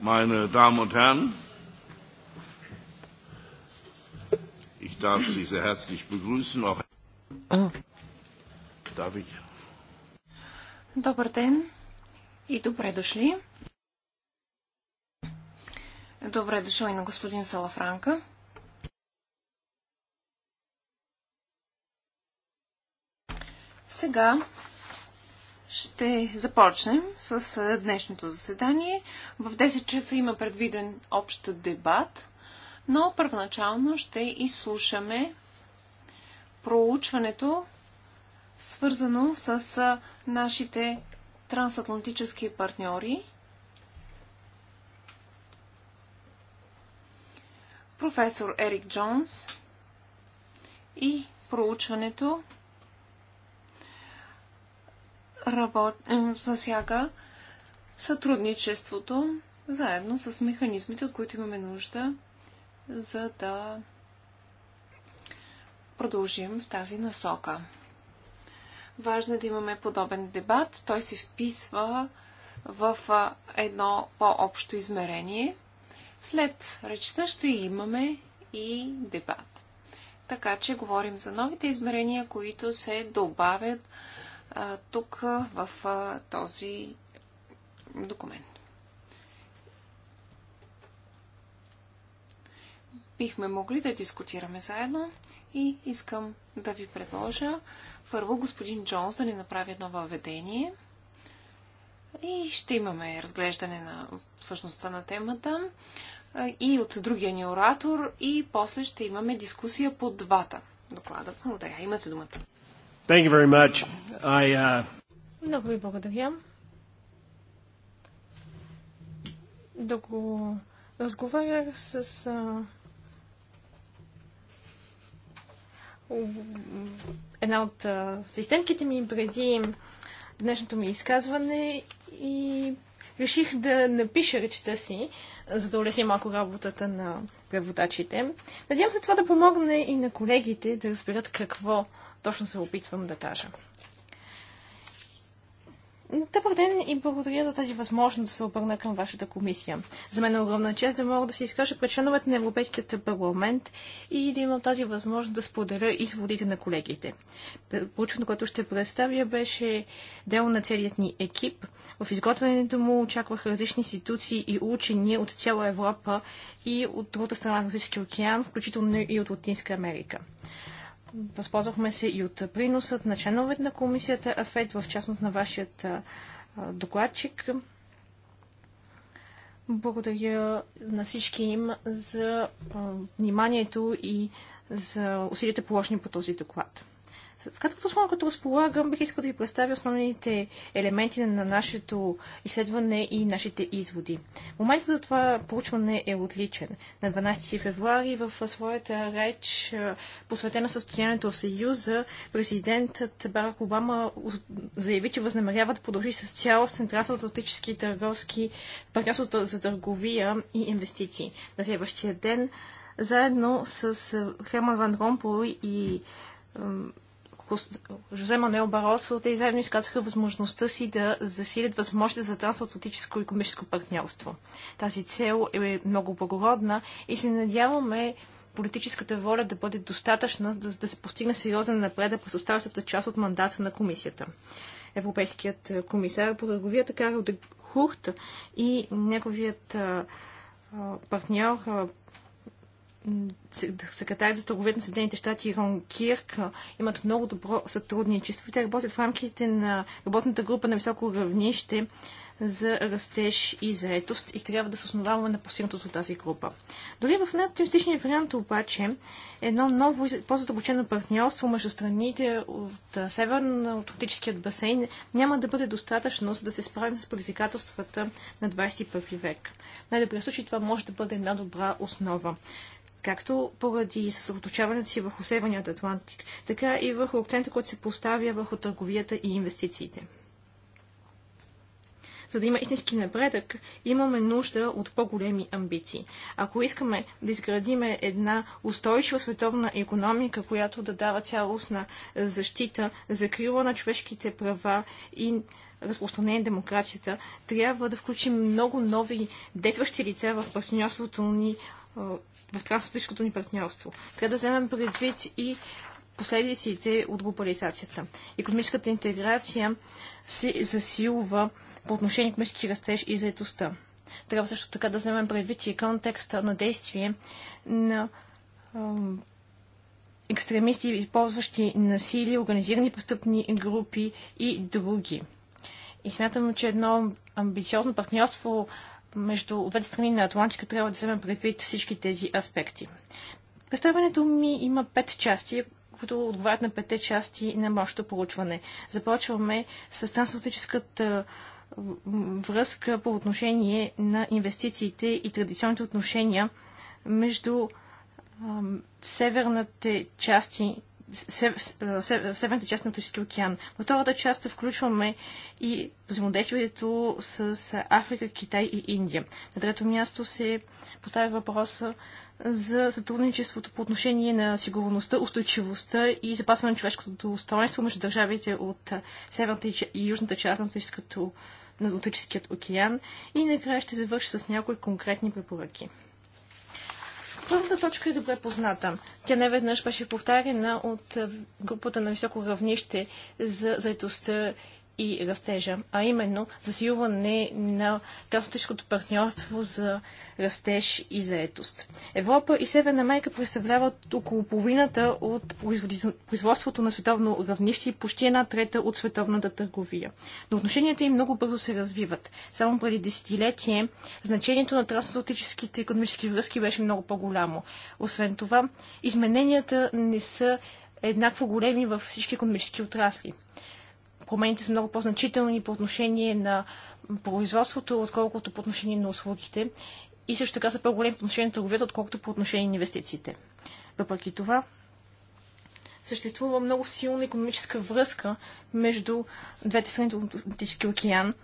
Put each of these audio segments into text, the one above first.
meine Damen und Herren, ich darf Sie sehr herzlich begrüßen. Auch darf ich. Добър ден и добре дошли. Добре дошъл и на господин Салафранка. Сега ще започнем с днешното заседание. В 10 часа има предвиден общ дебат, но първоначално ще изслушаме проучването, свързано с нашите трансатлантически партньори. Професор Ерик Джонс и проучването работ... засяга сътрудничеството заедно с механизмите, от които имаме нужда, за да продължим в тази насока. Важно е да имаме подобен дебат. Той се вписва в едно по-общо измерение. След речта ще имаме и дебат. Така че говорим за новите измерения, които се добавят тук в този документ. Бихме могли да дискутираме заедно и искам да ви предложа първо господин Джонс да ни направи едно въведение и ще имаме разглеждане на същността на темата и от другия ни оратор и после ще имаме дискусия по двата доклада. Благодаря. Имате думата. Thank you very much. I, uh... Много ви благодаря. Да го разговарях с а, една от асистентките ми преди днешното ми изказване и реших да напиша речта си, за да улесни малко работата на преводачите. Надявам се това да помогне и на колегите да разберат какво точно се опитвам да кажа. Добър ден и благодаря за тази възможност да се обърна към вашата комисия. За мен е огромна чест да мога да се изкажа пред членовете на Европейският парламент и да имам тази възможност да споделя изводите на колегите. Получено, което ще представя, беше дел на целият ни екип. В изготвянето му очакваха различни институции и учени от цяла Европа и от другата страна на Атлантическия океан, включително и от Латинска Америка. Възползвахме се и от приносът на членовете на комисията АФЕД, в частност на вашият докладчик. Благодаря на всички им за вниманието и за усилията положени по този доклад. В краткото слово, като разполагам, бих искал да ви представя основните елементи на нашето изследване и нашите изводи. Моментът за това проучване е отличен. На 12 февруари в своята реч, посветена състоянието в Съюза, президентът Барак Обама заяви, че възнамерява да продължи с цялостен трансатлантически търговски партньорство за търговия и инвестиции. На следващия ден, заедно с Херман Ван Ромпо и Жозе Манел Баросо, те заедно изказаха възможността си да засилят възможността за трансатлантическо и економическо партньорство. Тази цел е много благородна и се надяваме политическата воля да бъде достатъчна, за да се постигне сериозен напредък по оставащата част от мандата на комисията. Европейският комисар по търговията Карл де Хурт и неговият партньор секретарят за търговия на Съединените щати Рон Кирк имат много добро сътрудничество. Те работят в рамките на работната група на високо равнище за растеж и заетост и трябва да се основаваме на постигнатото от тази група. Дори в най-оптимистичния вариант обаче едно ново и по-задълбочено партньорство между страните от Северно-Атлантическият басейн няма да бъде достатъчно, за да се справим с предизвикателствата на 21 век. Най-добрия случай това може да бъде една добра основа както поради съсредоточаването си върху Северният Атлантик, така и върху акцента, който се поставя върху търговията и инвестициите. За да има истински напредък, имаме нужда от по-големи амбиции. Ако искаме да изградим една устойчива световна економика, която да дава цялостна защита, закрила на човешките права и разпространение на демокрацията, трябва да включим много нови действащи лица в партньорството ни в трансатлантическото ни партньорство. Трябва да вземем предвид и последиците от глобализацията. Економическата интеграция се засилва по отношение към економически растеж и заетостта. Трябва също така да вземем предвид и контекста на действие на екстремисти, използващи насилие, организирани престъпни групи и други. И смятам, че едно амбициозно партньорство между двете страни на Атлантика трябва да вземем предвид всички тези аспекти. Представянето ми има пет части, които отговарят на пете части на мощното проучване. Започваме с трансатлантическата връзка по отношение на инвестициите и традиционните отношения между северните части северната част на Атлантическия океан. В втората част включваме и взаимодействието с Африка, Китай и Индия. На трето място се поставя въпроса за сътрудничеството по отношение на сигурността, устойчивостта и запасване на човешкото устройство между държавите от северната и южната част на Атлантическият океан. И накрая ще завърши с някои конкретни препоръки. Първата точка е добре позната. Тя не веднъж беше повтарена от групата на високо равнище за заедостта и растежа, а именно засилване на трансатлантическото партньорство за растеж и заетост. Европа и Северна Америка представляват около половината от производството на световно равнище и почти една трета от световната търговия. Но отношенията им много бързо се развиват. Само преди десетилетие значението на трансатлантическите економически връзки беше много по-голямо. Освен това, измененията не са еднакво големи във всички економически отрасли промените са много по-значителни по отношение на производството, отколкото по отношение на услугите и също така са по-големи по отношение на търговията, отколкото по отношение на инвестициите. Въпреки това, съществува много силна економическа връзка между двете страни от Атлантически океан.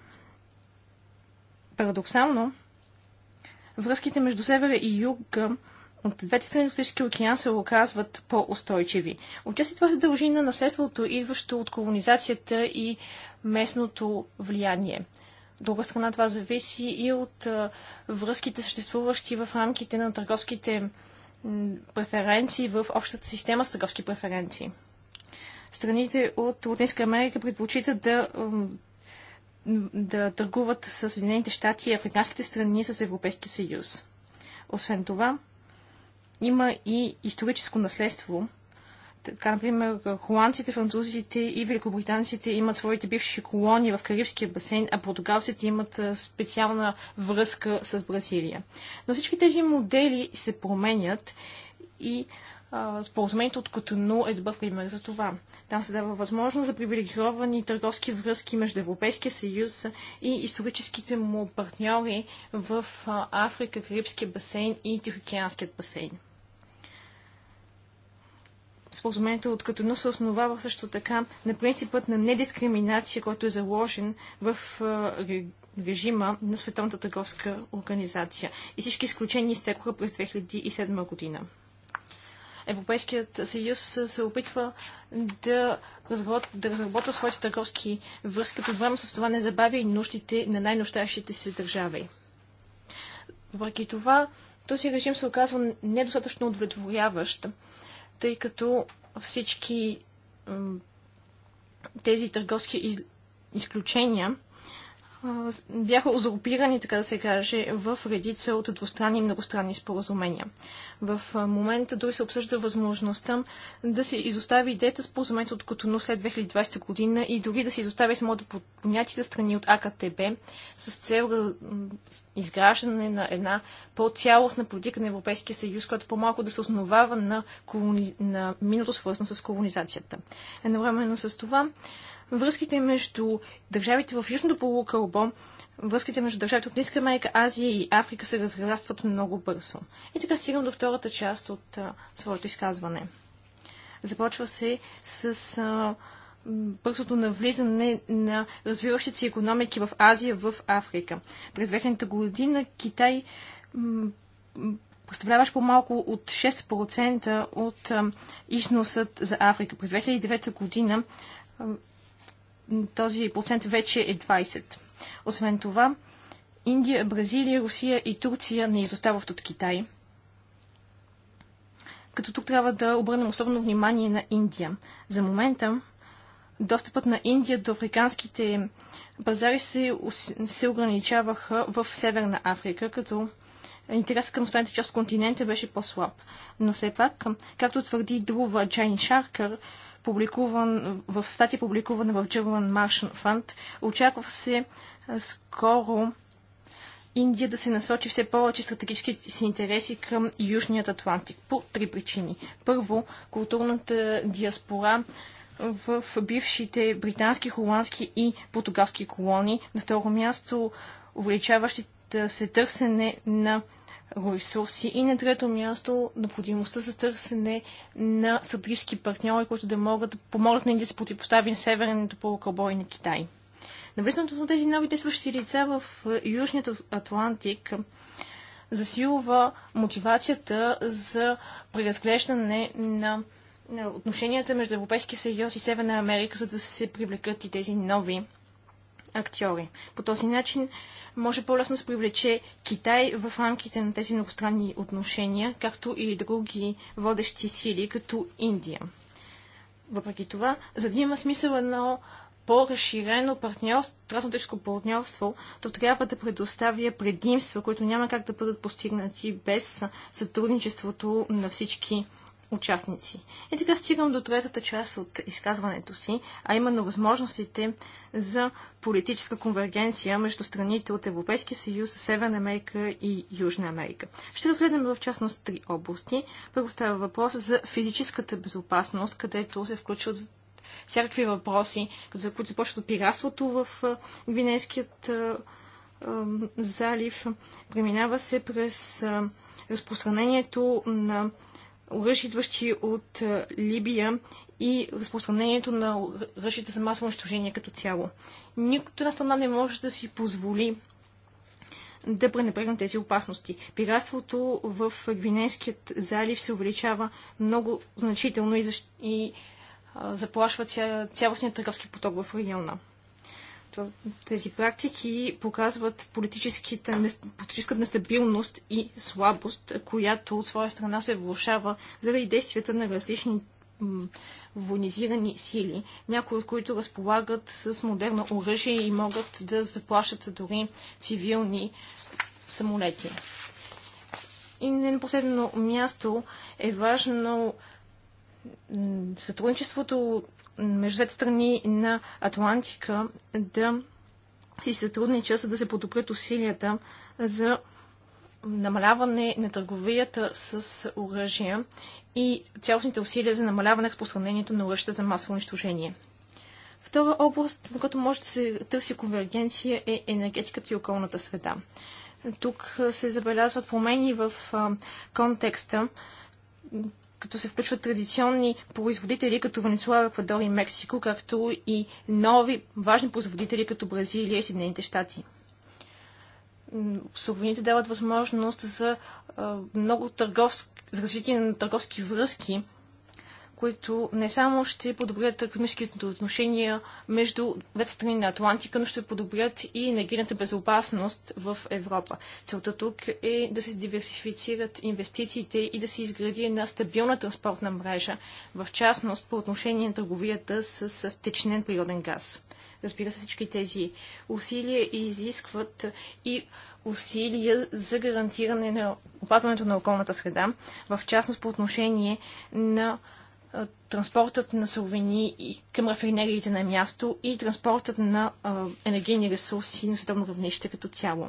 Парадоксално, връзките между севера и юга от двете страни от Атлантическия океан се оказват по-устойчиви. Отчасти това се дължи на наследството, идващо от колонизацията и местното влияние. друга страна това зависи и от връзките, съществуващи в рамките на търговските преференции в общата система с търговски преференции. Страните от Латинска Америка предпочитат да да търгуват с Съединените щати и африканските страни с Европейския съюз. Освен това, има и историческо наследство. Така, например, холандците, французите и великобританците имат своите бивши колонии в Карибския басейн, а португалците имат специална връзка с Бразилия. Но всички тези модели се променят и Споразумението от Котону е добър пример за това. Там се дава възможност за привилегировани търговски връзки между Европейския съюз и историческите му партньори в Африка, Карибския басейн и Тихоокеанският басейн. Споразумението от Катуно се основава също така на принципът на недискриминация, който е заложен в режима на Световната търговска организация. И всички изключения изтекоха през 2007 година. Европейският съюз се опитва да разработва, да разработва своите търговски връзки, като време с това не забавя и нуждите на най-нощащите се държави. Въпреки това, този режим се оказва недостатъчно удовлетворяващ, тъй като всички тези търговски изключения бяха узурпирани, така да се каже, в редица от двустранни и многостранни споразумения. В момента дори се обсъжда възможността да се изостави идеята споразумението от Котону след 2020 година и дори да се изостави самото понятие за страни от АКТБ с цел изграждане на една по-цялостна политика на Европейския съюз, която по-малко да се основава на, колони... на миналото свързано с колонизацията. Едновременно с това връзките между държавите в Южното полукълбо, връзките между държавите от Ниска Америка, Азия и Африка се разрастват много бързо. И така стигам до втората част от а, своето изказване. Започва се с а, бързото навлизане на развиващите се економики в Азия, в Африка. През 2000 година Китай представляваш по-малко от 6% от а, износът за Африка. През 2009 година този процент вече е 20. Освен това, Индия, Бразилия, Русия и Турция не изостават от Китай. Като тук трябва да обърнем особено внимание на Индия. За момента достъпът на Индия до африканските пазари се, се ограничаваха в Северна Африка, като интерес към останалите част от континента беше по-слаб. Но все пак, както твърди Друва Джайн Шаркър, публикуван, в статия публикувана в German Marshall Fund. Очаква се скоро Индия да се насочи все повече стратегическите си интереси към Южният Атлантик по три причини. Първо, културната диаспора в бившите британски, холандски и португалски колонии. На второ място, увеличаващите се търсене на ресурси. И на трето място, необходимостта за търсене на стратегически партньори, които да могат да помогнат ни да се противопостави на северното полукълбой на Китай. Навлизането на тези нови действащи лица в е, Южният Атлантик засилва мотивацията за преразглеждане на отношенията между Европейския съюз и Северна Америка, за да се привлекат и тези нови актьори. По този начин може по-лесно да се привлече Китай в рамките на тези многостранни отношения, както и други водещи сили, като Индия. Въпреки това, за да има смисъл едно по-разширено партньорство, трансатлантическо партньорство, то трябва да предоставя предимства, които няма как да бъдат постигнати без сътрудничеството на всички участници. И така стигам до третата част от изказването си, а именно възможностите за политическа конвергенция между страните от Европейския съюз, Северна Америка и Южна Америка. Ще разгледаме в частност три области. Първо става въпрос за физическата безопасност, където се включват всякакви въпроси, за които започват пиратството в Гвинейският залив, преминава се през разпространението на оръжия, идващи от Либия и разпространението на оръжията за масово унищожение като цяло. Никото една страна не може да си позволи да пренебрегнат тези опасности. Пиратството в Гвинейският залив се увеличава много значително и, защ... и а, заплашва ця... цялостният търговски поток в региона тези практики показват политическата нестабилност и слабост, която от своя страна се влушава заради действията на различни военизирани сили, някои от които разполагат с модерно оръжие и могат да заплашат дори цивилни самолети. И не на последно място е важно сътрудничеството между двете страни на Атлантика да си сътрудничат, за да се подобрят усилията за намаляване на търговията с оръжия и цялостните усилия за намаляване на разпространението на оръжията за масово унищожение. Втора област, на която може да се търси конвергенция е енергетиката и околната среда. Тук се забелязват промени в контекста, като се включват традиционни производители като Венецуела, Еквадор и Мексико, както и нови важни производители като Бразилия и Съединените щати. Суровините дават възможност за много търговски, за развитие на търговски връзки които не само ще подобрят економическите отношения между двете страни на Атлантика, но ще подобрят и енергийната безопасност в Европа. Целта тук е да се диверсифицират инвестициите и да се изгради една стабилна транспортна мрежа, в частност по отношение на търговията с втечнен природен газ. Разбира се, всички тези усилия изискват и усилия за гарантиране на опазването на околната среда, в частност по отношение на транспортът на суровини към рафинериите на място и транспортът на енергийни ресурси на световно равнище като цяло.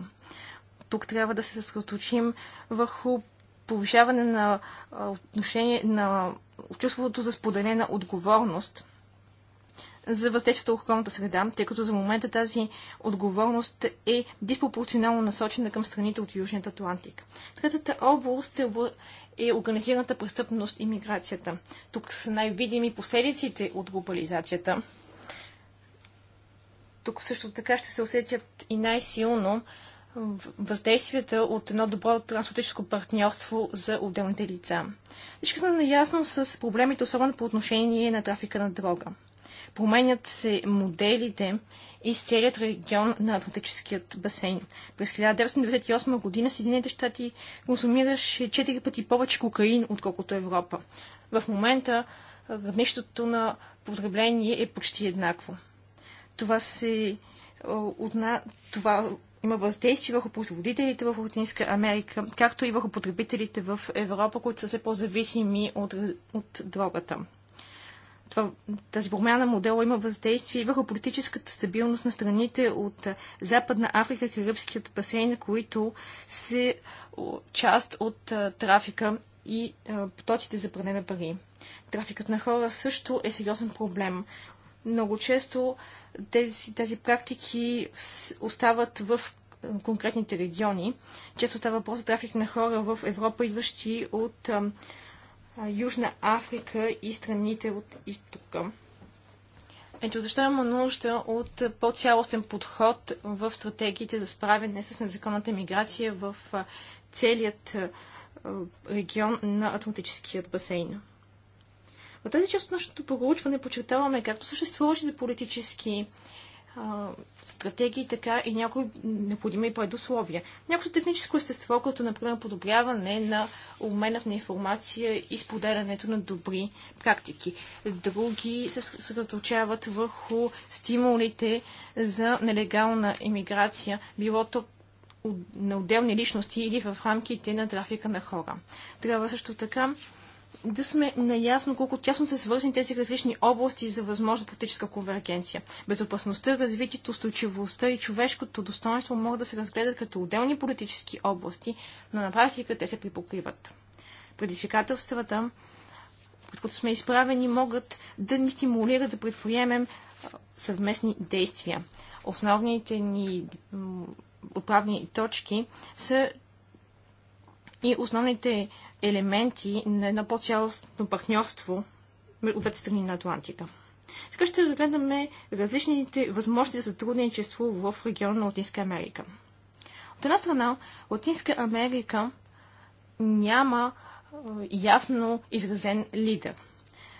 Тук трябва да се съсредоточим върху повишаване на отношение на чувството за споделена отговорност за въздействието в околната среда, тъй като за момента тази отговорност е диспропорционално насочена към страните от Южният Атлантик. Третата област е е организираната престъпност и миграцията. Тук са най-видими последиците от глобализацията. Тук също така ще се усетят и най-силно въздействията от едно добро трансатлантическо партньорство за отделните лица. Всички са наясно с проблемите, особено по отношение на трафика на дрога. Променят се моделите из целият регион на Атлантическият басейн. През 1998 година Съединените щати консумираше 4 пъти повече кокаин, отколкото Европа. В момента равнището на потребление е почти еднакво. Това се отна... Това има въздействие върху производителите в Латинска Америка, както и върху потребителите в Европа, които са все по-зависими от, от дрогата това, тази промяна модела има въздействие и върху политическата стабилност на страните от Западна Африка, Карибският басейн, които са част от трафика и потоците за пране на пари. Трафикът на хора също е сериозен проблем. Много често тези, тези практики остават в конкретните региони. Често става въпрос за трафик на хора в Европа, идващи от Южна Африка и страните от изтока. Ето защо има нужда от по-цялостен подход в стратегиите за справяне с незаконната миграция в целият регион на Атлантическият басейн. В тази част от нашето проучване подчертаваме както съществуващите политически стратегии, така и някои необходими предусловия. Някакво техническо естество, като например подобряване на обменът на информация и споделянето на добри практики. Други се съсредоточават върху стимулите за нелегална иммиграция, било то на отделни личности или в рамките на трафика на хора. Трябва също така да сме наясно колко тясно са свързани тези различни области за възможна политическа конвергенция. Безопасността, развитието, устойчивостта и човешкото достоинство могат да се разгледат като отделни политически области, но на практика те се припокриват. Предизвикателствата, пред които сме изправени, могат да ни стимулират да предприемем съвместни действия. Основните ни отправни точки са и основните елементи на едно по-цялостно партньорство от двете страни на Атлантика. Сега ще разгледаме различните възможности за сътрудничество в региона на Латинска Америка. От една страна, Латинска Америка няма ясно изразен лидер.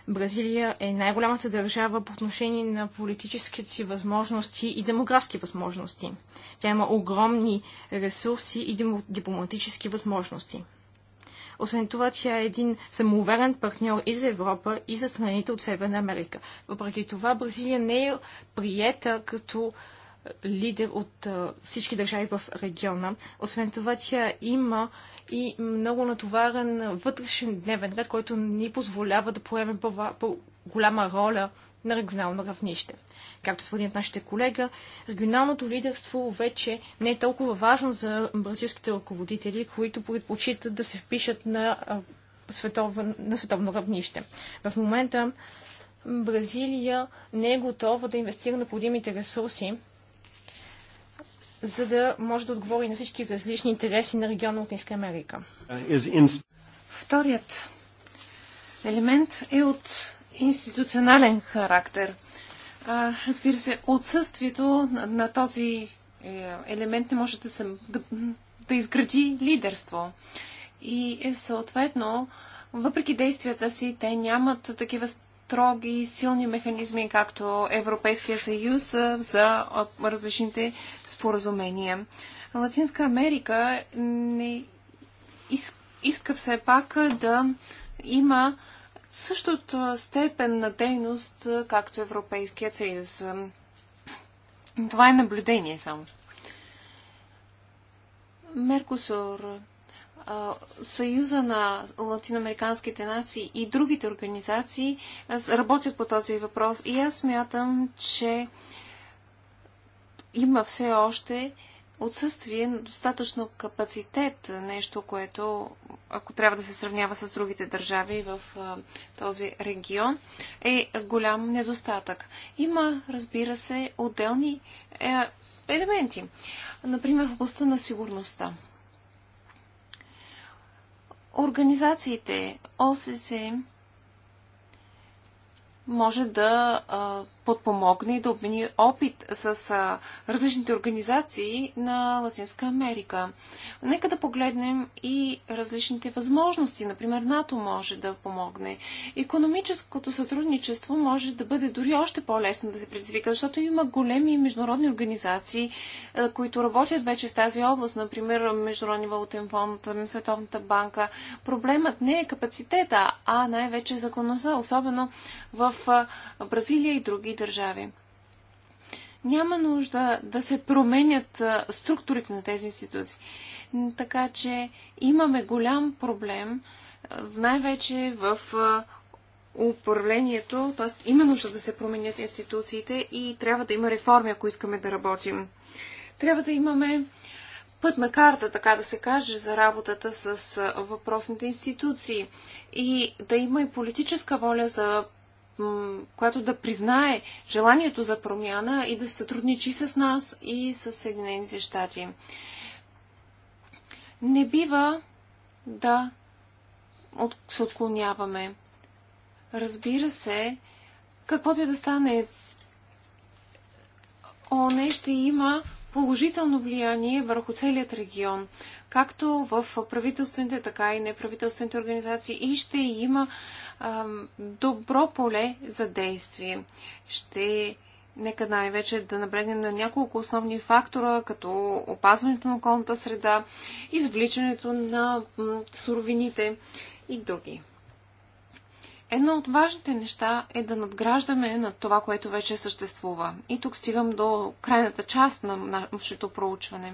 Бразилия е най-голямата държава по отношение на политическите си възможности и демографски възможности. Тя има огромни ресурси и дипломатически възможности. Освен това, тя е един самоуверен партньор и за Европа, и за страните от Северна Америка. Въпреки това, Бразилия не е приета като е, лидер от е, всички държави в региона. Освен това, тя има и много натоварен вътрешен дневен ред, който ни позволява да поемем по-голяма роля на регионално равнище. Както свърди от нашите колега, регионалното лидерство вече не е толкова важно за бразилските ръководители, които предпочитат да се впишат на, световно, на световно равнище. В момента Бразилия не е готова да инвестира необходимите ресурси, за да може да отговори на всички различни интереси на региона Ниска Америка. Вторият елемент е от институционален характер. А, разбира се, отсъствието на, на този е, елемент не може да, съм, да, да изгради лидерство. И е, съответно, въпреки действията си, те нямат такива строги и силни механизми, както Европейския съюз за различните споразумения. Латинска Америка не иска все пак да има Същото степен на дейност, както Европейският съюз. Това е наблюдение само. Меркосур, Съюза на латиноамериканските нации и другите организации работят по този въпрос и аз смятам, че има все още отсъствие на достатъчно капацитет, нещо, което, ако трябва да се сравнява с другите държави в този регион, е голям недостатък. Има, разбира се, отделни е, елементи. Например, в областта на сигурността. Организациите ОССЕ може да а, подпомогне и да обмени опит с а, различните организации на Латинска Америка. Нека да погледнем и различните възможности. Например, НАТО може да помогне. Економическото сътрудничество може да бъде дори още по-лесно да се предизвика, защото има големи международни организации, а, които работят вече в тази област, например Международния валутен фонд, Световната банка. Проблемът не е капацитета, а най-вече законността, особено в Бразилия и други държави. Няма нужда да се променят структурите на тези институции. Така че имаме голям проблем, най-вече в управлението, т.е. има нужда да се променят институциите и трябва да има реформи, ако искаме да работим. Трябва да имаме път на карта, така да се каже, за работата с въпросните институции и да има и политическа воля за която да признае желанието за промяна и да се сътрудничи с нас и с Съединените щати. Не бива да от, се отклоняваме. Разбира се, каквото и да стане, оне ще има положително влияние върху целият регион както в правителствените, така и неправителствените организации и ще има а, добро поле за действие. Ще Нека най-вече да набрегнем на няколко основни фактора, като опазването на околната среда, извличането на суровините и други. Едно от важните неща е да надграждаме на това, което вече съществува. И тук стигам до крайната част на нашето проучване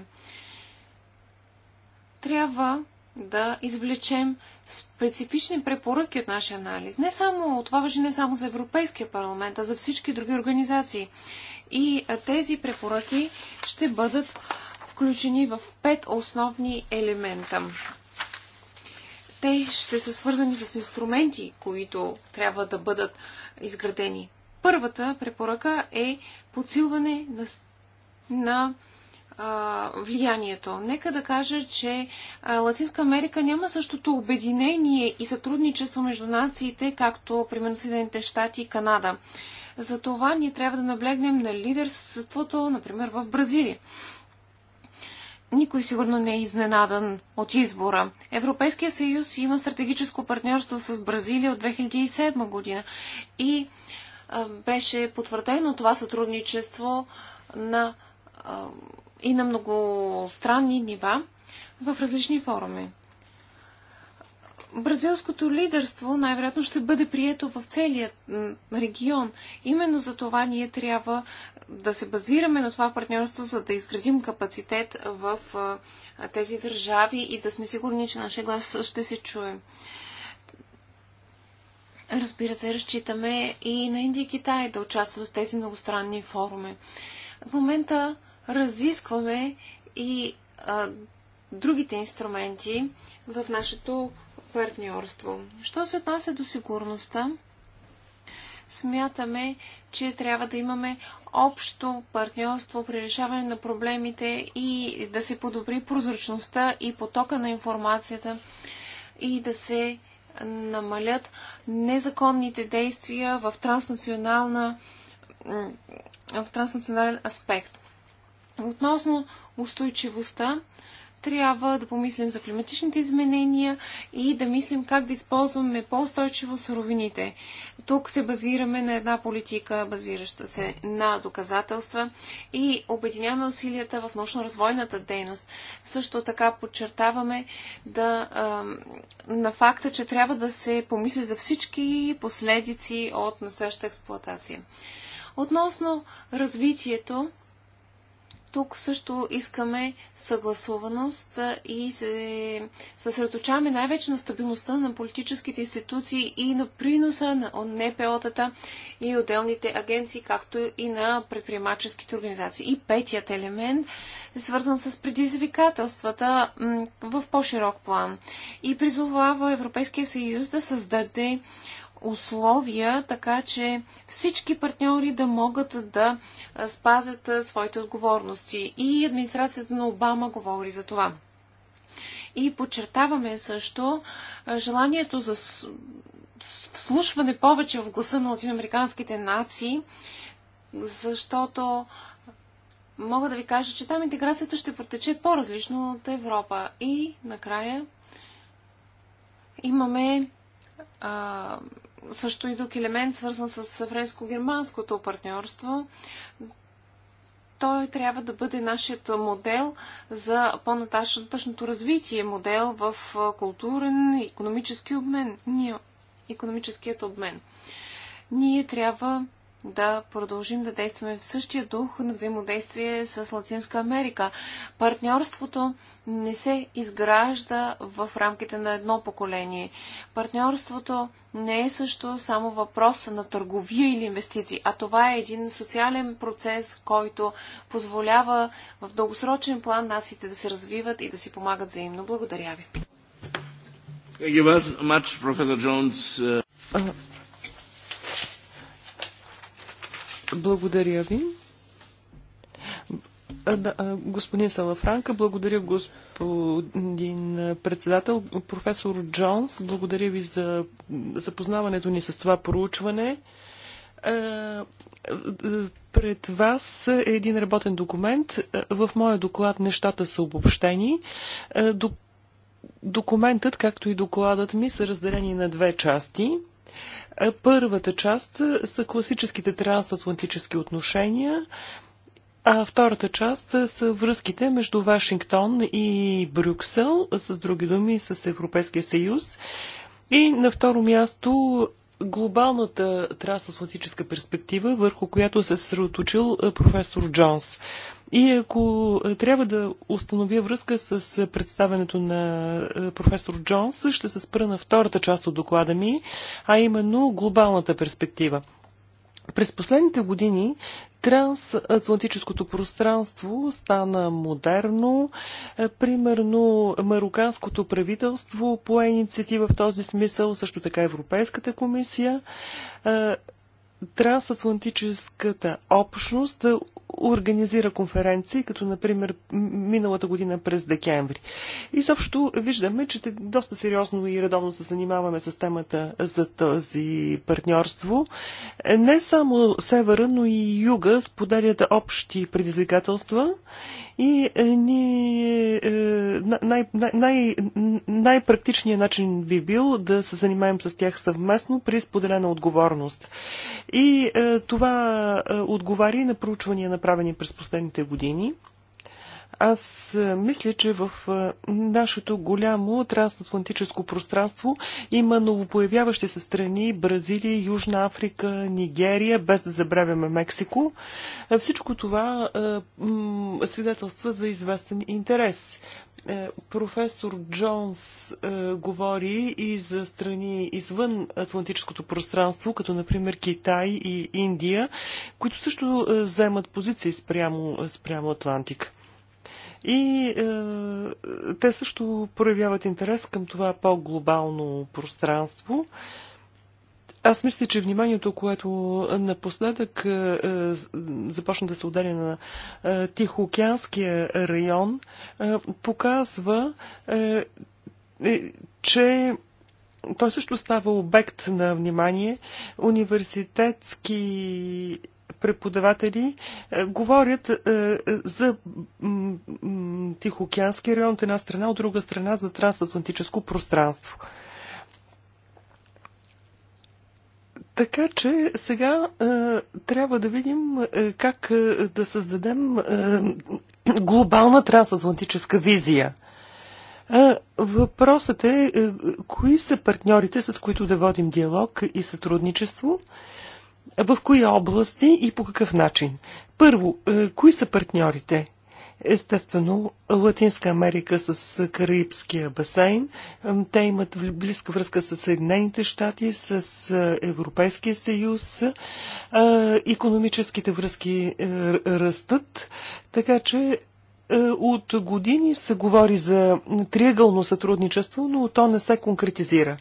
трябва да извлечем специфични препоръки от нашия анализ. Не само, това въжи не само за Европейския парламент, а за всички други организации. И тези препоръки ще бъдат включени в пет основни елемента. Те ще са свързани с инструменти, които трябва да бъдат изградени. Първата препоръка е подсилване на, на влиянието. Нека да кажа, че Латинска Америка няма същото обединение и сътрудничество между нациите, както примерно Съединените щати и Канада. Затова ние трябва да наблегнем на лидерството, например, в Бразилия. Никой сигурно не е изненадан от избора. Европейския съюз има стратегическо партньорство с Бразилия от 2007 година и беше потвърдено това сътрудничество на и на много странни нива в различни форуми. Бразилското лидерство най-вероятно ще бъде прието в целия регион. Именно за това ние трябва да се базираме на това партньорство, за да изградим капацитет в тези държави и да сме сигурни, че нашия глас ще се чуе. Разбира се, разчитаме и на Индия и Китай да участват в тези многостранни форуми. В момента разискваме и а, другите инструменти в нашето партньорство. Що се отнася до сигурността, смятаме, че трябва да имаме общо партньорство при решаване на проблемите и да се подобри прозрачността и потока на информацията и да се намалят незаконните действия в транснационална в транснационален аспект. Относно устойчивостта, трябва да помислим за климатичните изменения и да мислим как да използваме по-устойчиво суровините. Тук се базираме на една политика, базираща се на доказателства и обединяваме усилията в научно-развойната дейност. Също така подчертаваме да, на факта, че трябва да се помисли за всички последици от настоящата експлуатация. Относно развитието, тук също искаме съгласуваност и се съсредоточаваме най-вече на стабилността на политическите институции и на приноса на НПО-тата и отделните агенции, както и на предприемаческите организации. И петият елемент е свързан с предизвикателствата в по-широк план и призовава Европейския съюз да създаде условия, така че всички партньори да могат да спазят своите отговорности. И администрацията на Обама говори за това. И подчертаваме също желанието за вслушване повече в гласа на латиноамериканските нации, защото мога да ви кажа, че там интеграцията ще протече по-различно от Европа. И накрая имаме също и друг елемент, свързан с френско-германското партньорство. Той трябва да бъде нашият модел за по-нататъчното развитие, модел в културен и економически обмен. Ние, економическият обмен. Ние трябва да продължим да действаме в същия дух на взаимодействие с Латинска Америка. Партньорството не се изгражда в рамките на едно поколение. Партньорството не е също само въпрос на търговия или инвестиции, а това е един социален процес, който позволява в дългосрочен план нациите да се развиват и да си помагат взаимно. Благодаря ви. Thank you very much, Professor Jones. Благодаря ви. Господин Салафранка, благодаря господин председател. Професор Джонс, благодаря ви за запознаването ни с това проучване. Пред вас е един работен документ. В моя доклад нещата са обобщени. Документът, както и докладът ми, са разделени на две части – Първата част са класическите трансатлантически отношения, а втората част са връзките между Вашингтон и Брюксел, с други думи с Европейския съюз. И на второ място глобалната трансатлантическа перспектива, върху която се е съсредоточил е, професор Джонс. И ако е, трябва да установя връзка с представенето на професор Джонс, ще се спра на втората част от доклада ми, а именно глобалната перспектива. През последните години трансатлантическото пространство стана модерно. Е, примерно, мароканското правителство пое инициатива в този смисъл, също така Европейската комисия е, трансатлантическата общност организира конференции, като например миналата година през декември. И също виждаме, че доста сериозно и редовно се занимаваме с темата за този партньорство. Не само севера, но и юга споделят общи предизвикателства и е, ни, е, най, най, най-практичният най начин би бил да се занимаем с тях съвместно при споделена отговорност. И е, това отговаря и на проучвания, направени през последните години. Аз е, мисля, че в е, нашето голямо трансатлантическо пространство има новопоявяващи се страни Бразилия, Южна Африка, Нигерия, без да забравяме Мексико. Е, всичко това свидетелства за известен интерес. Професор Джонс говори и за страни извън Атлантическото пространство, като например Китай и Индия, които също вземат позиции спрямо, спрямо Атлантик. И е, те също проявяват интерес към това по-глобално пространство. Аз мисля, че вниманието, което напоследък е, е започна да се ударя на е, Тихоокеанския район, е, показва, е, е, че той също става обект на внимание. Университетски преподаватели е, говорят е, е, за Тихоокеанския район от една страна, от друга страна за трансатлантическо пространство. Така че сега е, трябва да видим е, как е, да създадем е, глобална трансатлантическа визия. Е, въпросът е, е кои са партньорите, с които да водим диалог и сътрудничество. Е, в кои области и по какъв начин. Първо, е, кои са партньорите? Естествено, Латинска Америка с Карибския басейн. Е, те имат близка връзка с Съединените щати, с е, Европейския съюз. Економическите връзки растат, така че от години се говори за триъгълно сътрудничество, но то не се конкретизира.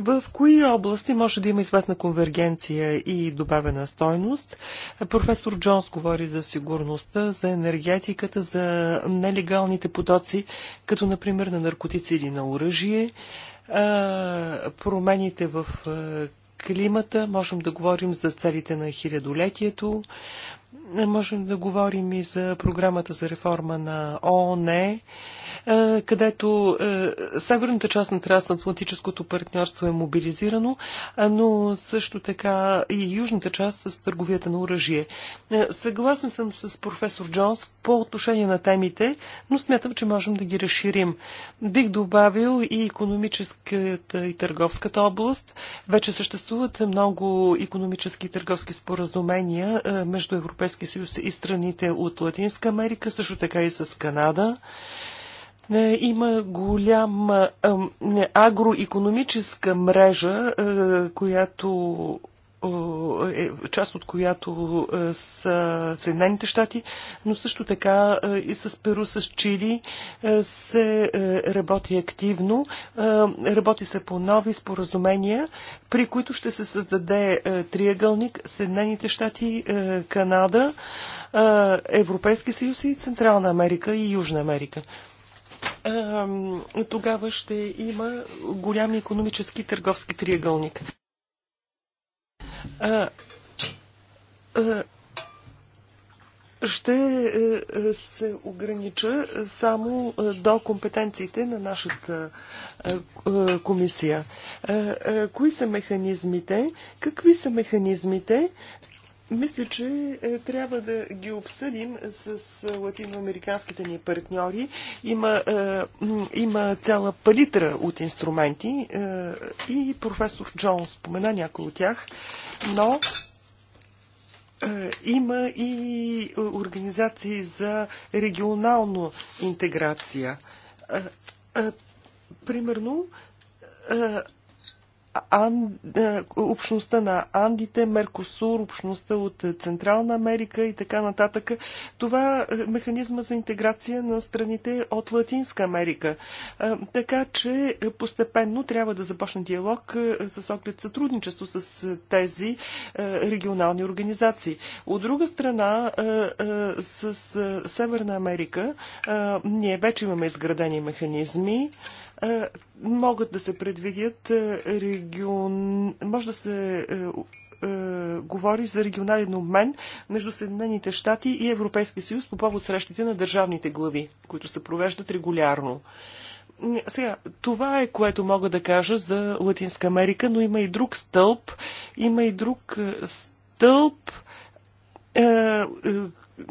В кои области може да има известна конвергенция и добавена стойност? Професор Джонс говори за сигурността, за енергетиката, за нелегалните потоци, като например на наркотици или на оръжие, промените в климата, можем да говорим за целите на хилядолетието, Можем да говорим и за програмата за реформа на ООН, е, където е, северната част на трансатлантическото партньорство е мобилизирано, но също така и южната част с търговията на оръжие. Е, съгласен съм с професор Джонс по отношение на темите, но смятам, че можем да ги разширим. Бих добавил и економическата и търговската област. Вече съществуват много економически и търговски споразумения между европейски Европейски съюз и страните от Латинска Америка, също така и с Канада. Е, има голяма агроекономическа мрежа, е, която е част от която е, са Съединените щати, но също така е, и с Перу, с Чили се работи активно. Работи се по нови споразумения, при които ще се създаде триъгълник Съединените щати, Канада, Европейски съюз и Централна Америка и Южна Америка тогава ще има голям економически търговски триъгълник. А, ще е, е, се огранича само е, до компетенциите на нашата комисия. Кои са механизмите? Какви са механизмите, мисля, че е, трябва да ги обсъдим с е, латиноамериканските ни партньори. Има, е, има цяла палитра от инструменти и професор Джонс спомена някои от тях, но има и организации за регионално интеграция. Примерно, Ан, е, общността на Андите, Меркосур, общността от Централна Америка и така нататък. Това е механизма за интеграция на страните от Латинска Америка. Е, така че е, постепенно трябва да започне диалог с оглед сътрудничество с тези регионални организации. От друга страна, с Северна Америка ние вече имаме изградени механизми могат да се предвидят регион... може да се говори за регионален обмен между Съединените щати и Европейския съюз по повод срещите на държавните глави, които се провеждат регулярно. Сега, това е което мога да кажа за Латинска Америка, но има и друг стълб. Има и друг стълб.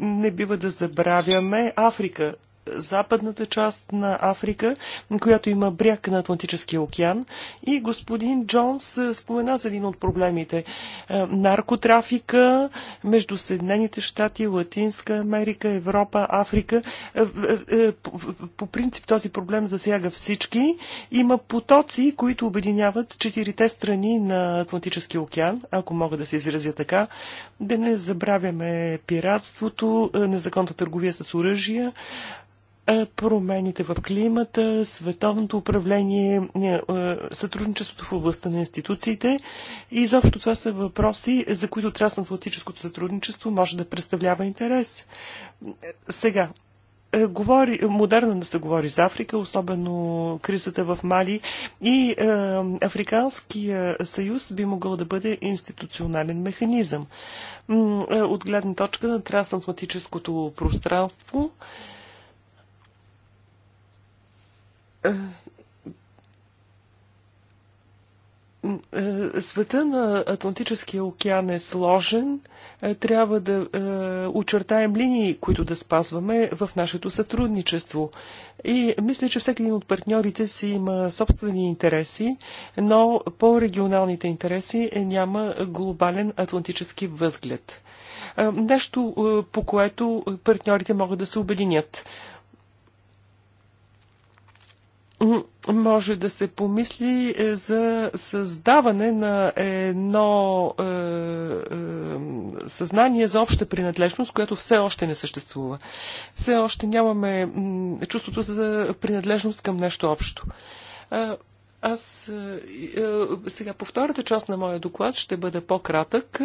не бива да забравяме Африка западната част на Африка, която има бряг на Атлантическия океан. И господин Джонс е, спомена за един от проблемите. Е, наркотрафика между Съединените щати, Латинска Америка, Европа, Африка. Е, по принцип този проблем засяга всички. Има потоци, които обединяват четирите страни на Атлантическия океан, ако мога да се изразя така. Да не забравяме пиратството, незаконната търговия с оръжия, е, промените в климата, световното управление, е, е, сътрудничеството в областта на институциите. И изобщо това са въпроси, за които трансатлантическото сътрудничество може да представлява интерес. Сега, говори, модерно да се говори за Африка, особено кризата в Мали и е, Африканския съюз би могъл да бъде институционален механизъм. От гледна точка на трансатлантическото пространство, е, Света на Атлантическия океан е сложен. Е, трябва да е, очертаем линии, които да спазваме в нашето сътрудничество. И мисля, че всеки един от партньорите си има собствени интереси, но по регионалните интереси е, няма глобален атлантически възглед. Нещо, по което партньорите могат да се обединят може да се помисли е, за създаване на едно е, е, съзнание за обща принадлежност, което все още не съществува. Все още нямаме чувството за принадлежност към нещо общо. Е, аз е, е, сега по втората част на моя доклад ще бъде по-кратък.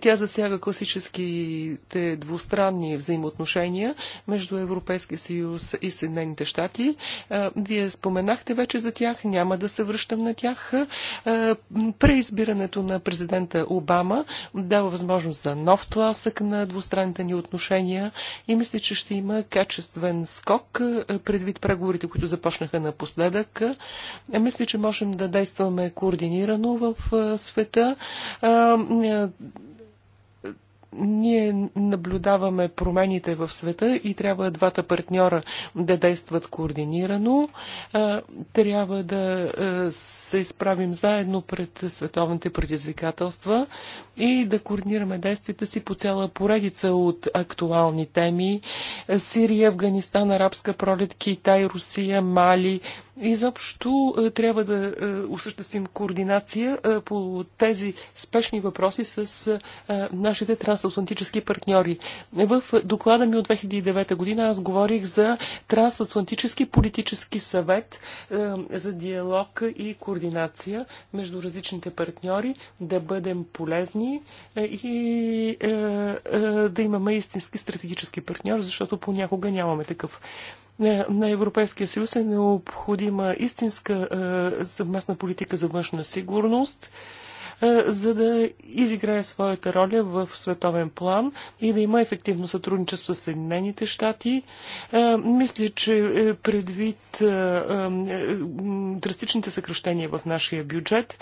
Тя засяга класическите двустранни взаимоотношения между Европейския съюз и Съединените щати. Е, вие споменахте вече за тях, няма да се връщам на тях. Преизбирането на президента Обама дава възможност за нов тласък на двустранните ни отношения и мисля, че ще има качествен скок предвид преговорите, които започнаха напоследък. Мисля, че че можем да действаме координирано в света. Ние наблюдаваме промените в света и трябва двата партньора да действат координирано. Трябва да се изправим заедно пред световните предизвикателства и да координираме действията си по цяла поредица от актуални теми. Сирия, Афганистан, Арабска пролет, Китай, Русия, Мали, Изобщо е, трябва да е, осъществим координация е, по тези спешни въпроси с нашите трансатлантически партньори. В доклада ми от 2009 година аз говорих за трансатлантически политически съвет за диалог и координация между различните партньори, да бъдем полезни и да имаме истински стратегически партньор, защото понякога нямаме такъв на Европейския съюз е необходима истинска е, съвместна политика за външна сигурност е, за да изиграе своята роля в световен план и да има ефективно сътрудничество с Съединените щати. Е, мисля, че предвид драстичните съкръщения в нашия бюджет,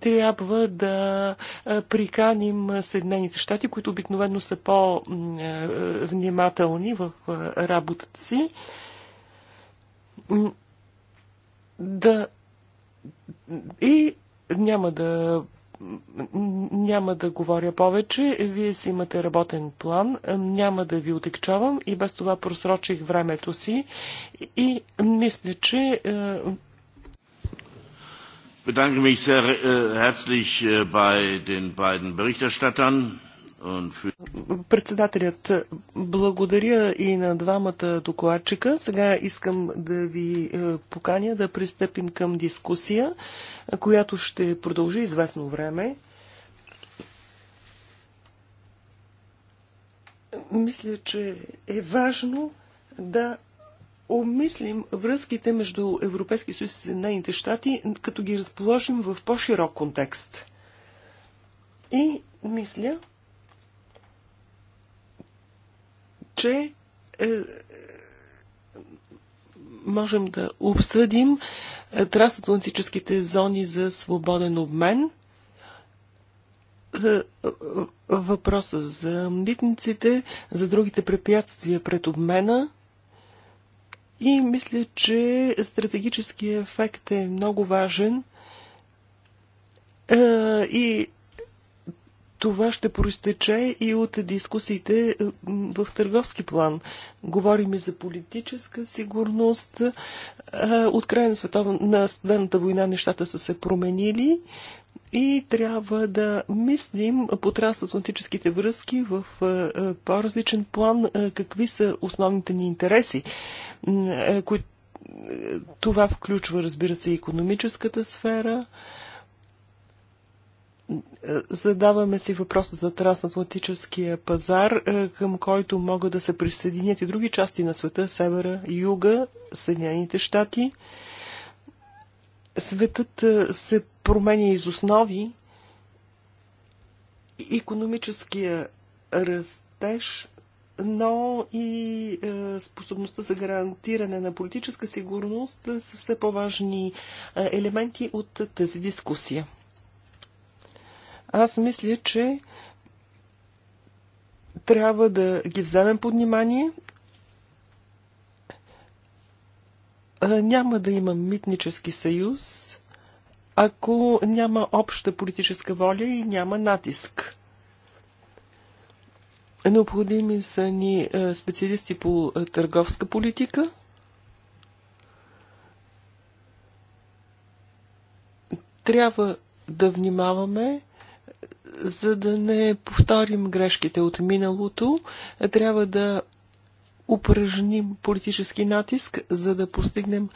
трябва да приканим Съединените щати, които обикновено са по-внимателни в работата си да и няма да няма да говоря повече. Вие си имате работен план. Няма да ви отекчавам и без това просрочих времето си и мисля, че е, bedanke mich sehr äh, herzlich äh, bei den beiden Berichterstattern. Председателят, благодаря и на двамата докладчика. Сега искам да ви е, поканя да пристъпим към дискусия, която ще продължи известно време. Мисля, че е важно да обмислим връзките между Европейския съюз и Съединените щати, като ги разположим в по-широк контекст. И мисля, че е, можем да обсъдим е, трансатлантическите зони за свободен обмен, е, въпроса за митниците, за другите препятствия пред обмена. И мисля, че стратегическият ефект е много важен и това ще проистече и от дискусиите е, в търговски план. Говорим и за политическа сигурност. Е, от края на, световна, на Студената война нещата са се променили и трябва да мислим по трансатлантическите връзки в е, по-различен план, какви са основните ни интереси, които това включва, разбира се, и економическата сфера, Задаваме си въпроса за трансатлантическия пазар, е, към който могат да се присъединят и други части на света, севера, юга, Съединените щати. Светът е, се променя из основи. Економическия растеж, но и е, способността за гарантиране на политическа сигурност са все по-важни елементи от тази дискусия. Аз мисля, че трябва да ги вземем под внимание. Няма да има митнически съюз, ако няма обща политическа воля и няма натиск. Необходими са ни специалисти по търговска политика. Трябва да внимаваме за да не повторим грешките от миналото, трябва да упражним политически натиск, за да постигнем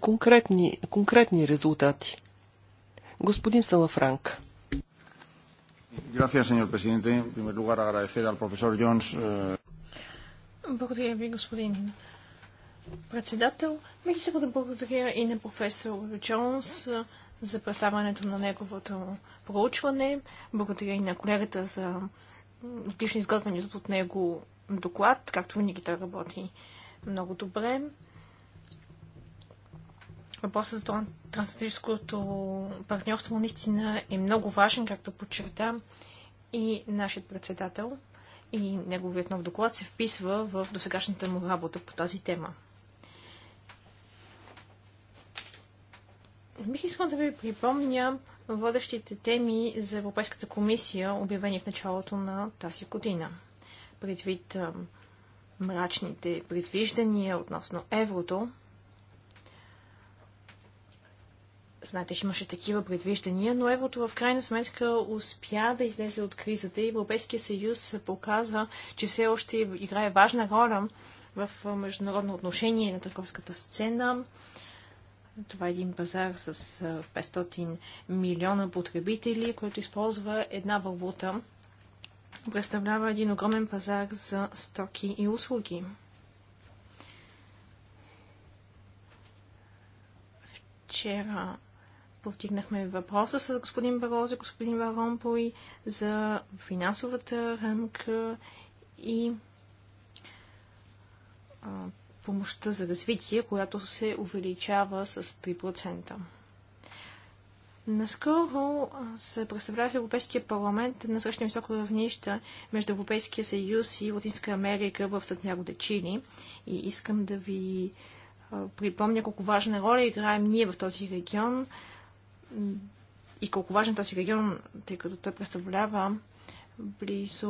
конкретни, конкретни резултати. Господин Салафранк. Gracias, señor presidente. En primer lugar, agradecer al profesor Jones. Eh, благодаря ви, господин председател. Бих искал да благодаря и на професор Джонс за представянето на неговото проучване. Благодаря и на колегата за отлично изготвянето от него доклад. Както винаги той работи много добре. Въпросът за трансатлантическото партньорство наистина е много важен, както подчерта и нашият председател и неговият нов доклад се вписва в досегашната му работа по тази тема. Бих искал да ви припомня водещите теми за Европейската комисия, обявени в началото на тази година. Предвид мрачните предвиждания относно еврото, знаете, че имаше такива предвиждания, но еврото в крайна сметка успя да излезе от кризата и Европейския съюз показа, че все още играе важна роля в международно отношение на търговската сцена, това е един пазар с 500 милиона потребители, който използва една валута. Представлява един огромен пазар за стоки и услуги. Вчера повдигнахме въпроса с господин за господин Варомпой за финансовата рамка и помощта за развитие, която се увеличава с 3%. Наскоро се представлява Европейския парламент на срещане високо равнище между Европейския съюз и Латинска Америка в Сътняго Дечини И искам да ви припомня колко важна роля играем ние в този регион и колко важен е този регион, тъй като той представлява близо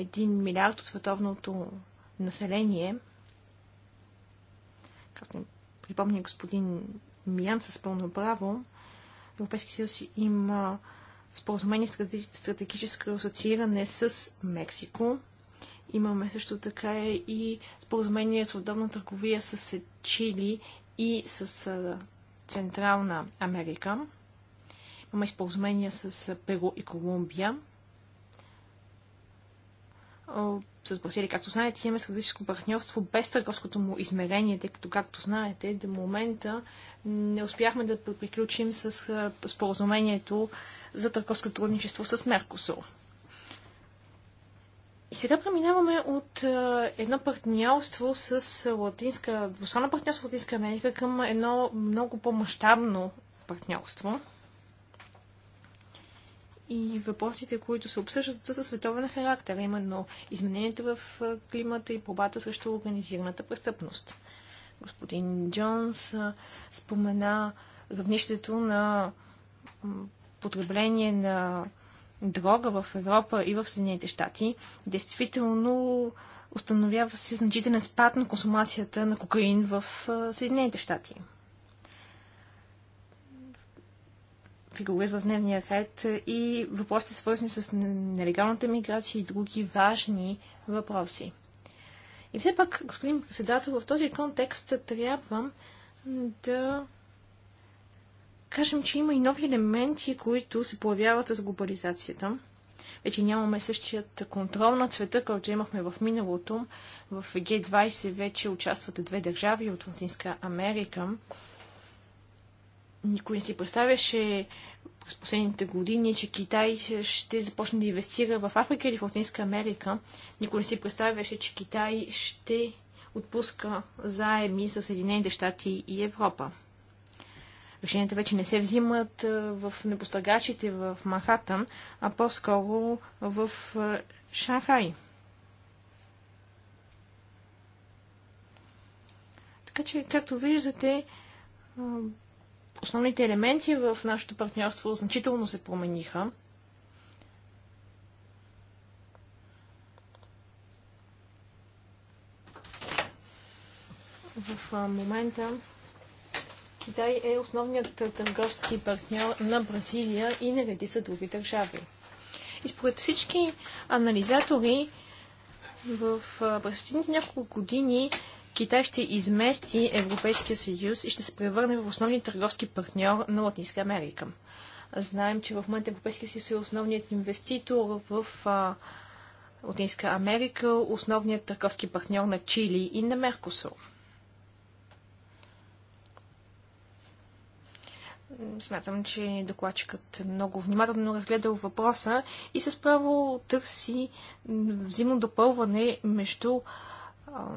1 милиард от световното население – Както припомня господин Миян с пълно право, Европейски съюз има споразумение стратегическо асоцииране с Мексико. Имаме също така и споразумение с удобна търговия с Чили и с Централна Америка. Имаме споразумения с Перу и Колумбия с Бразилия. Както знаете, имаме стратегическо партньорство без търговското му измерение, тъй като, както знаете, до момента не успяхме да приключим с споразумението за търговско трудничество с Меркосур. И сега преминаваме от едно партньорство с Латинска, двустранно партньорство с Латинска Америка към едно много по-масштабно партньорство – и въпросите, които се обсъждат, са със световен характер, именно измененията в климата и борбата срещу организираната престъпност. Господин Джонс спомена равнището на потребление на дрога в Европа и в Съединените щати. Действително установява се значителен спад на консумацията на кокаин в Съединените щати. фигурират в дневния ред и въпросите свързани с нелегалната миграция и други важни въпроси. И все пак, господин председател, в този контекст трябва да кажем, че има и нови елементи, които се появяват с глобализацията. Вече нямаме същият контрол на света, който имахме в миналото. В г 20 вече участват две държави от Латинска Америка. Никой не си представяше през последните години, че Китай ще започне да инвестира в Африка или в Латинска Америка. Никой не си представяше, че Китай ще отпуска заеми с Съединените щати и Европа. Решенията вече не се взимат е, в непостъргачите в Манхатън, а по-скоро в е, Шанхай. Така че, както виждате, е, основните елементи в нашето партньорство значително се промениха. В момента Китай е основният търговски партньор на Бразилия и на редица други държави. И според всички анализатори в през няколко години Китай ще измести Европейския съюз и ще се превърне в основния търговски партньор на Латинска Америка. Знаем, че в момента Европейския съюз е основният инвеститор в а, Латинска Америка, основният търговски партньор на Чили и на Меркосур. Смятам, че докладчикът е много внимателно разгледал въпроса и с право търси взаимно допълване между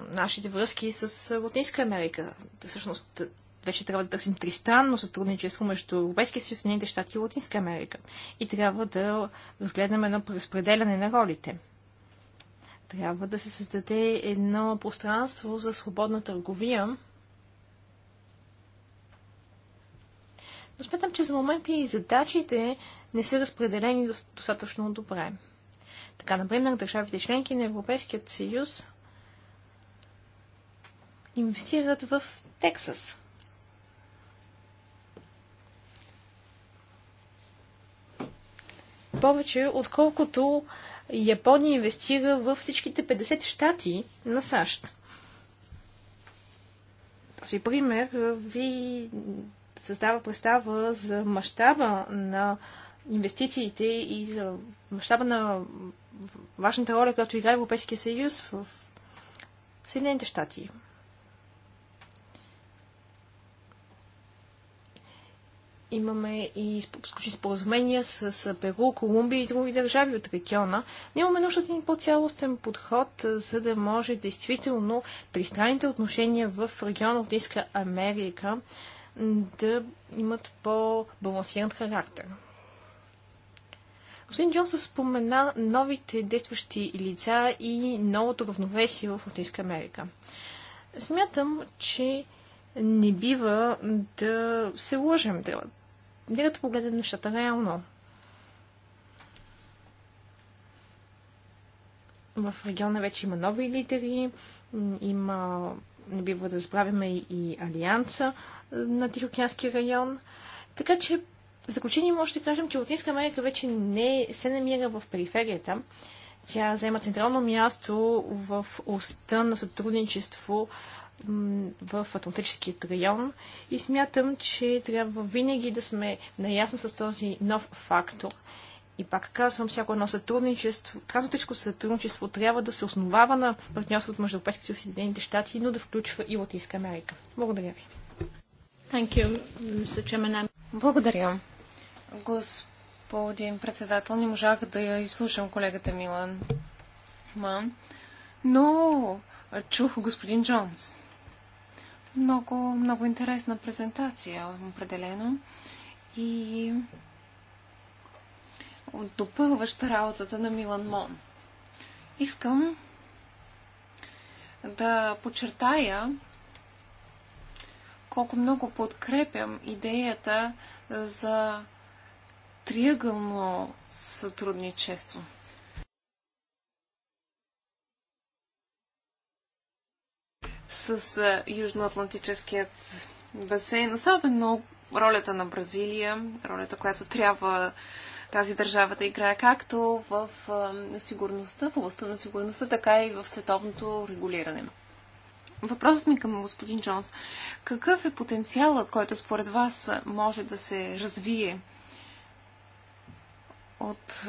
нашите връзки с Латинска Америка. Всъщност, вече трябва да търсим тристранно сътрудничество между Европейския съюз, Съединените щати и Латинска Америка. И трябва да разгледаме едно преразпределяне на ролите. Трябва да се създаде едно пространство за свободна търговия. Но смятам, че за момента и задачите не са разпределени достатъчно добре. Така, например, държавите членки на Европейският съюз инвестират в Тексас. Повече, отколкото Япония инвестира в всичките 50 щати на САЩ. Този пример ви създава представа за мащаба на инвестициите и за мащаба на важната роля, която играе Европейския съюз в Съединените щати. имаме и сключи споразумения с Перу, Колумбия и други държави от региона. Но имаме нужда от един по-цялостен подход, за да може действително тристранните отношения в региона от Ниска Америка да имат по-балансиран характер. Господин Джонсън спомена новите действащи лица и новото равновесие в Латинска Америка. Смятам, че не бива да се лъжем. Трябва, не като погледнем нещата реално. В региона вече има нови лидери, има, не бива да забравяме и, Алианса на Тихоокеанския район. Така че, в заключение може да кажем, че Латинска Америка вече не се намира в периферията. Тя заема централно място в уста на сътрудничество в Атлантическият район и смятам, че трябва винаги да сме наясно с този нов фактор. И пак казвам, всяко едно сътрудничество, трансатлантическо сътрудничество трябва да се основава на партньорството между Европейските и Съединените щати, но да включва и Латинска Америка. Благодаря ви. You, Благодаря. Господин председател, не можах да я изслушам колегата Милан. Но чух господин Джонс. Много, много интересна презентация, определено. И допълваща работата на Милан Мон. Искам да подчертая колко много подкрепям идеята за триъгълно сътрудничество – с Южноатлантическият басейн, особено ролята на Бразилия, ролята, която трябва тази държава да играе както в сигурността, в областта на сигурността, така и в световното регулиране. Въпросът ми към господин Джонс. Какъв е потенциалът, който според вас може да се развие от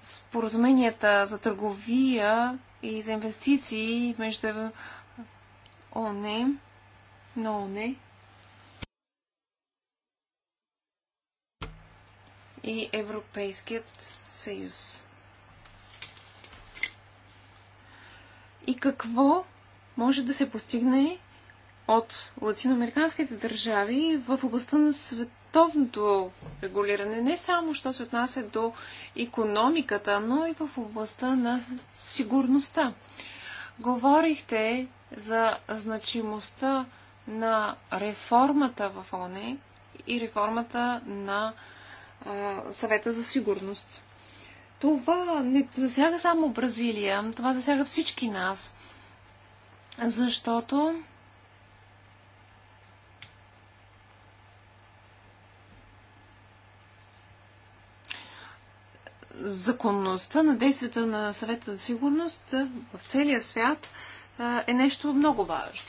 споразуменията за търговия и за инвестиции между ОНЕ, но ОНЕ и Европейският съюз. И какво може да се постигне от латиноамериканските държави в областта на свет световното регулиране, не само, що се отнася до економиката, но и в областта на сигурността. Говорихте за значимостта на реформата в ОНЕ и реформата на а, съвета за сигурност. Това не засяга само Бразилия, това засяга всички нас, защото законността на действията на съвета за сигурност в целия свят е нещо много важно.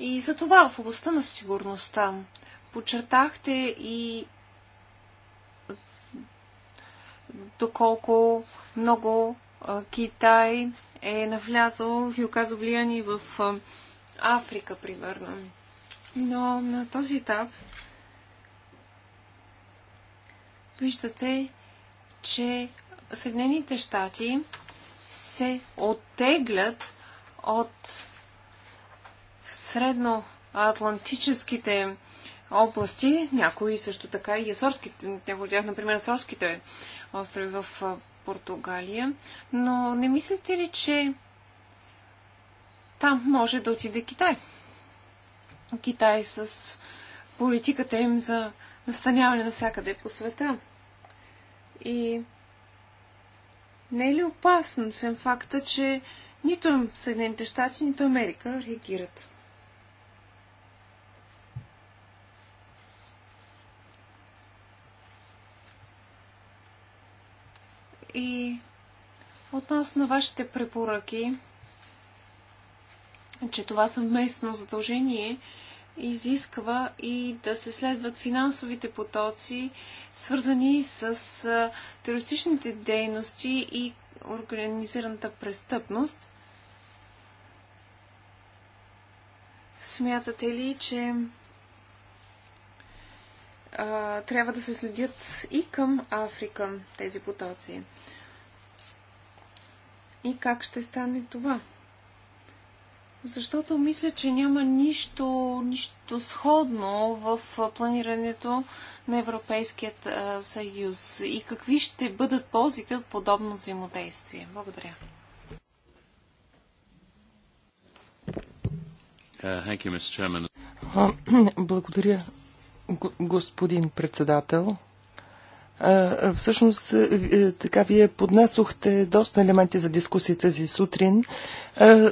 И за това в областта на сигурността подчертахте и доколко много Китай е навлязал и оказал влияние в Африка, примерно. Но на този етап виждате, че Съединените щати се оттеглят от средноатлантическите области, някои също така и Есорските, някои от тях, например, Есорските острови в Португалия. Но не мислите ли, че там може да отиде Китай? Китай с политиката им за настаняване навсякъде по света. И не е ли опасно съм факта, че нито Съединените щати, нито Америка реагират? И относно вашите препоръки, че това съвместно задължение изисква и да се следват финансовите потоци, свързани с терористичните дейности и организираната престъпност. Смятате ли, че а, трябва да се следят и към Африка тези потоци? И как ще стане това? защото мисля, че няма нищо, нищо сходно в планирането на Европейският съюз и какви ще бъдат ползите от подобно взаимодействие. Благодаря. Uh, благодаря, господин председател. Всъщност, е, е, така вие поднесохте доста елементи за дискусия тази сутрин.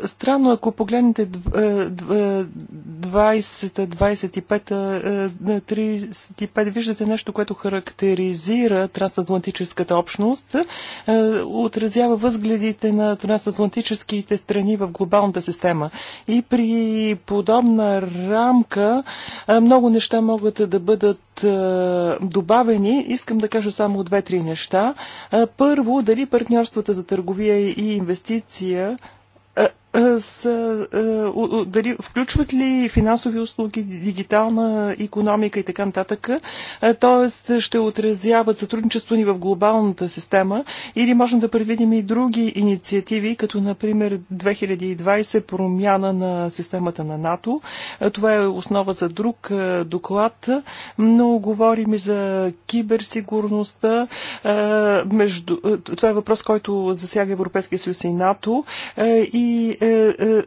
Странно, ако погледнете 20-25-35, виждате нещо, което характеризира трансатлантическата общност, отразява възгледите на трансатлантическите страни в глобалната система. И при подобна рамка много неща могат да бъдат добавени. Искам да кажа кажа само две-три неща. Първо, дали партньорствата за търговия и инвестиция у, дали включват ли финансови услуги, дигитална економика и така нататък, т.е. ще отразяват сътрудничество ни в глобалната система или можем да предвидим и други инициативи, като например 2020 промяна на системата на НАТО. Това е основа за друг доклад, но говорим и за киберсигурността. Между... Това е въпрос, който засяга Европейския съюз и НАТО и е, е,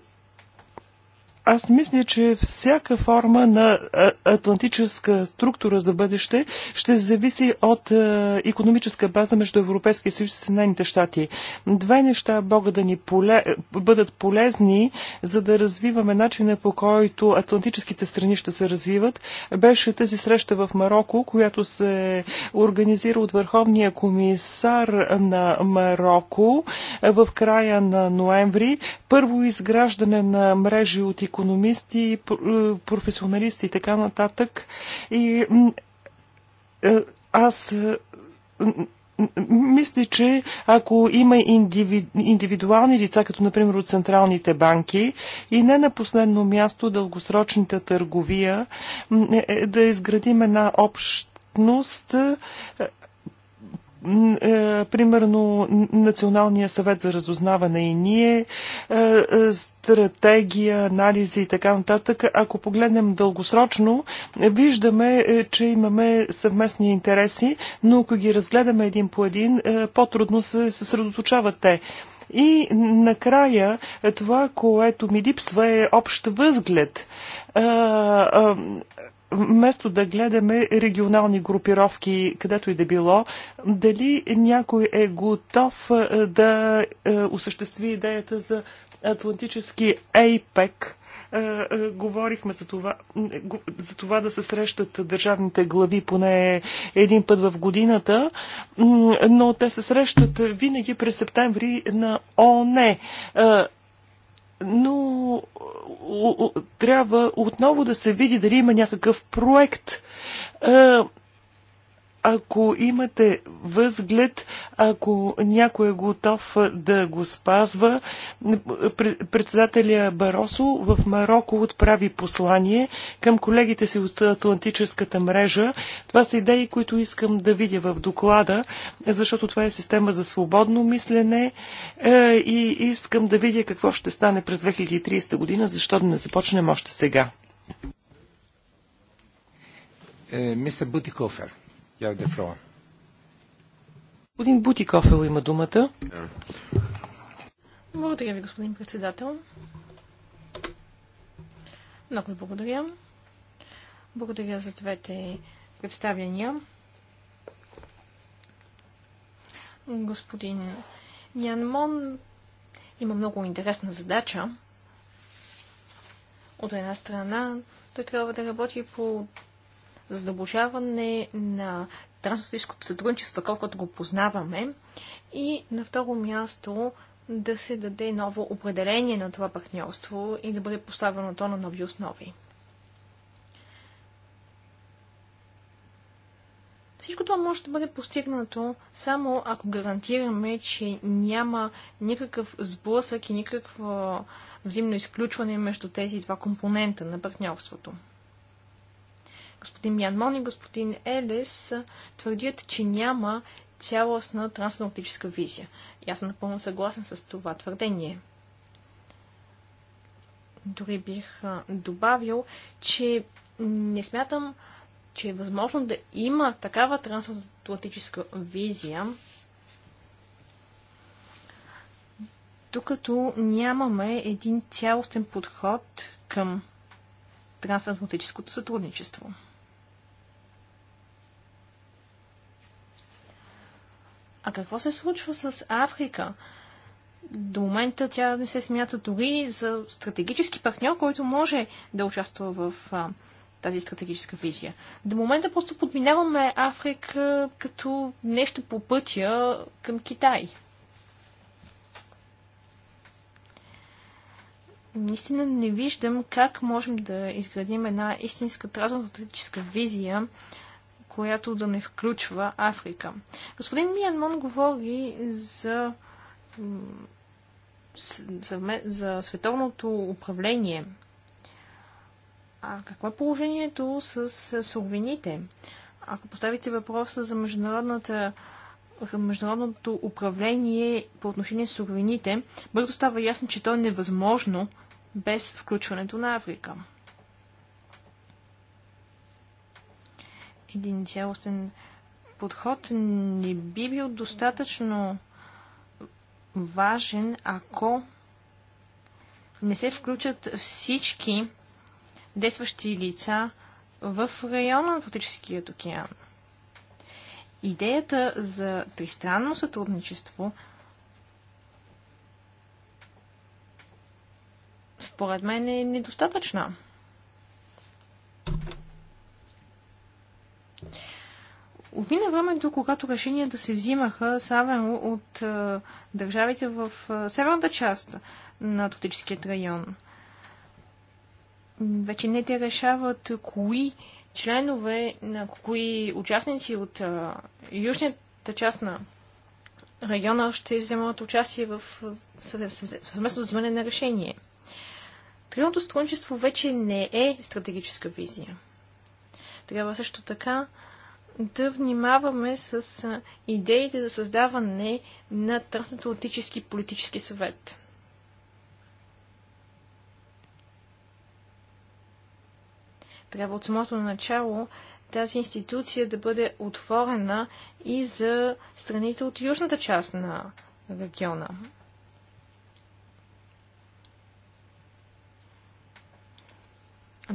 аз мисля, че всяка форма на атлантическа структура за бъдеще ще зависи от економическа база между Европейския съюз и Съединените щати. Две неща Бога да ни поле... бъдат полезни, за да развиваме начина по който атлантическите страни ще се развиват. Беше тази среща в Марокко, която се организира от Върховния комисар на Марокко в края на ноември. Първо изграждане на мрежи от економисти, е, професионалисти и така нататък. И е, аз е, мисля, че ако има индивидуални лица, като например от централните банки и не на последно място дългосрочната търговия, да изградим една общност, е, примерно Националния съвет за разузнаване и ние, е, е, стратегия, анализи и така нататък, ако погледнем дългосрочно, виждаме, че имаме съвместни интереси, но ако ги разгледаме един по един, по-трудно се съсредоточават те. И накрая това, което ми липсва е общ възглед вместо да гледаме регионални групировки, където и да било, дали някой е готов е, да е, осъществи идеята за Атлантически ЕйПЕК. Е, говорихме за това, за това да се срещат държавните глави поне един път в годината, но те се срещат винаги през септември на ОНЕ но трябва отново да се види дали има някакъв проект. Е, ако имате възглед, ако някой е готов да го спазва, председателя Баросо в Марокко отправи послание към колегите си от Атлантическата мрежа. Това са идеи, които искам да видя в доклада, защото това е система за свободно мислене е, и искам да видя какво ще стане през 2030 година, защо да не започнем още сега. Е, мистер Бутикофер. You have the floor. Господин Бутикофел има думата. Благодаря ви, господин председател. Много ви благодаря. Благодаря за двете представяния. Господин Нянмон има много интересна задача. От една страна, той трябва да работи по задълбочаване на трансатлантическото сътрудничество, колкото го познаваме. И на второ място да се даде ново определение на това партньорство и да бъде поставено то на нови основи. Всичко това може да бъде постигнато само ако гарантираме, че няма никакъв сблъсък и никакво взаимно изключване между тези два компонента на партньорството господин Мянмон и господин Елес твърдят, че няма цялостна трансатлантическа визия. И аз съм напълно съгласен с това твърдение. Дори бих добавил, че не смятам, че е възможно да има такава трансатлантическа визия, докато нямаме един цялостен подход към трансатлантическото сътрудничество. А какво се случва с Африка? До момента тя не се смята дори за стратегически партньор, който може да участва в а, тази стратегическа визия. До момента просто подминаваме Африка като нещо по пътя към Китай. Наистина не виждам как можем да изградим една истинска трансатлантическа визия която да не включва Африка. Господин Миянмон говори за, за, за световното управление. А какво е положението с суровините? Ако поставите въпроса за международната международното управление по отношение с суровините, бързо става ясно, че то е невъзможно без включването на Африка. един цялостен подход не би бил достатъчно важен, ако не се включат всички действащи лица в района на Атлантическият океан. Идеята за тристранно сътрудничество според мен е недостатъчна. Отмина времето, когато решенията се взимаха само от а, е, държавите в а, е, северната част на Атлантическият район. Вече не те решават кои членове, на кои участници от а, е, южната част на района ще вземат участие в съвместно вземане на решение. Трилното сътрудничество вече не е стратегическа визия. Трябва също така да внимаваме с идеите за създаване на Трансатлантически политически съвет. Трябва от самото начало тази институция да бъде отворена и за страните от южната част на региона.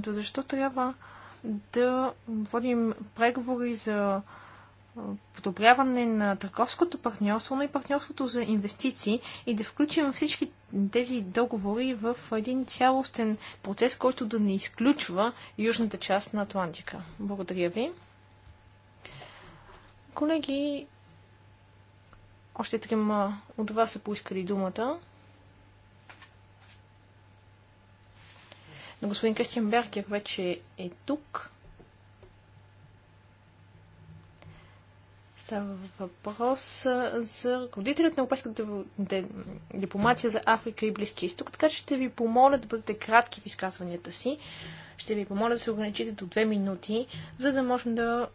защо трябва да водим преговори за подобряване на търговското партньорство, но и партньорството за инвестиции и да включим всички тези договори в един цялостен процес, който да не изключва южната част на Атлантика. Благодаря ви. Колеги, още трима от вас са поискали думата. Но господин Кристиан Бергер вече е тук. Става въпрос за ръководителят на Европейската дипломация за Африка и Близки изток, така че ще ви помоля да бъдете кратки в изказванията си. Ще ви помоля да се ограничите до две минути, за да можем да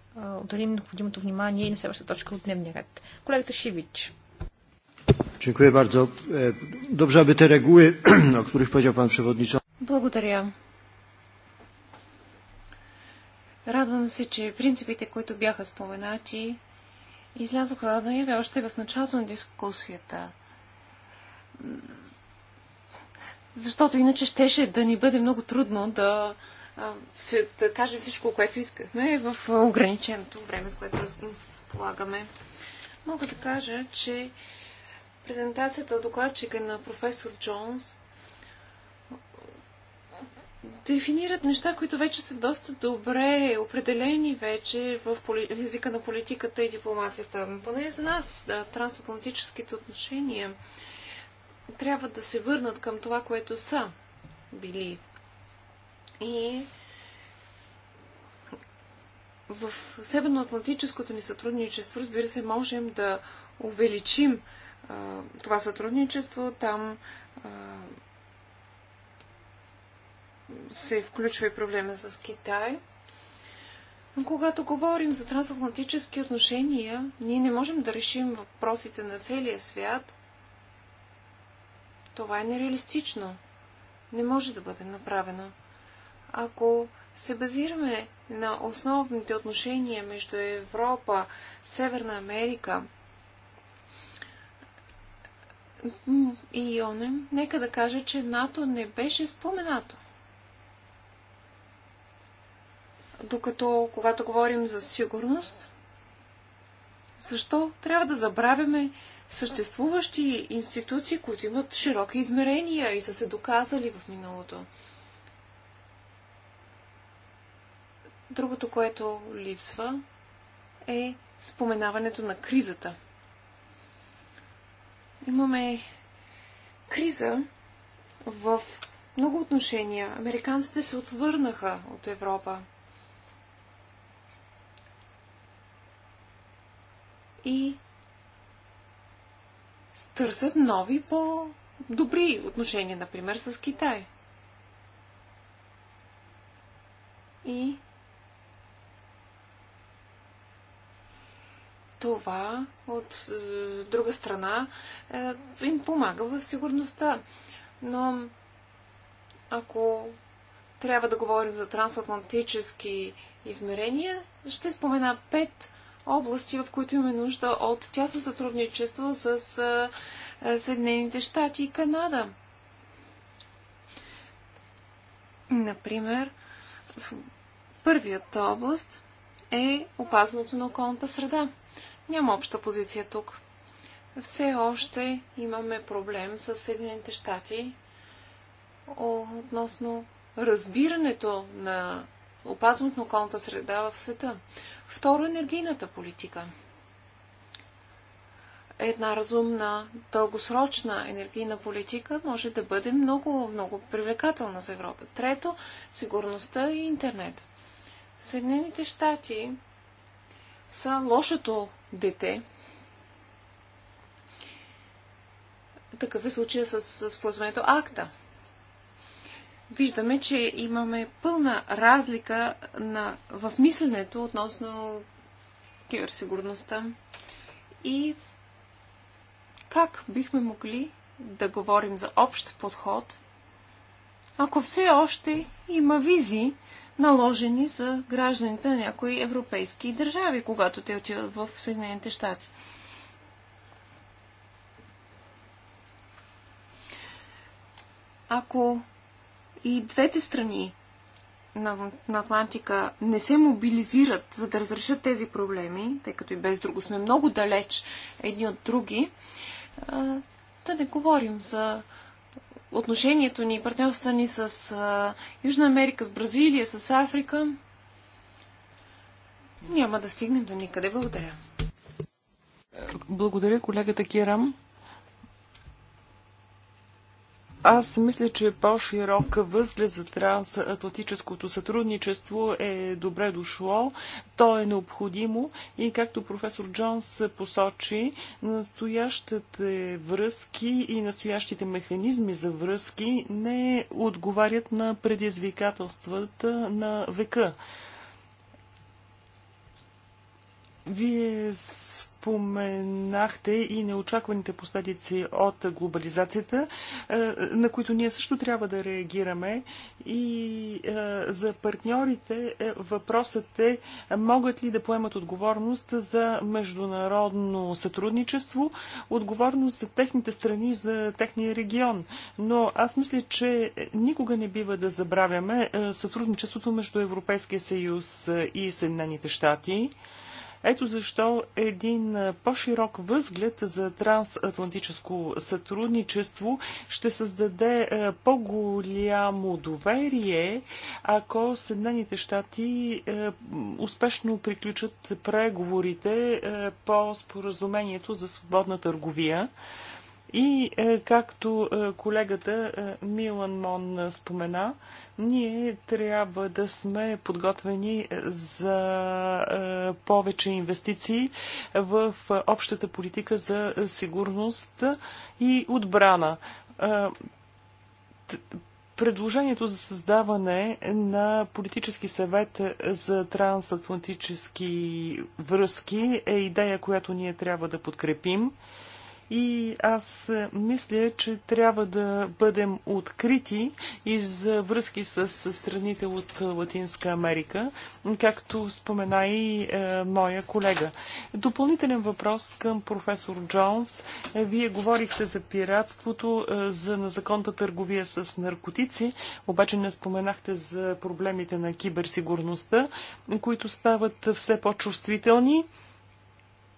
отделим необходимото внимание и на следващата точка от дневния ред. Колегата Шивич. Dziękuję bardzo. Е, dobrze, aby te reguły, o których powiedział Pan Przewodniczący. Благодаря. Радвам се, че принципите, които бяха споменати, излязоха да яве още в началото на дискусията. Защото иначе щеше да ни бъде много трудно да, се, да кажем всичко, което искахме в ограниченото време, с което разполагаме. Мога да кажа, че презентацията от докладчика на професор Джонс дефинират неща, които вече са доста добре определени вече в езика на политиката и дипломацията. Поне за нас да, трансатлантическите отношения трябва да се върнат към това, което са били. И в Северноатлантическото ни сътрудничество, разбира се, можем да увеличим а, това сътрудничество. Там а, се включва и проблема с Китай. Но когато говорим за трансатлантически отношения, ние не можем да решим въпросите на целия свят. Това е нереалистично. Не може да бъде направено. Ако се базираме на основните отношения между Европа, Северна Америка и ОНЕ, нека да кажа, че НАТО не беше споменато. Докато когато говорим за сигурност, защо трябва да забравяме съществуващи институции, които имат широки измерения и са се доказали в миналото? Другото, което липсва, е споменаването на кризата. Имаме криза в много отношения. Американците се отвърнаха от Европа. и търсят нови, по-добри отношения, например, с Китай. И това от е, друга страна е, им помага в сигурността. Но ако трябва да говорим за трансатлантически измерения, ще спомена пет области, в които имаме нужда от тясно сътрудничество с Съединените щати и Канада. Например, първият област е опазването на околната среда. Няма обща позиция тук. Все още имаме проблем с Съединените щати относно разбирането на опазването на околната среда в света. Второ, енергийната политика. Една разумна, дългосрочна енергийна политика може да бъде много, много привлекателна за Европа. Трето, сигурността и интернет. Съединените щати са лошото дете. Такъв е случая с плазмето АКТА – виждаме, че имаме пълна разлика на, в мисленето относно киберсигурността и как бихме могли да говорим за общ подход, ако все още има визи, наложени за гражданите на някои европейски държави, когато те отиват в Съединените щати. Ако и двете страни на, на Атлантика не се мобилизират, за да разрешат тези проблеми, тъй като и без друго сме много далеч едни от други, да не говорим за отношението ни партньорства ни с Южна Америка, с Бразилия, с Африка, няма да стигнем до никъде. Благодаря. Благодаря, колегата Кирам. Аз мисля, че по-широк възглед за трансатлантическото сътрудничество е добре дошло. То е необходимо и както професор Джонс посочи, настоящите връзки и настоящите механизми за връзки не отговарят на предизвикателствата на века. Вие споменахте и неочакваните последици от глобализацията, е, на които ние също трябва да реагираме. И е, за партньорите е, въпросът е могат ли да поемат отговорност за международно сътрудничество, отговорност за техните страни, за техния регион. Но аз мисля, че никога не бива да забравяме сътрудничеството между Европейския съюз и Съединените щати. Ето защо един по-широк възглед за трансатлантическо сътрудничество ще създаде по-голямо доверие, ако Съединените щати успешно приключат преговорите по споразумението за свободна търговия. И както колегата Милан Мон спомена, ние трябва да сме подготвени за е, повече инвестиции в е, общата политика за сигурност и отбрана е, предложението за създаване на политически съвет за трансатлантически връзки е идея, която ние трябва да подкрепим. И аз е, мисля, че трябва да бъдем открити и за връзки с страните от Латинска Америка, както спомена и е, моя колега. Допълнителен въпрос към професор Джонс. Вие говорихте за пиратството, е, за незаконната търговия с наркотици, обаче не споменахте за проблемите на киберсигурността, които стават все по-чувствителни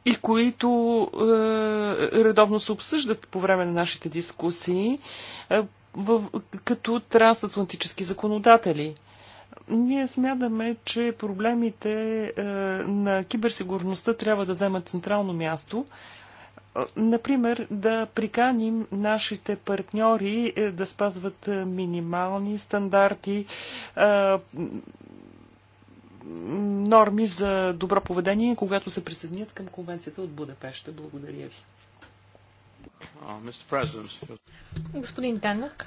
и които е, редовно се обсъждат по време на нашите дискусии е, в, като трансатлантически законодатели. Ние смятаме, че проблемите е, на киберсигурността трябва да вземат централно място. Е, например, да приканим нашите партньори е, да спазват е, минимални стандарти, норми за добро поведение, когато се присъединят към конвенцията от Будапешта. Благодаря ви. Господин Танък.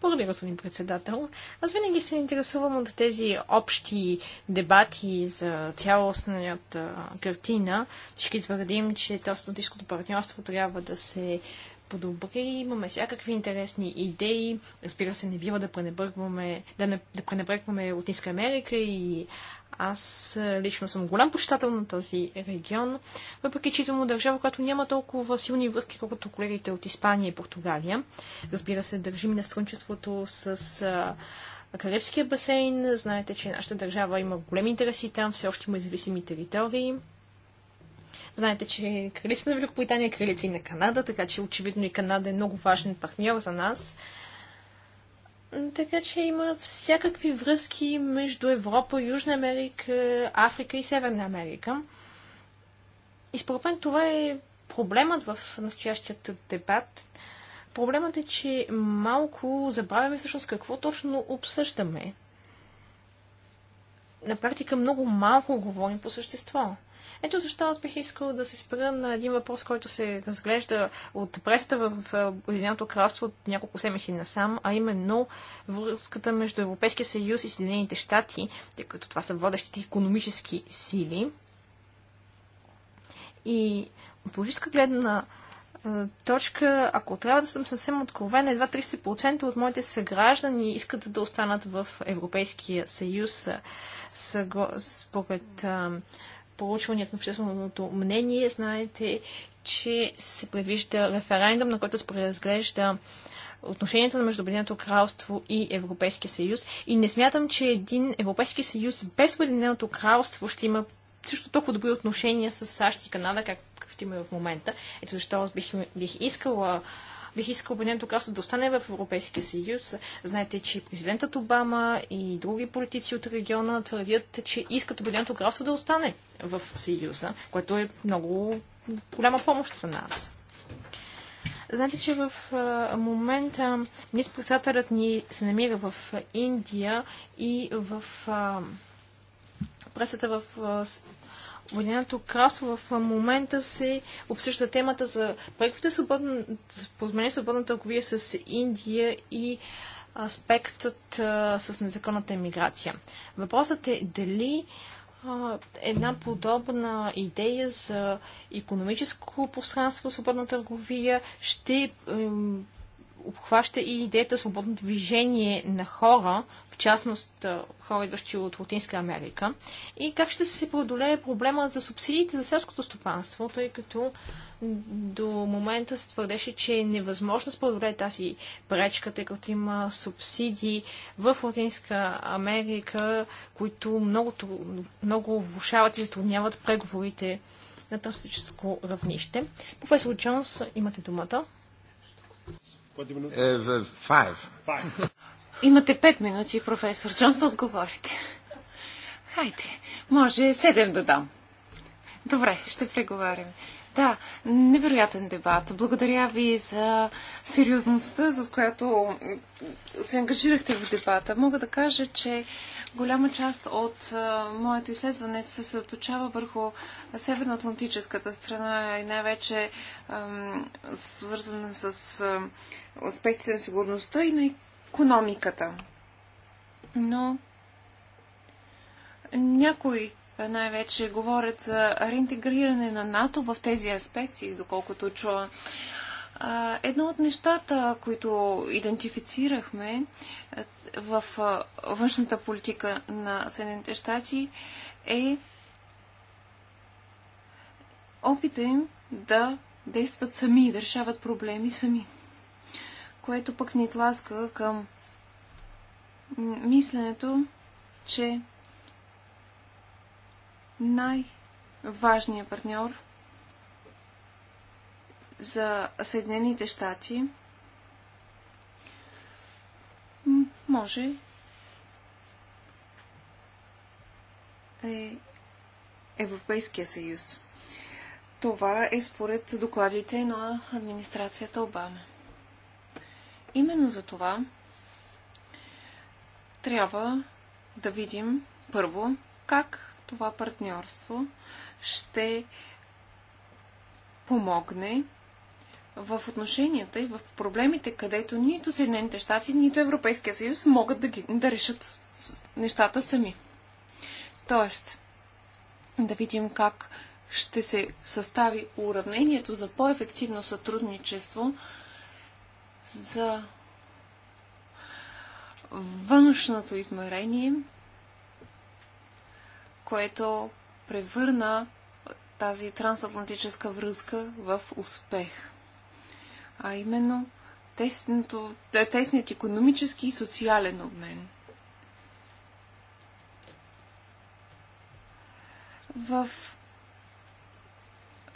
Благодаря, господин председател. Аз винаги се интересувам от тези общи дебати за цялостната картина. Всички твърдим, че Трансатлантическото партньорство трябва да се подобри. Имаме всякакви интересни идеи. Разбира се, не бива да пренебръгваме, да, не, да пренебръгваме Латинска Америка и аз е, лично съм голям почитател на този регион, въпреки че му държава, която няма толкова силни връзки, колкото колегите от Испания и Португалия. Разбира се, държим на сътрудничеството с а, е, Карибския басейн. Знаете, че нашата държава има големи интереси там, все още има зависими територии. Знаете, че кралица на Великобритания, е кралица и на Канада, така че очевидно и Канада е много важен партньор за нас. Така че има всякакви връзки между Европа, Южна Америка, Африка и Северна Америка. И според мен това е проблемът в настоящият дебат. Проблемът е, че малко забравяме всъщност какво точно обсъждаме. На практика много малко говорим по същество. Ето защо аз бих искал да се спра на един въпрос, който се разглежда от преста в Обединеното кралство от няколко седмици насам, а именно връзката между Европейския съюз и Съединените щати, тъй като това са водещите економически сили. И от логическа гледна точка, ако трябва да съм съвсем откровен, едва 30% от моите съграждани искат да останат в Европейския съюз според проучванията на общественото мнение. Знаете, че се предвижда референдум, на който се преразглежда отношенията на Междубединеното кралство и Европейския съюз. И не смятам, че един Европейски съюз без Обединеното кралство ще има също толкова добри отношения с САЩ и Канада, както има в момента. Ето защо бих, бих искала Бих искал Обединеното кралство да остане в Европейския съюз. Знаете, че президентът Обама и други политици от региона твърдят, че искат Обединеното кралство да остане в съюза, което е много голяма помощ за нас. Знаете, че в момента министр-председателят ни се намира в Индия и в пресата в Обединеното кралство в момента се обсъжда темата за преговорите свободно, споразумение свободна търговия с Индия и аспектът а, с незаконната емиграция. Въпросът е дали а, една подобна идея за економическо пространство, свободна търговия ще обхваща и идеята свободно движение на хора, частност хора, идващи от Латинска Америка? И как ще се преодолее проблема за субсидиите за селското стопанство, тъй като до момента се твърдеше, че е невъзможно да се преодолее тази пречка, тъй като има субсидии в Латинска Америка, които много, много влушават и затрудняват преговорите на търсическо равнище. Професор Джонс, имате думата. Е, five. Five. Имате пет минути, професор Джонс, да отговорите. Хайде, може седем да дам. Добре, ще преговарям. Да, невероятен дебат. Благодаря ви за сериозността, с която се ангажирахте в дебата. Мога да кажа, че голяма част от моето изследване се съсредоточава върху Северноатлантическата страна и най-вече свързана с аспектите на сигурността и на економиката. Но някои най-вече говорят за реинтегриране на НАТО в тези аспекти, доколкото чува. Едно от нещата, които идентифицирахме в външната политика на Съединените щати е опита им да действат сами, да решават проблеми сами което пък ни тласка към мисленето, че най-важният партньор за Съединените щати може е Европейския съюз. Това е според докладите на администрацията Обама. Именно за това трябва да видим първо как това партньорство ще помогне в отношенията и в проблемите, където нито Съединените щати, нито Европейския съюз могат да, ги, да решат нещата сами. Тоест, да видим как ще се състави уравнението за по-ефективно сътрудничество за външното измерение, което превърна тази трансатлантическа връзка в успех. А именно тесното, тесният економически и социален обмен. В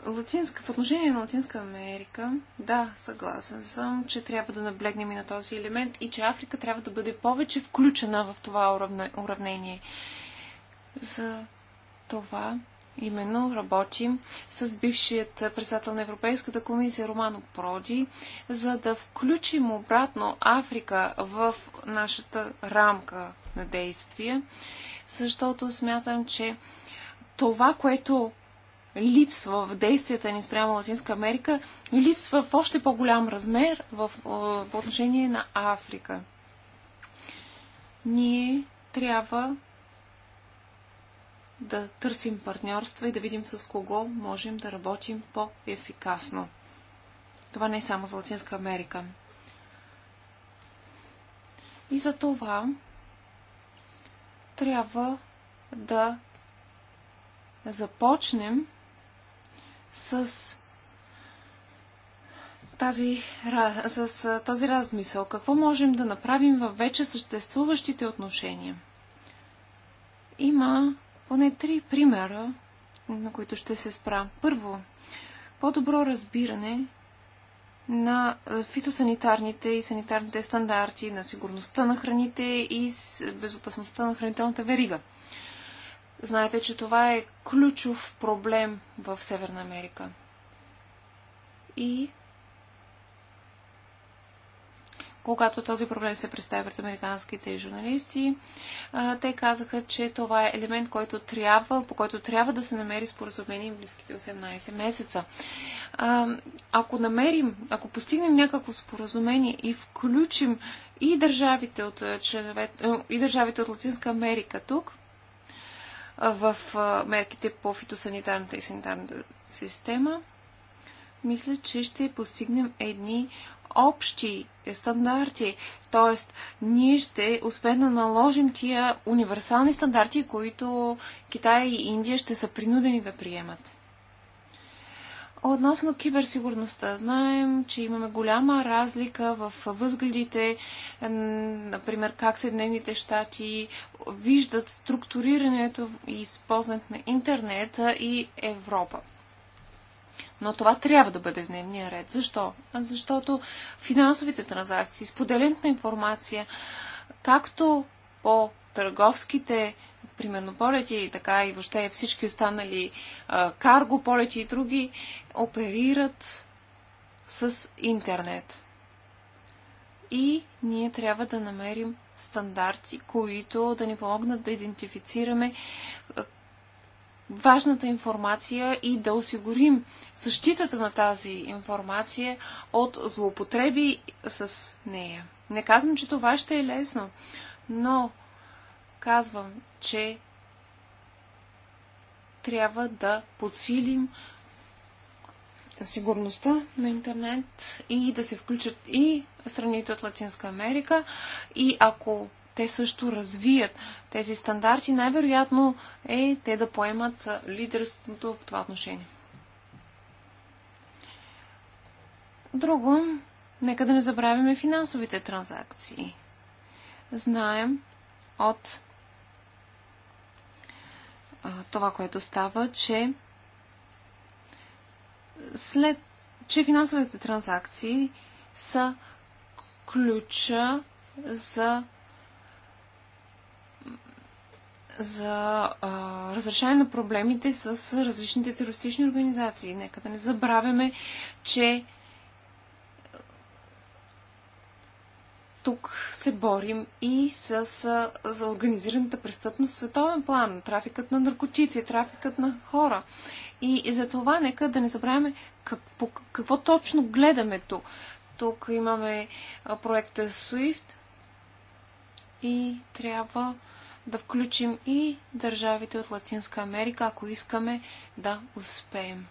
Латинска, в отношение на Латинска Америка, да, съгласен съм, че трябва да наблегнем и на този елемент и че Африка трябва да бъде повече включена в това уравнение. За това именно работим с бившият председател на Европейската комисия Романо Проди, за да включим обратно Африка в нашата рамка на действия, защото смятам, че това, което липсва в действията ни спрямо Латинска Америка, липсва в още по-голям размер в, в е, отношение на Африка. Ние трябва да търсим партньорства и да видим с кого можем да работим по-ефикасно. Това не е само за Латинска Америка. И за това трябва да започнем с тази, с този размисъл. Какво можем да направим във вече съществуващите отношения? Има поне три примера, на които ще се спра. Първо, по-добро разбиране на фитосанитарните и санитарните стандарти, на сигурността на храните и безопасността на хранителната верига – Знаете, че това е ключов проблем в Северна Америка. И когато този проблем се представи пред американските журналисти, те казаха, че това е елемент, който трябва, по който трябва да се намери споразумение в близките 18 месеца. Ако намерим, ако постигнем някакво споразумение и включим и държавите от, членове, и държавите от Латинска Америка тук, в мерките по фитосанитарната и санитарната система, мисля, че ще постигнем едни общи стандарти. Тоест, ние ще успеем да наложим тия универсални стандарти, които Китай и Индия ще са принудени да приемат. Относно киберсигурността, знаем, че имаме голяма разлика в възгледите, например как Съединените щати виждат структурирането и използването на интернета и Европа. Но това трябва да бъде в дневния ред. Защо? Защото финансовите транзакции, споделената на информация, както по търговските примерно полети, така и въобще всички останали а, карго полети и други, оперират с интернет. И ние трябва да намерим стандарти, които да ни помогнат да идентифицираме важната информация и да осигурим защитата на тази информация от злоупотреби с нея. Не казвам, че това ще е лесно, но казвам, че трябва да подсилим сигурността на интернет и да се включат и страните от Латинска Америка. И ако те също развият тези стандарти, най-вероятно е те да поемат лидерството в това отношение. Друго, нека да не забравяме финансовите транзакции. Знаем от това, което става, че след, че финансовите транзакции са ключа за за а, разрешение на проблемите с различните терористични организации. Нека да не забравяме, че тук се борим и с, за организираната престъпност в световен план, трафикът на наркотици, трафикът на хора. И, и за това нека да не забравяме как, по, какво точно гледаме тук. Тук имаме проекта SWIFT и трябва да включим и държавите от Латинска Америка, ако искаме да успеем.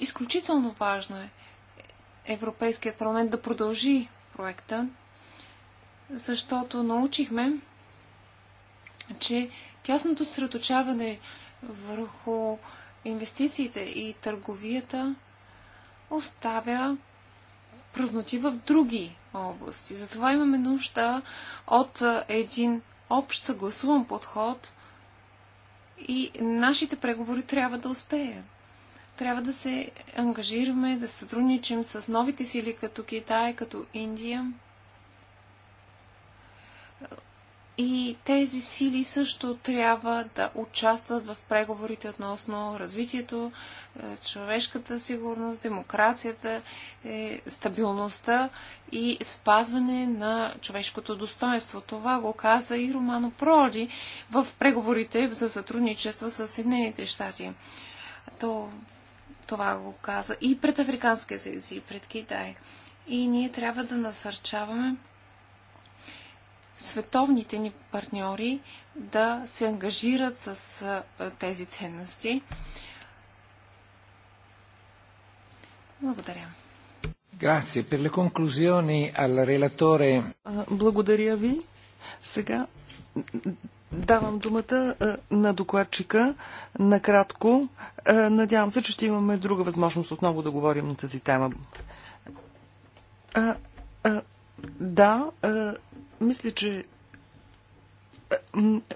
Изключително важно е Европейският парламент да продължи проекта, защото научихме, че тясното средочаване върху инвестициите и търговията оставя празноти в други области. Затова имаме нужда от един общ съгласуван подход и нашите преговори трябва да успеят трябва да се ангажираме, да сътрудничим с новите сили, като Китай, като Индия. И тези сили също трябва да участват в преговорите относно развитието, е, човешката сигурност, демокрацията, е, стабилността и спазване на човешкото достоинство. Това го каза и Романо Проди в преговорите за сътрудничество с Съединените щати. То това го каза и пред Африканския съюз, и пред Китай. И ние трябва да насърчаваме световните ни партньори да се ангажират с тези ценности. Благодаря. Grazie per le conclusioni al relatore. Благодаря ви. Сега Давам думата е, на докладчика накратко. Е, надявам се, че ще имаме друга възможност отново да говорим на тази тема. А, е, а, да, а, мисля, че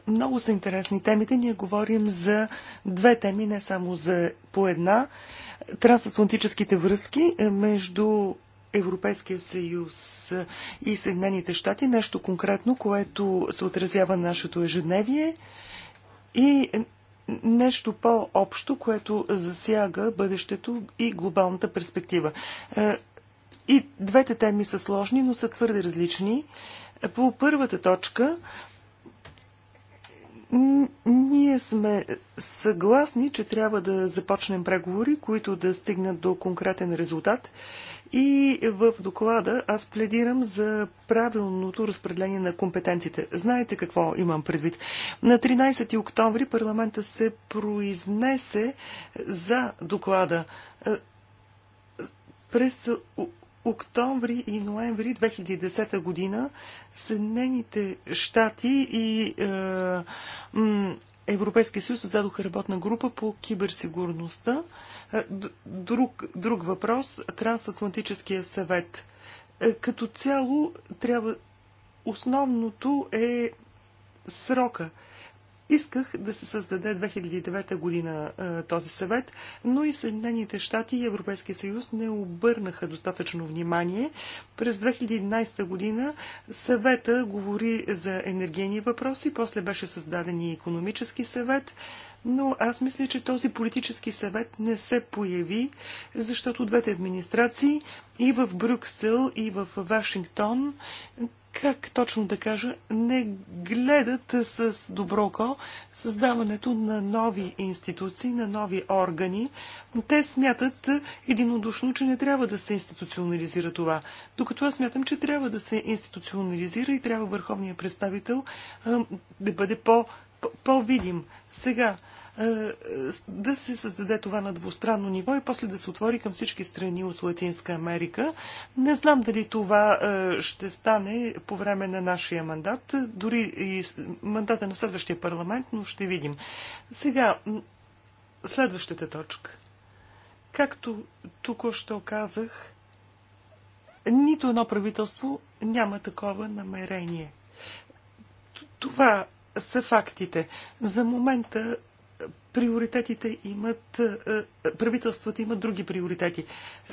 много са интересни темите. Ние говорим за две теми, не само за по една. Трансатлантическите връзки между Европейския съюз и Съединените щати, нещо конкретно, което се отразява на нашето ежедневие и нещо по-общо, което засяга бъдещето и глобалната перспектива. Е, и двете теми са сложни, но са твърде различни. По първата точка ние сме съгласни, че трябва да започнем преговори, които да стигнат до конкретен резултат. И в доклада аз пледирам за правилното разпределение на компетенциите. Знаете какво имам предвид. На 13 октомври парламента се произнесе за доклада. Е, през октомври и ноември 2010 година Съединените щати и е, Европейския съюз създадоха работна група по киберсигурността. Е, е, друг, друг въпрос – Трансатлантическия съвет. Е, като цяло трябва... Основното е срока. Исках да се създаде 2009 година е, този съвет, но и Съединените щати и Европейския съюз не обърнаха достатъчно внимание. През 2011 година съвета говори за енергийни въпроси, после беше създаден и економически съвет но аз мисля, че този политически съвет не се появи, защото двете администрации и в Брюксел, и в Вашингтон, как точно да кажа, не гледат с добро око създаването на нови институции, на нови органи. Те смятат единодушно, че не трябва да се институционализира това. Докато аз смятам, че трябва да се институционализира и трябва върховният представител да бъде по, по, по-видим. Сега, е, да се създаде това на двустранно ниво и после да се отвори към всички страни от Латинска Америка. Не знам дали това е, ще стане по време на нашия мандат, дори и мандата на следващия парламент, но ще видим. Сега, следващата точка. Както тук още казах, нито едно правителство няма такова намерение. Това са фактите. За момента приоритетите имат, е, е, правителствата имат други приоритети.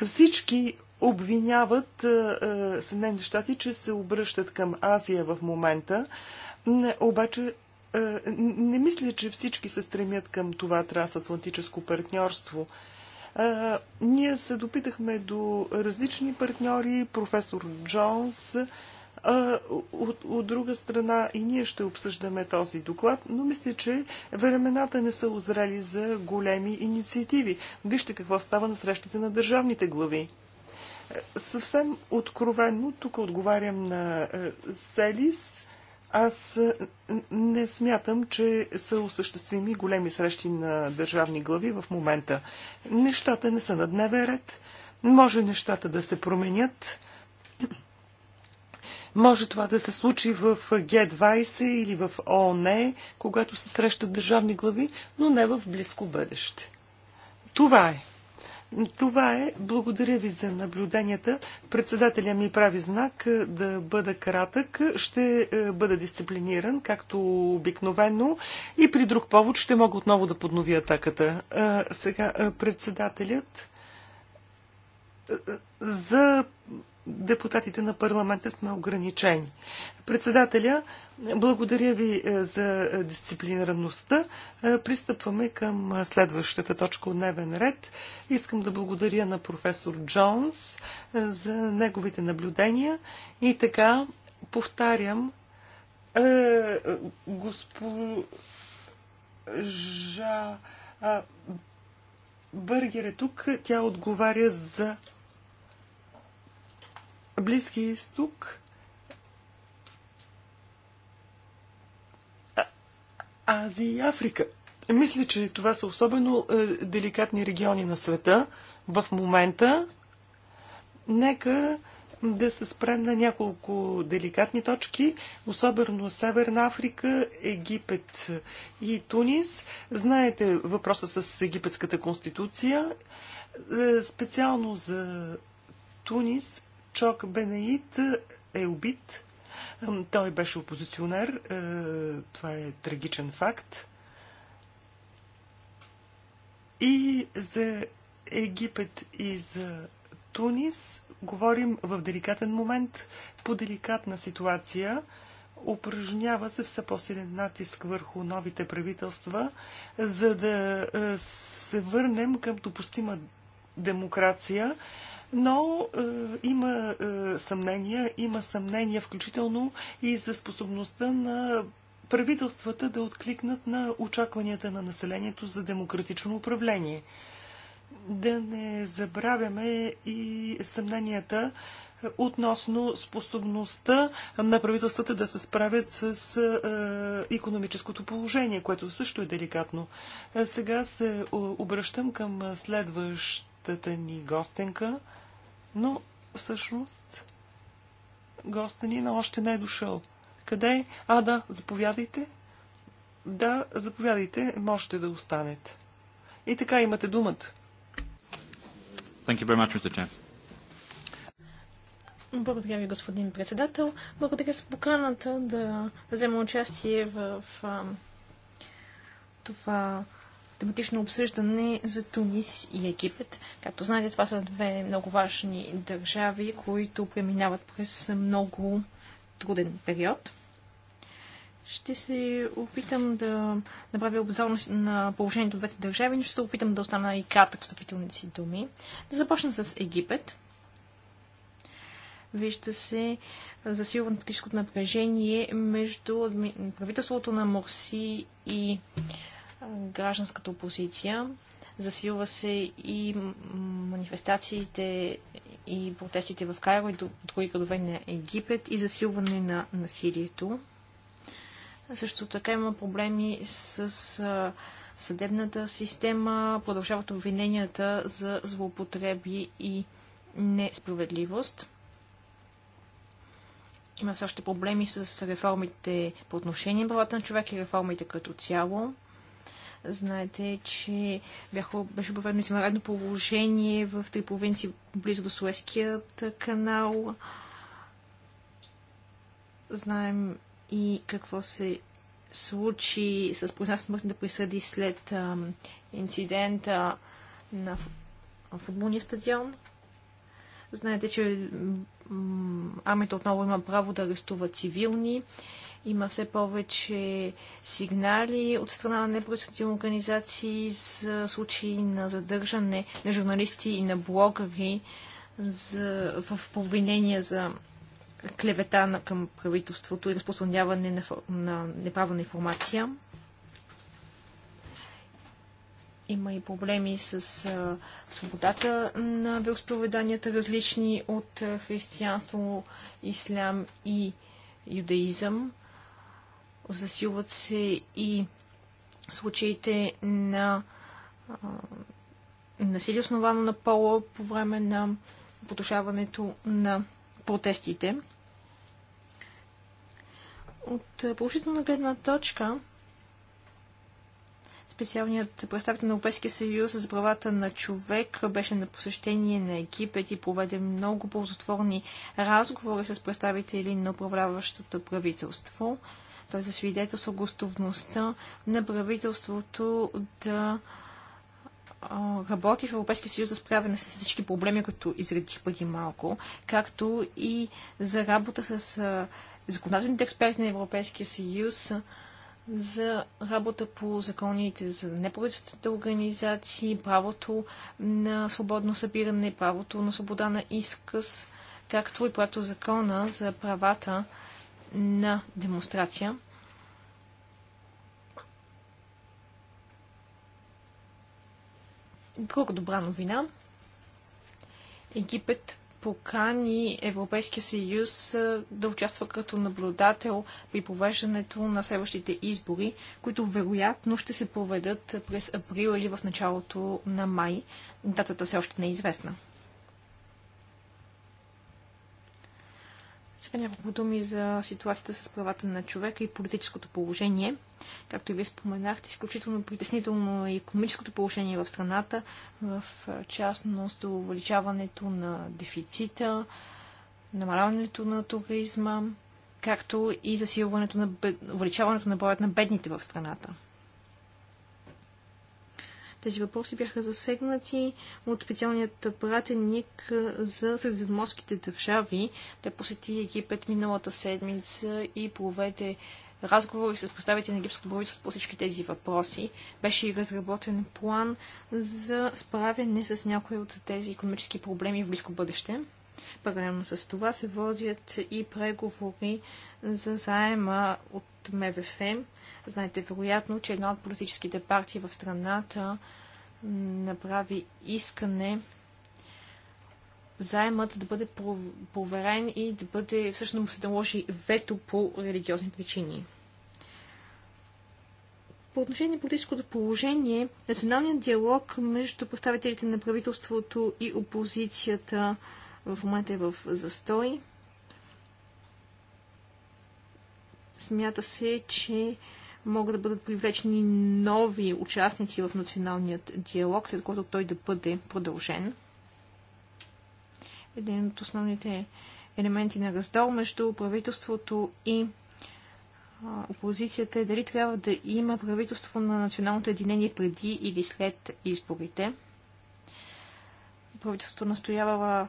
Всички обвиняват е, Съединените щати, че се обръщат към Азия в момента, обаче не мисля, че всички се стремят към това трансатлантическо партньорство. Ние се допитахме до различни партньори, професор Джонс, а, от, от друга страна и ние ще обсъждаме този доклад, но мисля, че времената не са озрели за големи инициативи. Вижте какво става на срещите на държавните глави. Е, съвсем откровенно, тук отговарям на е, Селис, аз е, не смятам, че са осъществими големи срещи на държавни глави в момента. Нещата не са на дневен ред. Може нещата да се променят. Може това да се случи в Г20 или в ООН, е, когато се срещат държавни глави, но не в близко бъдеще. Това е. Това е. Благодаря ви за наблюденията. Председателя ми прави знак е, да бъда кратък. Ще е, бъда дисциплиниран, както обикновено. И при друг повод ще мога отново да поднови атаката. Сега председателят за депутатите на парламента сме ограничени. Председателя, благодаря ви е, за дисциплинираността. Е, пристъпваме към следващата точка от дневен ред. Искам да благодаря на професор Джонс е, за неговите наблюдения. И така, повтарям, госпожа Бъргер е тук. Тя отговаря за Близки изток. Азия и Африка. Мисля, че това са особено е, деликатни региони на света в момента. Нека да се спрем на няколко деликатни точки, особено Северна Африка, Египет и Тунис. Знаете въпроса с египетската конституция. Е, специално за Тунис Чок Бенеит е убит. Той беше опозиционер. Е, това е трагичен факт. И за Египет и за Тунис говорим в деликатен момент, по деликатна ситуация. Упражнява се все по-силен натиск върху новите правителства, за да е, се върнем към допустима демокрация но е, има е, съмнения, има съмнения включително и за способността на правителствата да откликнат на очакванията на населението за демократично управление. Да не забравяме и съмненията относно способността на правителствата да се справят с е, економическото положение, което също е деликатно. Е, сега се е, обръщам към следващата ни гостенка но всъщност гостенина още не е дошъл. Къде е? А, да, заповядайте. Да, заповядайте, можете да останете. И така имате думата. Thank you very much, Mr. Chair. Благодаря ви, господин председател. Благодаря за поканата да взема участие в, в, в това тематично обсъждане за Тунис и Египет. Както знаете, това са две много важни държави, които преминават през много труден период. Ще се опитам да направя обзор на положението в двете държави, но ще се опитам да остана и кратък встъпителни си думи. Да започна с Египет. Вижда се засилва на политическото напрежение между правителството на Морси и гражданската опозиция. Засилва се и манифестациите и протестите в Кайро и други градове на Египет и засилване на насилието. Също така има проблеми с съдебната система, продължават обвиненията за злоупотреби и несправедливост. Има също проблеми с реформите по отношение на правата на човек и реформите като цяло. Знаете, че бяха, беше обявено извънредно положение в три провинции близо до Суеският канал. Знаем и какво се случи с произнасяне смъртната присъди след а, инцидента на футболния стадион. Знаете, че армията отново има право да арестува цивилни има все повече сигнали от страна на неправителствени организации за случаи на задържане на журналисти и на блогъри за, в провинения за клевета на, към правителството и разпространяване на, на неправилна информация. Има и проблеми с а, свободата на вероисповеданията, различни от християнство, ислям и юдаизъм засилват се и случаите на насилие основано на пола по време на потушаването на протестите. От положителна гледна точка, специалният представител на Европейския съюз за правата на човек беше на посещение на Египет и проведе много ползотворни разговори с представители на управляващото правителство. Той е за свидетелство гостовността на правителството да работи в Европейския съюз за справяне с всички проблеми, които изредих преди малко, както и за работа с законодателните експерти на Европейския съюз за работа по законите за неправителствените организации, правото на свободно събиране, правото на свобода на изказ, както и правото закона за правата на демонстрация. Друга добра новина. Египет покани Европейския съюз да участва като наблюдател при провеждането на следващите избори, които вероятно ще се проведат през април или в началото на май. Датата все още не е известна. Сега няколко думи за ситуацията с правата на човека и политическото положение. Както и вие споменахте, изключително притеснително е економическото положение в страната, в частност увеличаването на дефицита, намаляването на туризма, както и засилването на увеличаването на броят на бедните в страната. Тези въпроси бяха засегнати от специалният пратеник за средиземноморските държави. Те посети Египет миналата седмица и проведе разговори с представители на египетското правителство по всички тези въпроси. Беше и разработен план за справяне с някои от тези економически проблеми в близко бъдеще. Паралелно с това се водят и преговори за заема от МВФ. Знаете вероятно, че една от политическите партии в страната направи искане заемът да бъде проверен и да бъде всъщност се наложи вето по религиозни причини. По отношение на политическото положение, националният диалог между представителите на правителството и опозицията в момента е в застой. Смята се, че могат да бъдат привлечени нови участници в националният диалог, след който той да бъде продължен. Един от основните елементи на раздор между правителството и опозицията е дали трябва да има правителство на националното единение преди или след изборите. Правителството настоява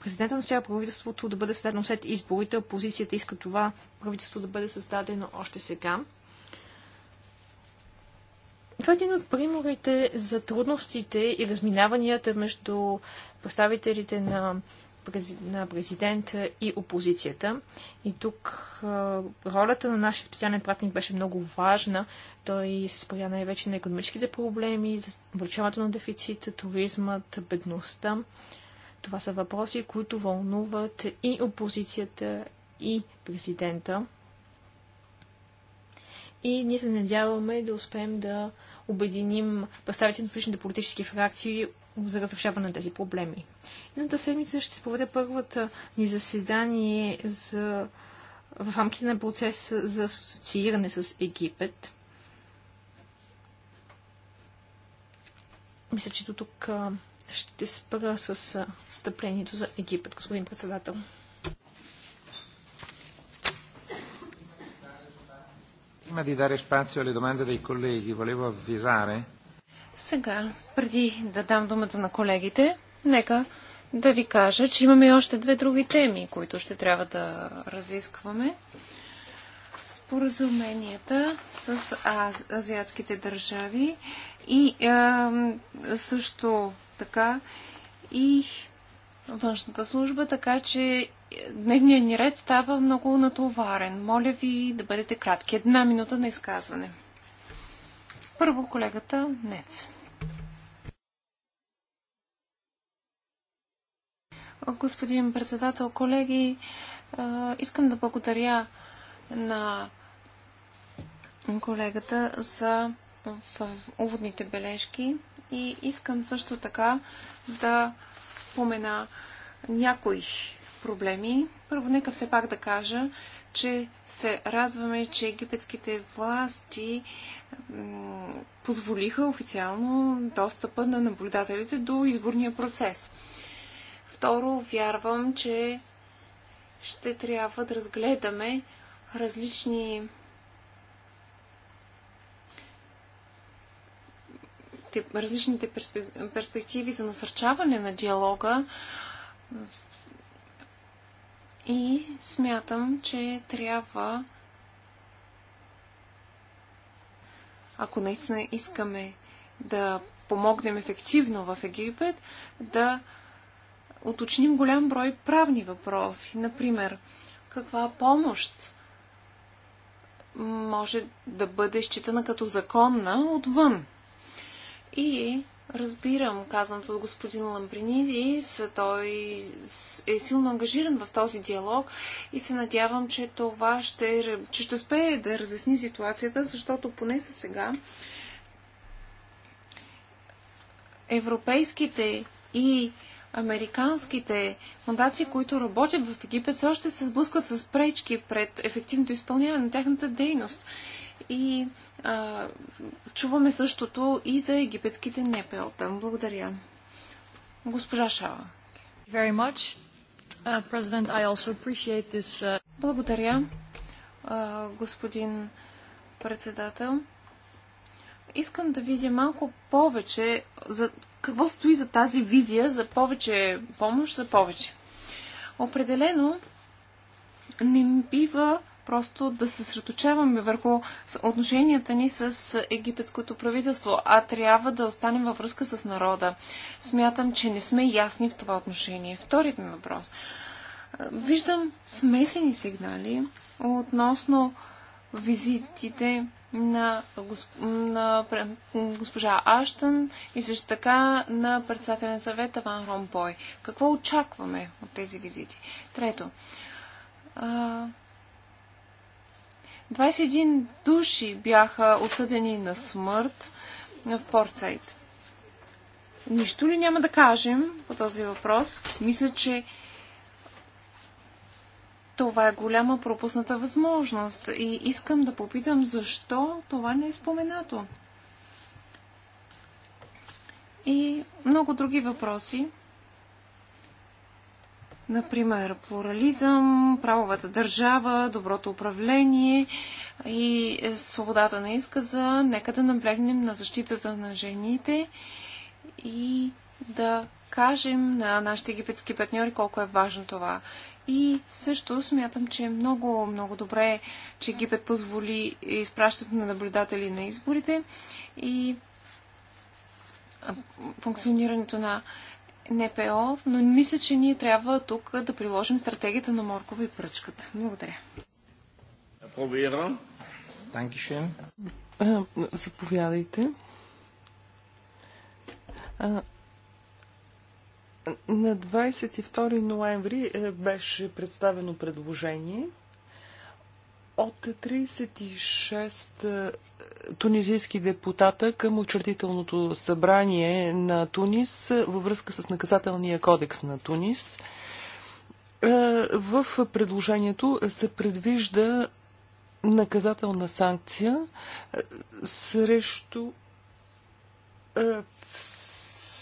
президента настоява правителството да бъде създадено след изборите, опозицията иска това правителство да бъде създадено още сега. Това е един от примерите за трудностите и разминаванията между представителите на, на президента и опозицията. И тук ролята на нашия специален пратник беше много важна. Той се спря най-вече на економическите проблеми, за на дефицита, туризмат, бедността. Това са въпроси, които вълнуват и опозицията, и президента. И ние се надяваме да успеем да обединим представителите на различните политически фракции за разрешаване на тези проблеми. Едната седмица ще се проведе първата ни заседание за, в рамките на процес за асоцииране с Египет. Мисля, че до тук ще спра с встъплението за Египет, господин председател. Prima di dare spazio alle domande dei colleghi, volevo avvisare. Сега, преди да дам думата на колегите, нека да ви кажа, че имаме още две други теми, които ще трябва да разискваме. Споразуменията с азиатските държави и също така и външната служба, така че дневният ни ред става много натоварен. Моля ви да бъдете кратки. Една минута на изказване. Първо колегата Нец. Господин председател, колеги, искам да благодаря на колегата за в уводните бележки и искам също така да спомена някои проблеми. Първо, нека все пак да кажа, че се радваме, че египетските власти позволиха официално достъпа на наблюдателите до изборния процес. Второ, вярвам, че ще трябва да разгледаме различни различните перспективи за насърчаване на диалога. И смятам, че трябва, ако наистина искаме да помогнем ефективно в Египет, да уточним голям брой правни въпроси. Например, каква помощ може да бъде считана като законна отвън. И разбирам казаното от господин Ламбринидис. Той е силно ангажиран в този диалог и се надявам, че това ще, че ще успее да разясни ситуацията, защото поне за сега европейските и американските фундации, които работят в Египет, все още се сблъскват с пречки пред ефективното изпълняване на тяхната дейност. И а, чуваме същото и за египетските НПЛ-та. Благодаря. Госпожа Шава. Uh, uh, Благодаря, господин председател. Искам да видя малко повече за какво стои за тази визия за повече помощ, за повече. Определено не бива просто да се съсредоточаваме върху отношенията ни с египетското правителство, а трябва да останем във връзка с народа. Смятам, че не сме ясни в това отношение. Вторият ми въпрос. Виждам смесени сигнали относно визитите на, госп... на госпожа Аштън и също така на председателен съвет Ван Ромпой. Какво очакваме от тези визити? Трето. 21 души бяха осъдени на смърт в Портсайт. Нищо ли няма да кажем по този въпрос? Мисля, че това е голяма пропусната възможност и искам да попитам защо това не е споменато. И много други въпроси. Например, плурализъм, правовата държава, доброто управление и свободата на изказа. Нека да наблегнем на защитата на жените и да кажем на нашите египетски партньори колко е важно това. И също смятам, че е много, много добре, че Египет позволи изпращането на наблюдатели на изборите и функционирането на НПО, но мисля, че ние трябва тук да приложим стратегията на моркова и пръчката. Благодаря. Пробирам. Заповядайте. На 22 ноември е, беше представено предложение от 36 е, тунизийски депутата към учредителното събрание на Тунис е, във връзка с наказателния кодекс на Тунис. В предложението се предвижда наказателна санкция срещу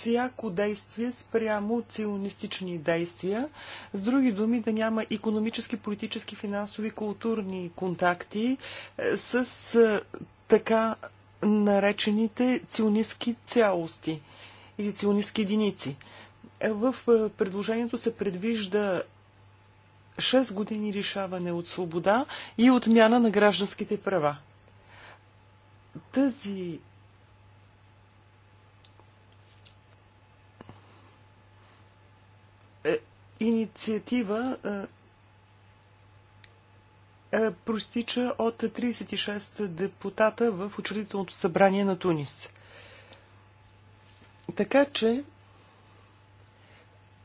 всяко действие спрямо ционистични действия. С други думи, да няма економически, политически, финансови, културни контакти е, с е, така наречените ционистски цялости или ционистски единици. В е, предложението се предвижда 6 години решаване от свобода и отмяна на гражданските права. Тази инициатива е, е, простича от 36 депутата в учредителното събрание на Тунис. Така че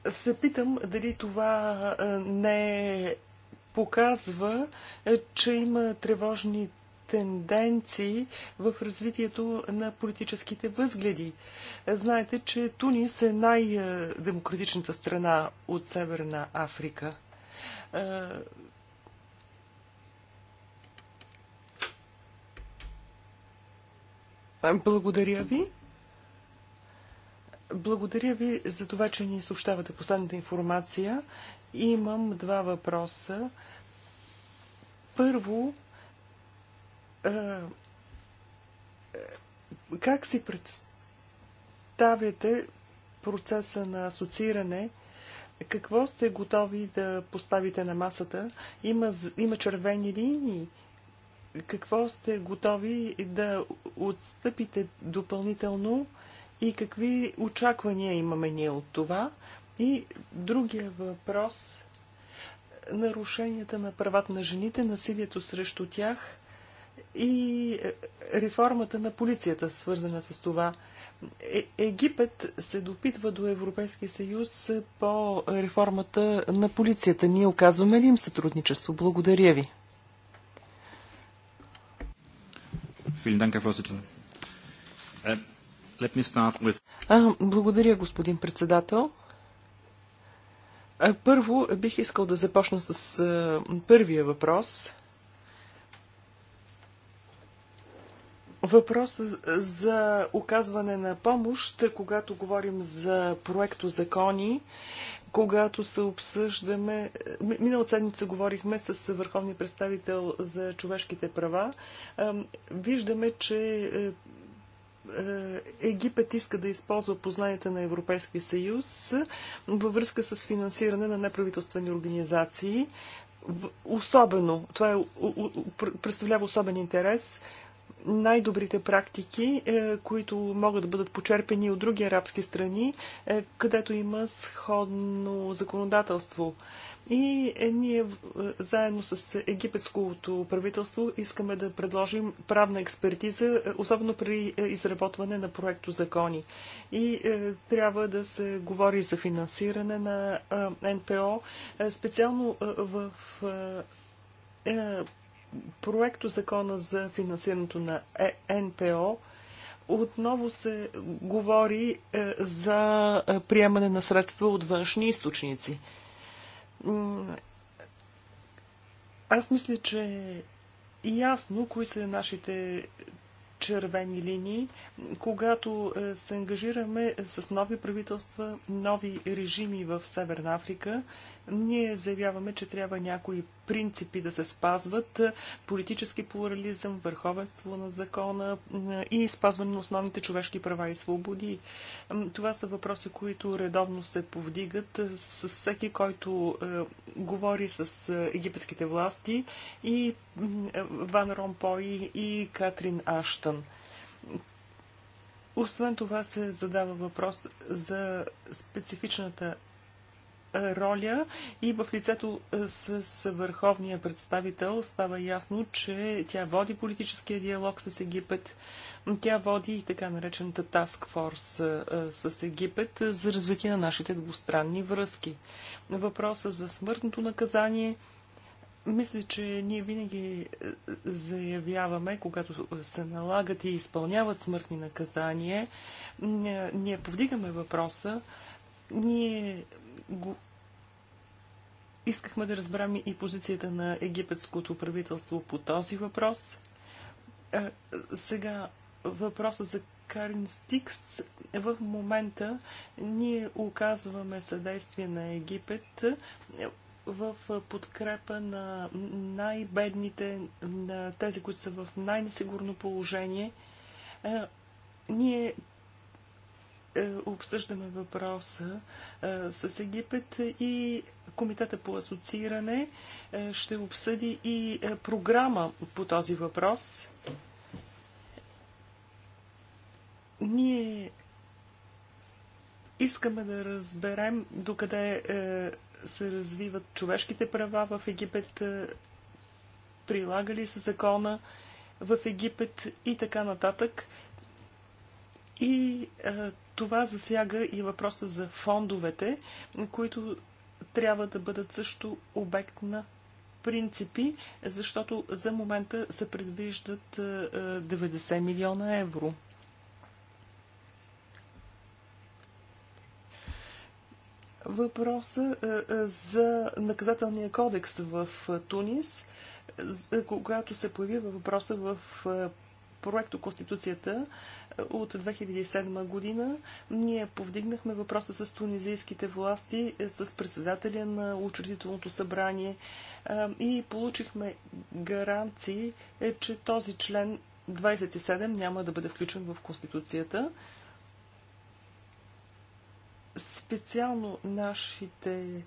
се питам дали това е, не показва, че има тревожни тенденции в развитието на политическите възгледи. Знаете, че Тунис е най-демократичната страна от Северна Африка. Е, Благодаря ви. Благодаря ви за това, че ни съобщавате последната информация. Имам два въпроса. Първо, е, как си представяте процеса на асоцииране? Какво сте готови да поставите на масата? Има, има червени линии. Какво сте готови да отстъпите допълнително и какви очаквания имаме ние от това? И другия въпрос нарушенията на правата на жените, насилието срещу тях – и е, реформата на полицията, свързана с това. Е, Египет се допитва до Европейския съюз по реформата на полицията. Ние оказваме ли им сътрудничество? Благодаря ви. Äh, благодаря, господин председател. Е, първо бих искал да започна с е, първия въпрос – Въпрос за оказване на помощ, когато говорим за проекто закони, когато се обсъждаме... минала седмица говорихме с върховния представител за човешките права. Виждаме, че е, е, Египет иска да използва познанията на Европейския съюз във връзка с финансиране на неправителствени организации. Особено, това е, представлява особен интерес най-добрите практики, е, които могат да бъдат почерпени от други арабски страни, е, където има сходно законодателство. И е, ние заедно с египетското правителство искаме да предложим правна експертиза, особено при изработване на проекто закони. И трябва да се говори за финансиране на НПО, специално в проекто закона за финансирането на е, НПО отново се говори е, за е, приемане на средства от външни източници. Аз мисля, че ясно кои са нашите червени линии, когато се ангажираме с нови правителства, нови режими в Северна Африка ние заявяваме, че трябва някои принципи да се спазват, политически плурализъм, върховенство на закона и спазване на основните човешки права и свободи. Това са въпроси, които редовно се повдигат е, с всеки, който е, говори с е, египетските власти и Ван Ромпой и Катрин Аштън. Освен това се задава въпрос за специфичната роля и в лицето с върховния представител става ясно, че тя води политическия диалог с Египет. Тя води и така наречената Task Force с Египет за развитие на нашите двустранни връзки. Въпроса за смъртното наказание мисля, че ние винаги заявяваме, когато се налагат и изпълняват смъртни наказания, ние повдигаме въпроса, ние го Искахме да разберем и позицията на египетското правителство по този въпрос. Е, сега въпроса за Карен Стикс. В момента ние оказваме съдействие на Египет е, в подкрепа на най-бедните, на тези, които са в най-несигурно положение. Е, ние обсъждаме въпроса с Египет и Комитета по асоцииране е, ще обсъди и е, програма по този въпрос. Ние искаме да разберем докъде е, се развиват човешките права в Египет, прилагали се закона в Египет и така нататък. И а, това засяга и въпроса за фондовете, които трябва да бъдат също обект на принципи, защото за момента се предвиждат 90 е, е, милиона евро. Въпроса е, за наказателния кодекс в Тунис, когато се появи въпроса в проекто Конституцията е, от 2007 година ние повдигнахме въпроса с тунизийските власти, е, с председателя на учредителното събрание е, и получихме гаранции, че този член 27 няма да бъде включен в Конституцията. Специално нашите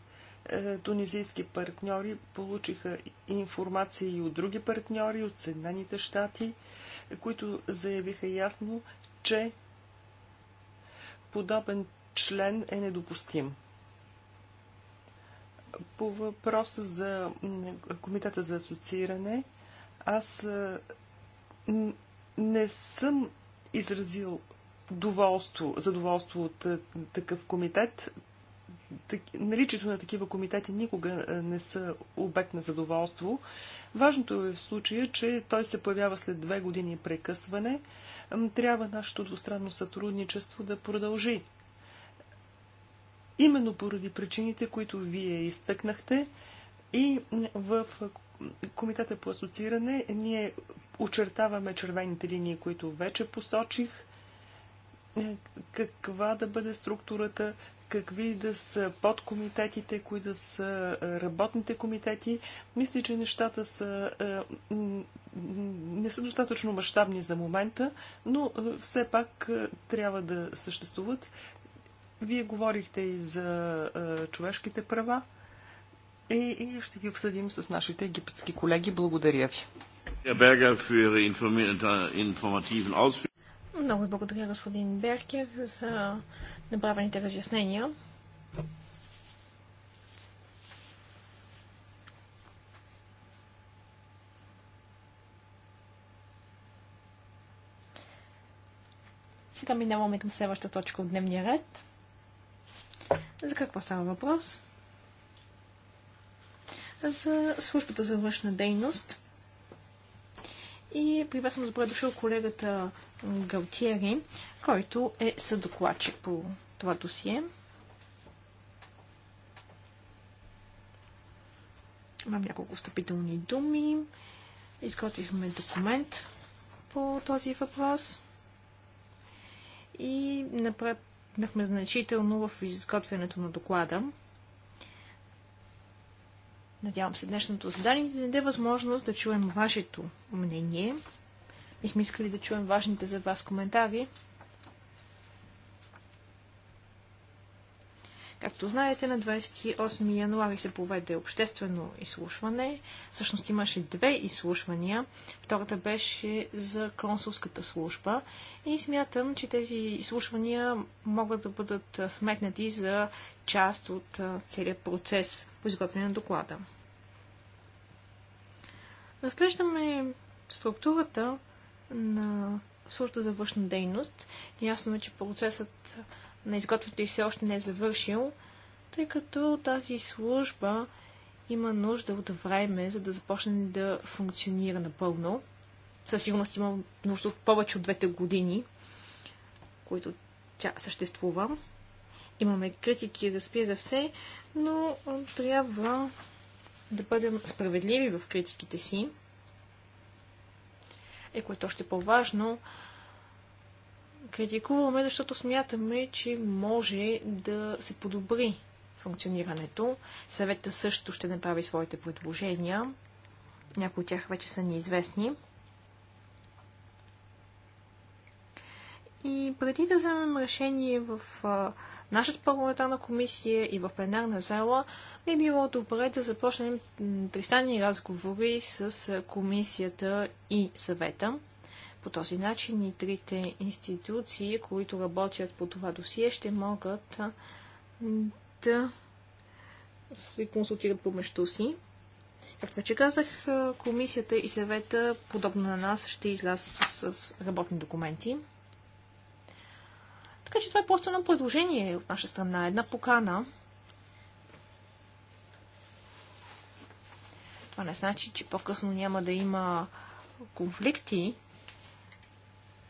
е, тунизийски партньори получиха информация и от други партньори, от Съединените щати, които заявиха ясно, че подобен член е недопустим. По въпроса за Комитета за асоцииране, аз е, не съм изразил доволство, задоволство от е, такъв комитет наличието на такива комитети никога е, не са обект на задоволство. Важното е в случая, че той се появява след две години прекъсване. Трябва нашето двустранно сътрудничество да продължи. Именно поради причините, които вие изтъкнахте и в Комитета по асоцииране ние очертаваме червените линии, които вече посочих е, – каква да бъде структурата, какви да са подкомитетите, кои да са работните комитети. Мисля, че нещата са, не са достатъчно мащабни за момента, но все пак трябва да съществуват. Вие говорихте и за човешките права и, ще ги обсъдим с нашите египетски колеги. Благодаря ви. Äh, Много благодаря, господин Беркер, за направените разяснения. Сега минаваме към следващата точка от дневния ред. За какво става въпрос? За службата за външна дейност. И приветствам с добре дошъл колегата Галтиери който е съдокладчик по това досие. Имам няколко встъпителни думи. Изготвихме документ по този въпрос и напреднахме значително в изготвянето на доклада. Надявам се днешното задание да даде възможност да чуем вашето мнение. Бихме искали да чуем важните за вас коментари Както знаете, на 28 януари се проведе обществено изслушване. Всъщност имаше две изслушвания. Втората беше за консулската служба. И смятам, че тези изслушвания могат да бъдат сметнати за част от целият процес по изготвяне на доклада. Разглеждаме структурата на службата за външна дейност. Ясно е, че процесът на изготвянето и все още не е завършил, тъй като тази служба има нужда от време, за да започне да функционира напълно. Със сигурност има нужда от повече от двете години, които тя съществува. Имаме критики, разбира се, но трябва да бъдем справедливи в критиките си. Е, което още по-важно, критикуваме, защото смятаме, че може да се подобри функционирането. Съвета също ще направи своите предложения. Някои от тях вече са неизвестни. И преди да вземем решение в нашата парламентарна комисия и в пленарна зала, би било добре да започнем тристанни разговори с комисията и съвета. По този начин и трите институции, които работят по това досие, ще могат да се консултират помежду си. Както вече казах, комисията и съвета, подобно на нас, ще излязат с, с работни документи. Така че това е просто едно предложение от наша страна, една покана. Това не значи, че по-късно няма да има конфликти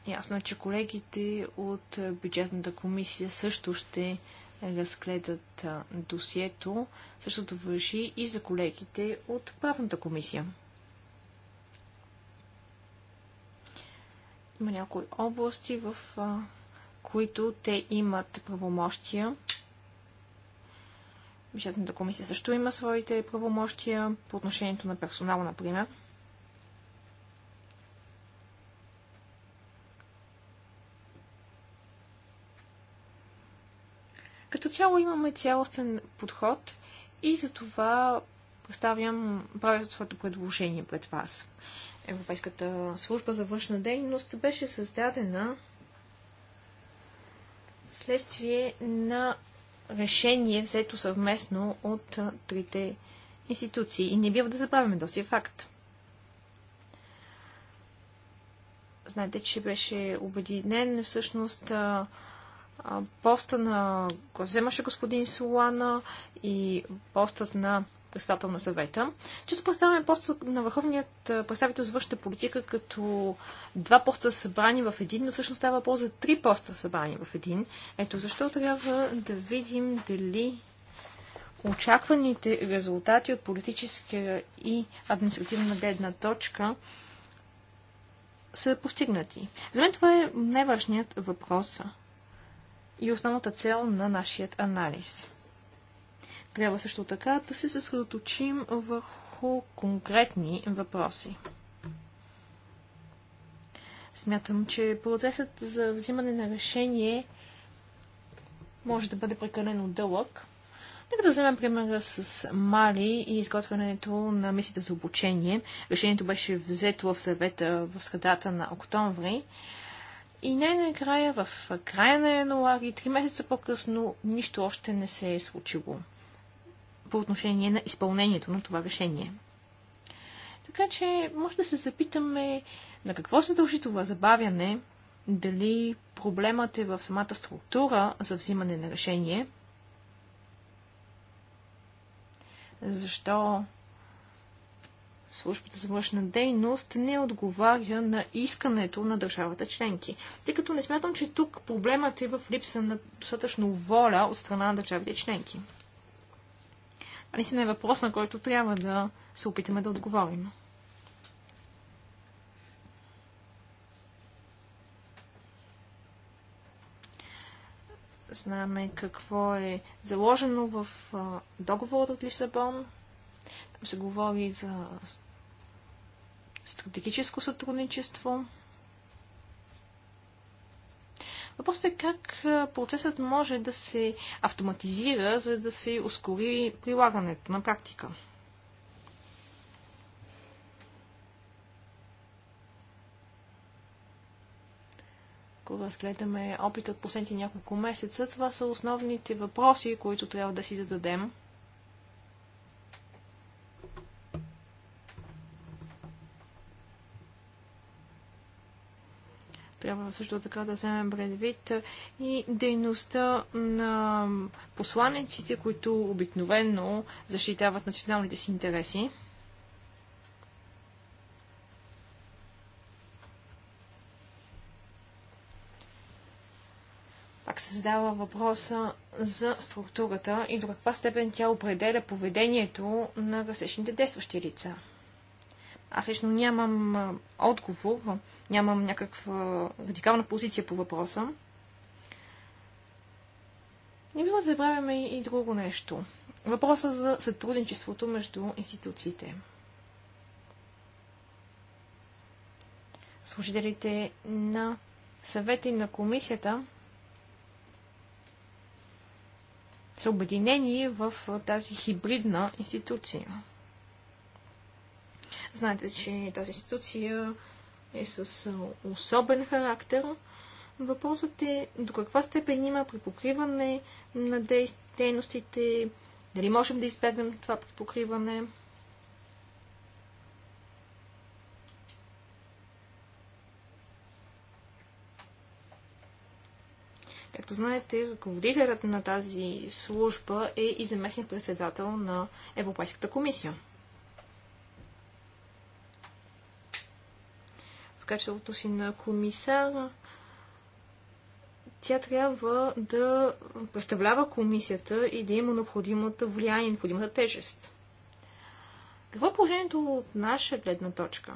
Ясно е, че колегите от бюджетната комисия също ще разгледат досието. Същото върши и за колегите от правната комисия. Има някои области, в които те имат правомощия. Бюджетната комисия също има своите правомощия по отношението на персонала, например. Като цяло имаме цялостен подход и за това представям, правя своето предложение пред вас. Европейската служба за външна дейност беше създадена следствие на решение, взето съвместно от трите институции. И не бива да забравяме този факт. Знаете, че беше обединен всъщност поста на вземаше господин Солана и постът на председател на съвета. Често представяме поста на върховният представител за външната политика като два поста събрани в един, но всъщност става по за три поста събрани в един. Ето защо трябва да видим дали очакваните резултати от политическа и административна гледна точка са постигнати. За мен това е най-важният въпрос и основната цел на нашият анализ. Трябва също така да се съсредоточим върху конкретни въпроси. Смятам, че процесът за взимане на решение може да бъде прекалено дълъг. Нека да вземем примера с Мали и изготвянето на мисията за обучение. Решението беше взето в съвета в средата на октомври. И най-накрая, в края на януари, три месеца по-късно, нищо още не се е случило по отношение на изпълнението на това решение. Така че може да се запитаме на какво се дължи това забавяне, дали проблемът е в самата структура за взимане на решение, защо службата за външна дейност не отговаря на искането на държавата членки. Тъй като не смятам, че тук проблемът е в липса на достатъчно воля от страна на държавите членки. А наистина е въпрос, на който трябва да се опитаме да отговорим. Знаме какво е заложено в договора от Лисабон, там се говори за стратегическо сътрудничество. Въпросът е как процесът може да се автоматизира, за да се ускори прилагането на практика. ако разгледаме опитът от последните няколко месеца, това са основните въпроси, които трябва да си зададем. трябва също така да вземем предвид и дейността на посланиците, които обикновенно защитават националните си интереси. пак се задава въпроса за структурата и до каква степен тя определя поведението на различните действащи лица. Аз лично нямам отговор нямам някаква радикална позиция по въпроса. Не бива да забравяме и друго нещо. Въпроса за сътрудничеството между институциите. Служителите на съвета и на комисията са обединени в тази хибридна институция. Знаете, че тази институция е с особен характер. Въпросът е до каква степен има припокриване на дейностите, дали можем да избегнем това припокриване. Както знаете, ръководителят на тази служба е и заместник председател на Европейската комисия. качеството си на комисар, тя трябва да представлява комисията и да има необходимото влияние, необходимата тежест. Какво е положението от наша гледна точка?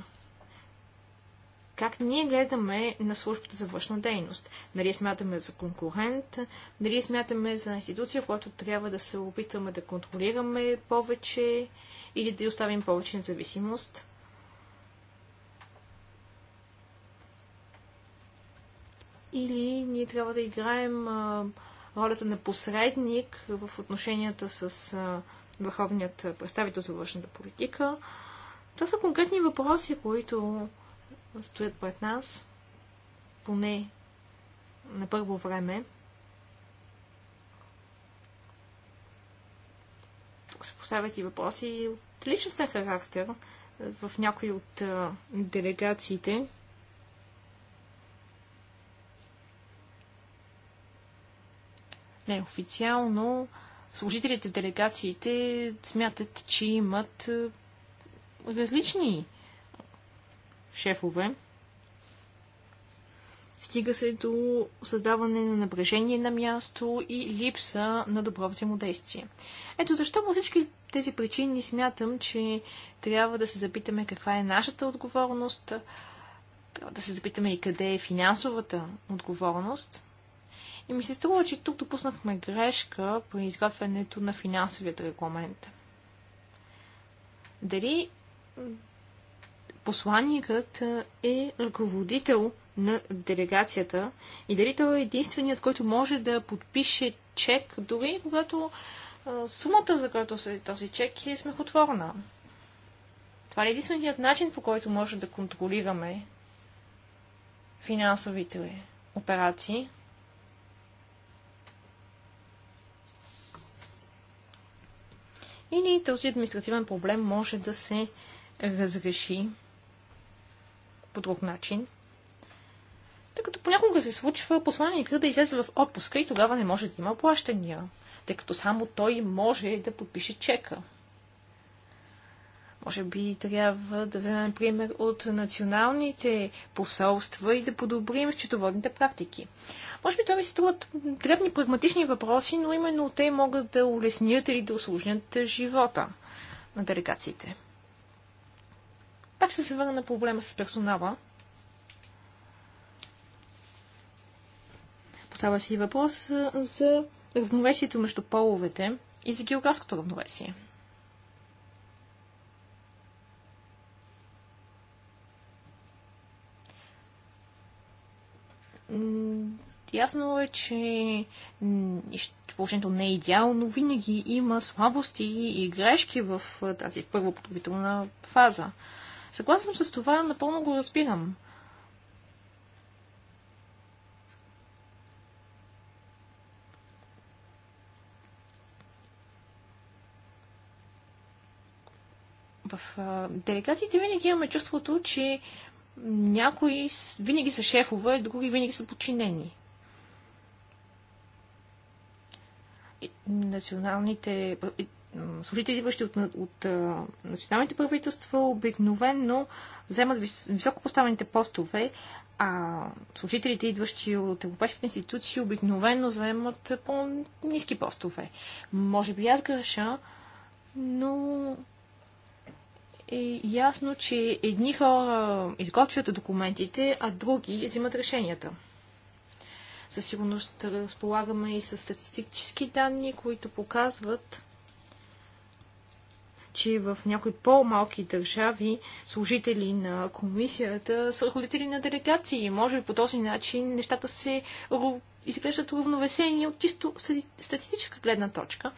Как ние гледаме на службата за външна дейност? нали смятаме за конкурент? Дали смятаме за институция, която трябва да се опитаме да контролираме повече или да оставим повече независимост? или ние трябва да играем а, ролята на посредник в отношенията с а, върховният представител за външната политика. Това са конкретни въпроси, които стоят пред нас, поне на първо време. Тук се поставят и въпроси от личностен характер в някои от а, делегациите, неофициално служителите в делегациите смятат, че имат е, различни шефове. Стига се до създаване на напрежение на място и липса на добро взаимодействие. Ето защо по всички тези причини смятам, че трябва да се запитаме каква е нашата отговорност, трябва да се запитаме и къде е финансовата отговорност – и ми се струва, че тук допуснахме грешка при изготвянето на финансовият регламент. Дали посланникът е ръководител на делегацията и дали той е единственият, който може да подпише чек, дори когато сумата, за която се този чек е смехотворна. Това е единственият начин, по който може да контролираме финансовите операции. или този административен проблем може да се разреши по друг начин. Тъй като понякога се случва посланникът да излезе в отпуска и тогава не може да има плащания, тъй като само той може да подпише чека. Може би трябва да вземем пример от националните посолства и да подобрим счетоводните практики. Може би това ми се струват дребни прагматични въпроси, но именно те могат да улеснят или да осложнят живота на делегациите. Пак ще се върна на проблема с персонала. Остава си въпрос за равновесието между половете и за географското равновесие. Ясно е, че положението не е идеално, винаги има слабости и грешки в тази първа подготовителна фаза. Съгласен съм с това, напълно го разбирам. В делегациите винаги имаме чувството, че някои винаги са шефове, други винаги са подчинени. Националните служители, идващи от, от националните правителства, обикновенно вземат високопоставените високо поставените постове, а служителите, идващи от европейските институции, обикновенно вземат по-низки постове. Може би аз греша, но е ясно, че едни хора изготвят документите, а други взимат решенията. Със сигурност разполагаме и с статистически данни, които показват, че в някои по-малки държави служители на комисията са ръководители на делегации. Може би по този начин нещата се изглеждат уравновесени от чисто статистическа гледна точка,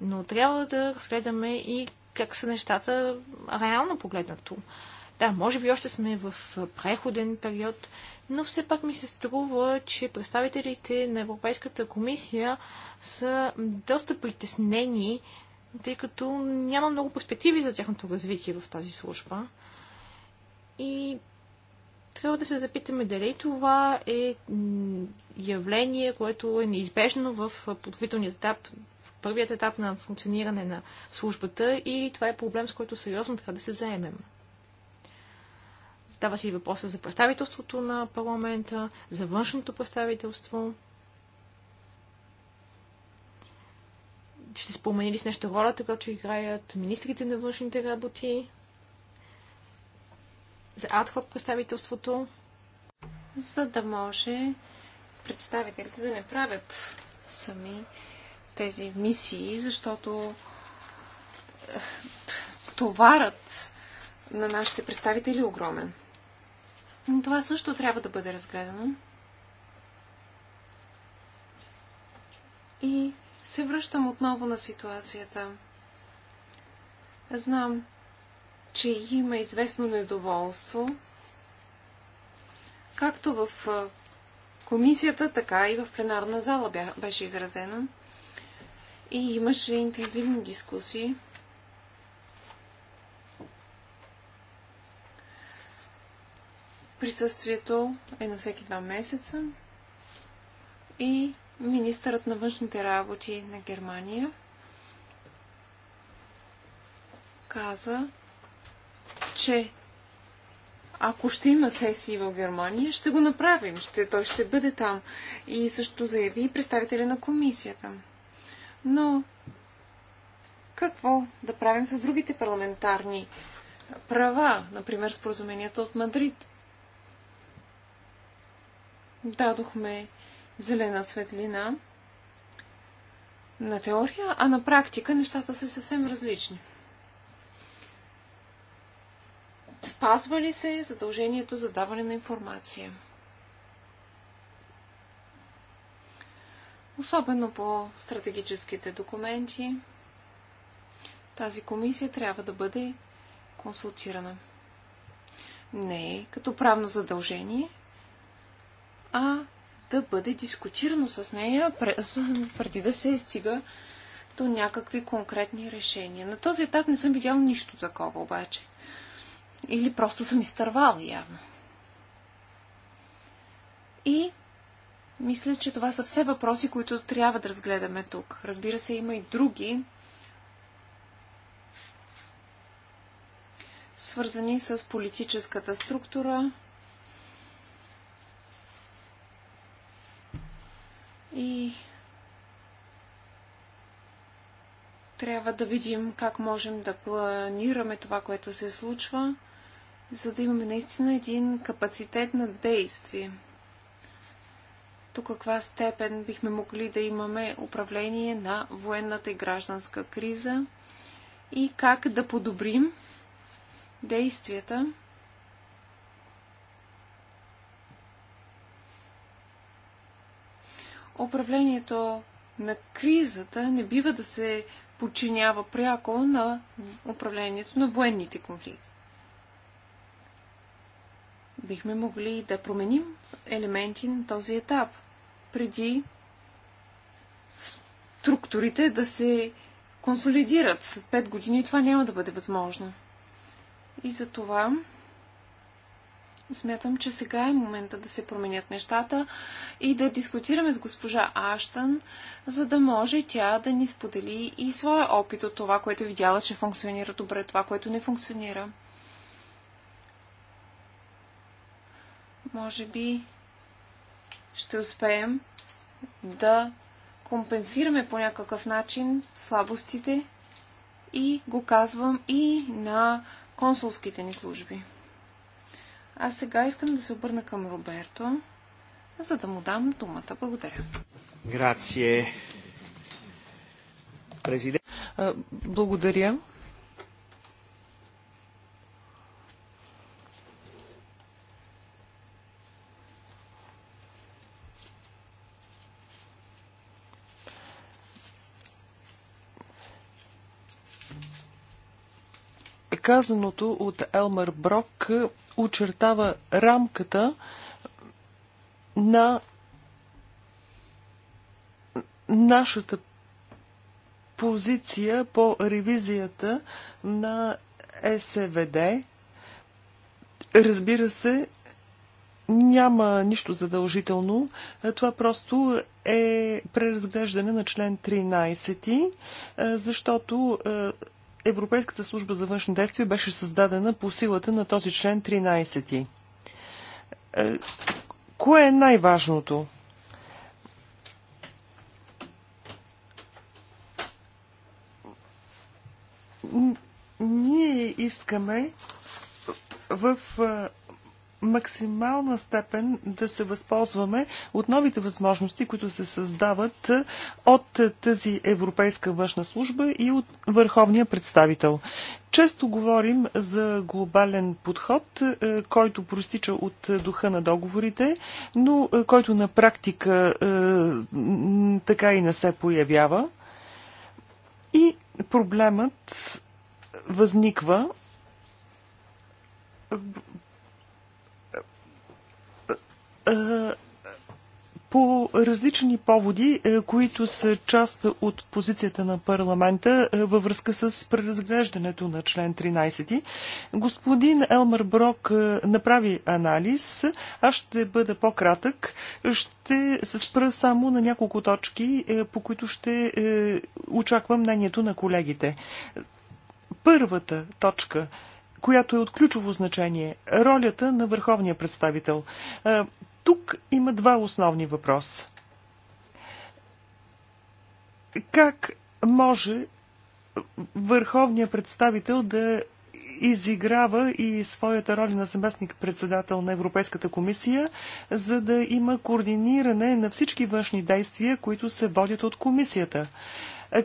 но трябва да разгледаме и как са нещата реално погледнато. Да, може би още сме в преходен период, но все пак ми се струва, че представителите на Европейската комисия са доста притеснени, тъй като няма много перспективи за тяхното развитие в тази служба. И трябва да се запитаме дали това е явление, което е неизбежно в подготвителният етап в първият етап на функциониране на службата и това е проблем, с който сериозно трябва да се заемем. Задава се и въпроса за представителството на парламента, за външното представителство. Ще спомени ли с нещо ролята, която играят министрите на външните работи, за адхок представителството? За да може представителите да не правят сами тези мисии, защото е, товарът на нашите представители е огромен. Но това също трябва да бъде разгледано. И се връщам отново на ситуацията. Знам, че има известно недоволство, както в е, комисията, така и в пленарна зала беше изразено и имаше интензивни дискусии. Присъствието е на всеки два месеца и министърът на външните работи на Германия каза, че ако ще има сесии в Германия, ще го направим. Ще, той ще бъде там. И също заяви представители на комисията. Но какво да правим с другите парламентарни права, например споразуменията от Мадрид? Дадохме зелена светлина на теория, а на практика нещата са съвсем различни. Спазва ли се задължението за даване на информация? Особено по стратегическите документи, тази комисия трябва да бъде консултирана. Не е като правно задължение, а да бъде дискутирано с нея преди да се стига до някакви конкретни решения. На този етап не съм видяла нищо такова обаче. Или просто съм изтървала явно. И мисля, че това са все въпроси, които трябва да разгледаме тук. Разбира се, има и други, свързани с политическата структура и трябва да видим как можем да планираме това, което се случва, за да имаме наистина един капацитет на действие до каква степен бихме могли да имаме управление на военната и гражданска криза и как да подобрим действията управлението на кризата не бива да се подчинява пряко на управлението на военните конфликти. Бихме могли да променим елементи на този етап преди структурите да се консолидират след 5 години. Това няма да бъде възможно. И за това смятам, че сега е момента да се променят нещата и да дискутираме с госпожа Аштън, за да може тя да ни сподели и своя опит от това, което е видяла, че функционира добре, това, което не функционира. Може би ще успеем да компенсираме по някакъв начин слабостите и го казвам и на консулските ни служби. А сега искам да се обърна към Роберто, за да му дам думата. Благодаря. Грация. Президент. Благодаря. казаното от Елмар Брок е, очертава рамката на нашата позиция по ревизията на СВД. Разбира се, няма нищо задължително. Е, това просто е преразглеждане на член 13, е, защото Европейската служба за външни действия беше създадена по силата на този член 13. Е, кое е най-важното? Ние искаме в максимална степен да се възползваме от новите възможности, които се създават е, от е, тази Европейска външна служба и от върховния представител. Често говорим за глобален подход, е, който простича от духа на договорите, но който на практика така и не се появява. И проблемът възниква по различни поводи, които са част от позицията на парламента във връзка с преразглеждането на член 13. Господин Елмар Брок направи анализ. Аз ще бъда по-кратък. Ще се спра само на няколко точки, по които ще очаквам мнението на колегите. Първата точка която е от ключово значение – ролята на върховния представител. Тук има два основни въпроса. Как може върховният представител да изиграва и своята роля на заместник-председател на Европейската комисия, за да има координиране на всички външни действия, които се водят от комисията.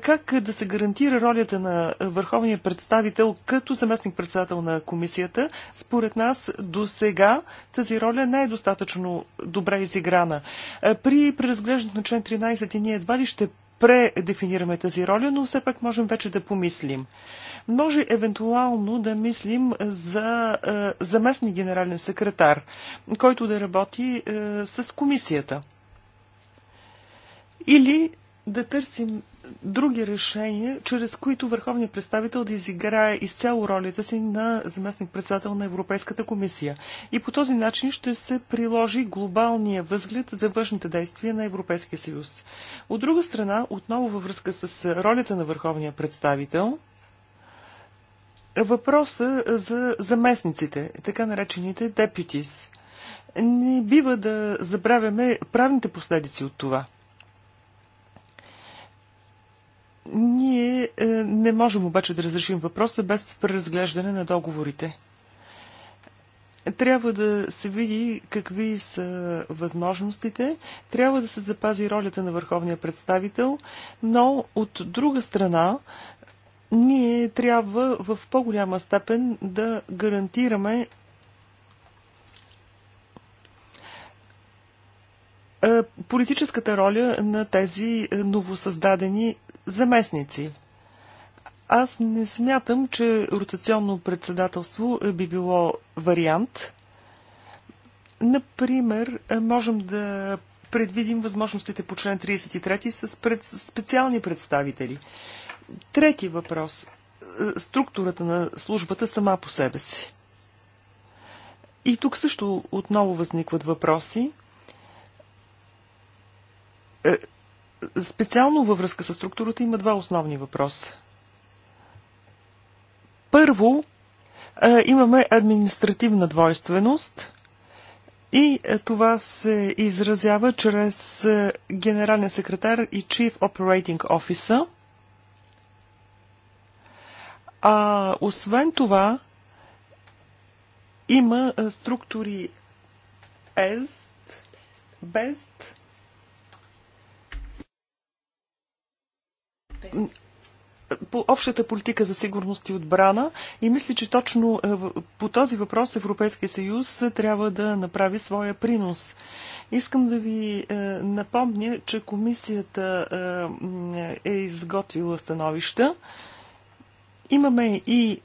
Как да се гарантира ролята на върховния представител като заместник-председател на комисията? Според нас до сега тази роля не е достатъчно добре изиграна. При преразглеждането на член 13 ние едва ли ще предефинираме тази роля, но все пак можем вече да помислим. Може евентуално да мислим за е, заместник генерален секретар, който да работи е, с комисията. Или да търсим други решения, чрез които върховният представител да изиграе изцяло ролята си на заместник-председател на Европейската комисия. И по този начин ще се приложи глобалния възглед за външните действия на Европейския съюз. От друга страна, отново във връзка с ролята на върховния представител, въпроса за заместниците, така наречените депутис. Не бива да забравяме правните последици от това – Ние е, не можем обаче да разрешим въпроса без преразглеждане на договорите. Трябва да се види какви са възможностите, трябва да се запази ролята на върховния представител, но от друга страна ние трябва в по-голяма степен да гарантираме е, политическата роля на тези новосъздадени Заместници. Аз не смятам, че ротационно председателство е, би било вариант. Например, е, можем да предвидим възможностите по член 33 с пред... специални представители. Трети въпрос. Е, структурата на службата сама по себе си. И тук също отново възникват въпроси Специално във връзка с структурата има два основни въпроса. Първо, имаме административна двойственост и това се изразява чрез генерален секретар и Chief Operating Officer. А освен това, има структури EST, BEST по общата политика за сигурност и отбрана и мисля, че точно е, по този въпрос Европейския съюз трябва да направи своя принос. Искам да ви е, напомня, че комисията е, е изготвила становища. Имаме и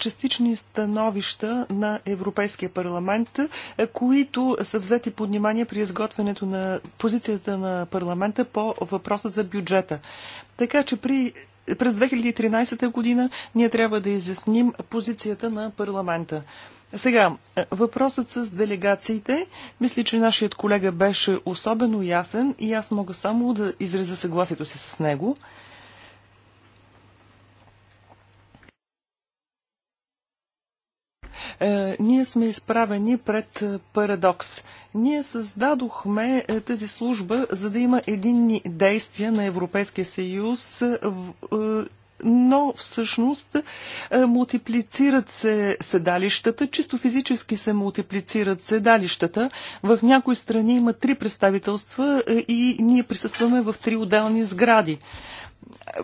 частични становища на Европейския парламент, е, които са взети под внимание при изготвянето на позицията на парламента по въпроса за бюджета. Така че при през 2013 година ние трябва да изясним позицията на парламента. Сега, е, въпросът с делегациите. Мисля, че нашият колега беше особено ясен и аз мога само да изреза съгласието си с него. Е, ние сме изправени пред е, парадокс. Ние създадохме е, тази служба, за да има единни действия на Европейския съюз но всъщност мултиплицират се седалищата, чисто физически се мултиплицират седалищата. В някои страни има три представителства и ние присъстваме в три отделни сгради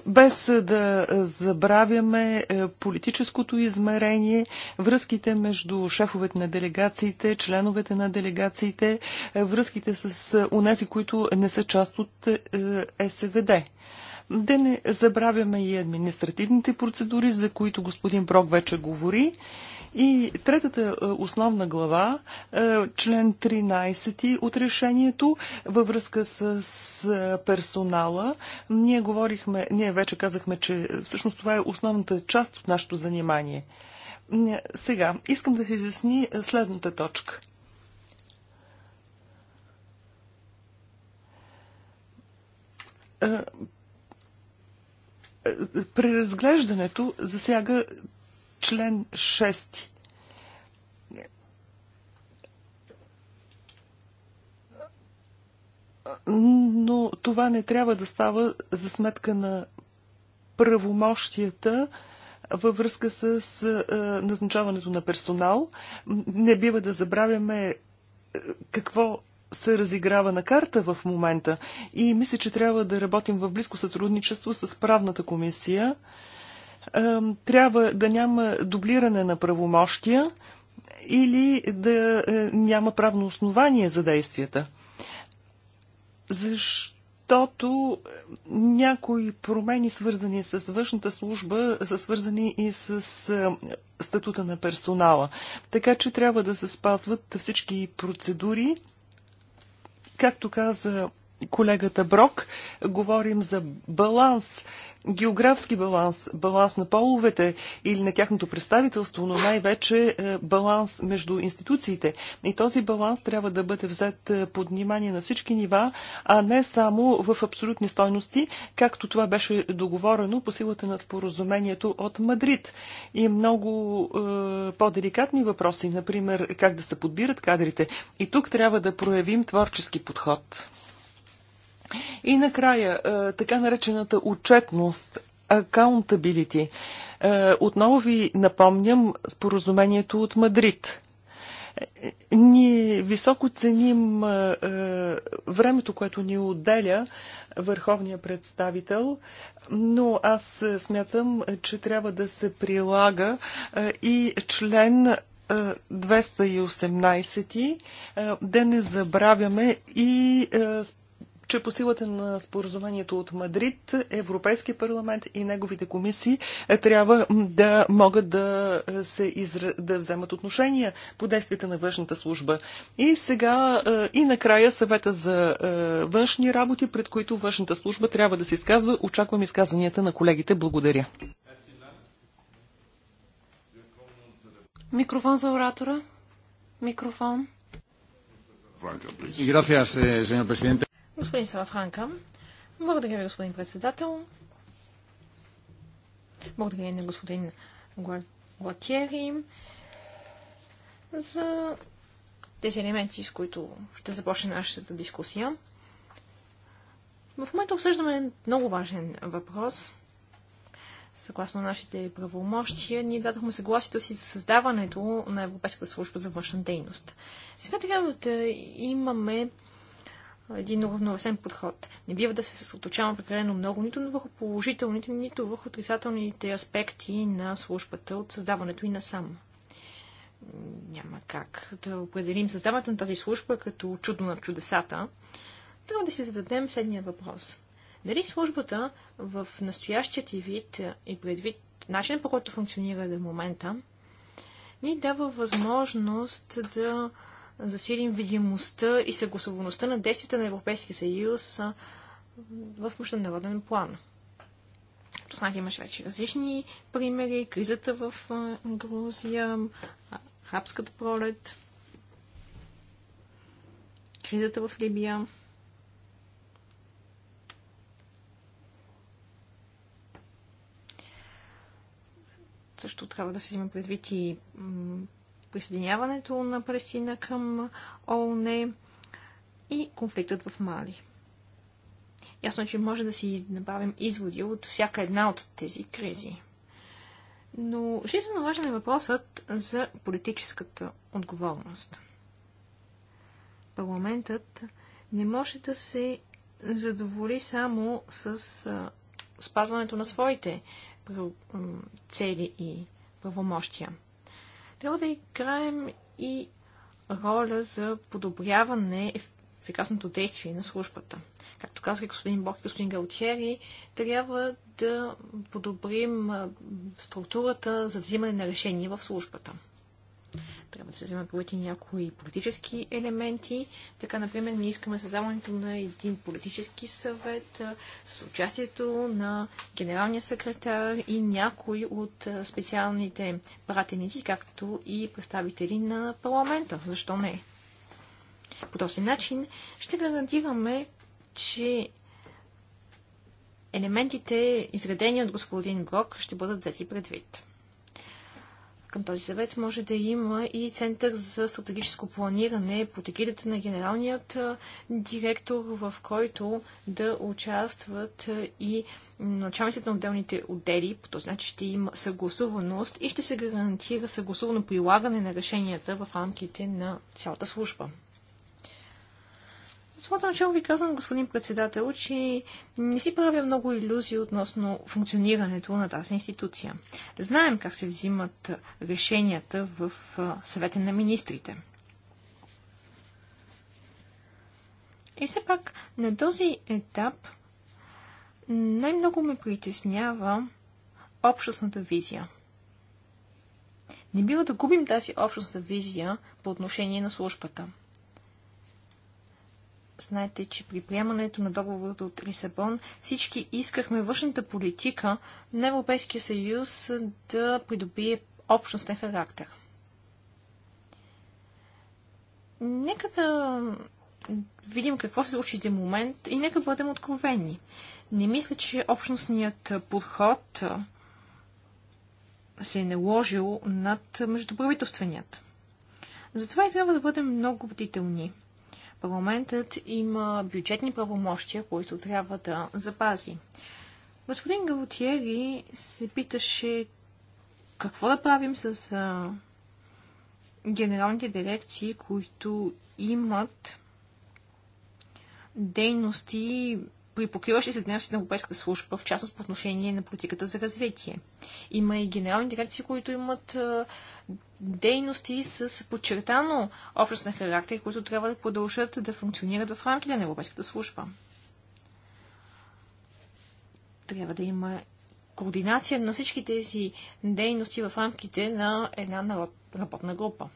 без да забравяме е, политическото измерение, връзките между шефовете на делегациите, членовете на делегациите, е, връзките с унези, е, които не са част от СВД. Да не забравяме и административните процедури, за които господин Брок вече говори. И третата е, основна глава, е, член 13 от решението, във връзка с персонала, ние говорихме, ние вече казахме, че всъщност това е основната част от нашето занимание. Сега, искам да се изясни е, следната точка. Преразглеждането засяга Член 6. Но това не трябва да става за сметка на правомощията във връзка с назначаването на персонал. Не бива да забравяме какво се разиграва на карта в момента и мисля, че трябва да работим в близко сътрудничество с правната комисия трябва да няма дублиране на правомощия или да е, няма правно основание за действията. Защото някои промени, свързани с външната служба, са свързани и с е, статута на персонала. Така че трябва да се спазват всички процедури. Както каза колегата Брок. Говорим за баланс географски баланс, баланс на половете или на тяхното представителство, но най-вече е, баланс между институциите. И този баланс трябва да бъде взет е, под внимание на всички нива, а не само в абсолютни стойности, както това беше договорено по силата на споразумението от Мадрид. И много е, по-деликатни въпроси, например как да се подбират кадрите. И тук трябва да проявим творчески подход. И накрая, е, така наречената отчетност, accountability. Е, отново ви напомням споразумението от Мадрид. Е, ние високо ценим времето, което ни отделя върховния представител, но аз смятам, че трябва да се прилага и член 218 да не забравяме и че по силата на споразумението от Мадрид, Европейски парламент и неговите комисии е, трябва да могат да, е, се изра... да вземат отношения по действията на външната служба. И сега е, и накрая съвета за външни работи, пред които външната служба трябва да се изказва. Очаквам изказванията на колегите. Благодаря. Микрофон за оратора. Микрофон. Gracias, eh, señor presidente. Господин Салафранка, благодаря ви, господин председател. Благодаря на господин Гуатиери за тези елементи, с които ще започне нашата дискусия. В момента обсъждаме много важен въпрос. Съгласно нашите правомощия, ние дадохме съгласието си за създаването на Европейската служба за външна дейност. Сега трябва да имаме един уравновесен подход. Не бива да се съсредоточаваме прекалено много нито върху положителните, нито върху отрицателните аспекти на службата от създаването и насам. Няма как да определим създаването на тази служба като чудо на чудесата. Трябва да си зададем следния въпрос. Дали службата в настоящият и вид и предвид начинът по който функционира до момента, ни дава възможност да засилим видимостта и съгласуваността на действията на Европейския съюз в международен план. Като знаете, имаш вече различни примери. Кризата в Грузия, Хабската пролет, кризата в Либия. Също трябва да се взима предвид и присъединяването на Палестина към ООН и конфликтът в Мали. Ясно е, че може да си направим изводи от всяка една от тези кризи. Но жизненно важен е въпросът за политическата отговорност. Парламентът не може да се задоволи само с спазването на своите цели и правомощия трябва да играем и роля за подобряване ефикасното действие на службата. Както казах господин Бог и господин Галтиери, трябва да подобрим структурата за взимане на решения в службата. Трябва да се вземат предвид някои политически елементи. Така, например, ние искаме създаването на един политически съвет с участието на генералния секретар и някои от специалните пратеници, както и представители на парламента. Защо не? По този начин ще гарантираме, че елементите, изредени от господин Брок, ще бъдат взети предвид към този съвет може да има и Център за стратегическо планиране под егидата на генералният директор, в който да участват и началниците на отделните отдели. По този начин ще има съгласуваност и ще се гарантира съгласувано прилагане на решенията в рамките на цялата служба самото начало ви казвам, господин председател, че не си правя много иллюзии относно функционирането на тази институция. Знаем как се взимат решенията в съвета на министрите. И все пак на този етап най-много ме притеснява общностната визия. Не бива да губим тази общностна визия по отношение на службата. Знаете, че при приемането на договорът от Лисабон всички искахме външната политика на Европейския съюз да придобие общностен характер. Нека да видим какво се случи до момент и нека бъдем откровени. Не мисля, че общностният подход се е наложил над междуправителственият. Затова и трябва да бъдем много бдителни. Парламентът има бюджетни правомощия, които трябва да запази. Господин Галутиери се питаше какво да правим с а, генералните дирекции, които имат дейности при покриващи се днес на Европейската служба, в частност по отношение на политиката за развитие. Има и генерални дирекции, които имат дейности с подчертано общностен характер, които трябва да продължат да функционират в рамките на Европейската служба. Трябва да има координация на всички тези дейности в рамките на една работна група.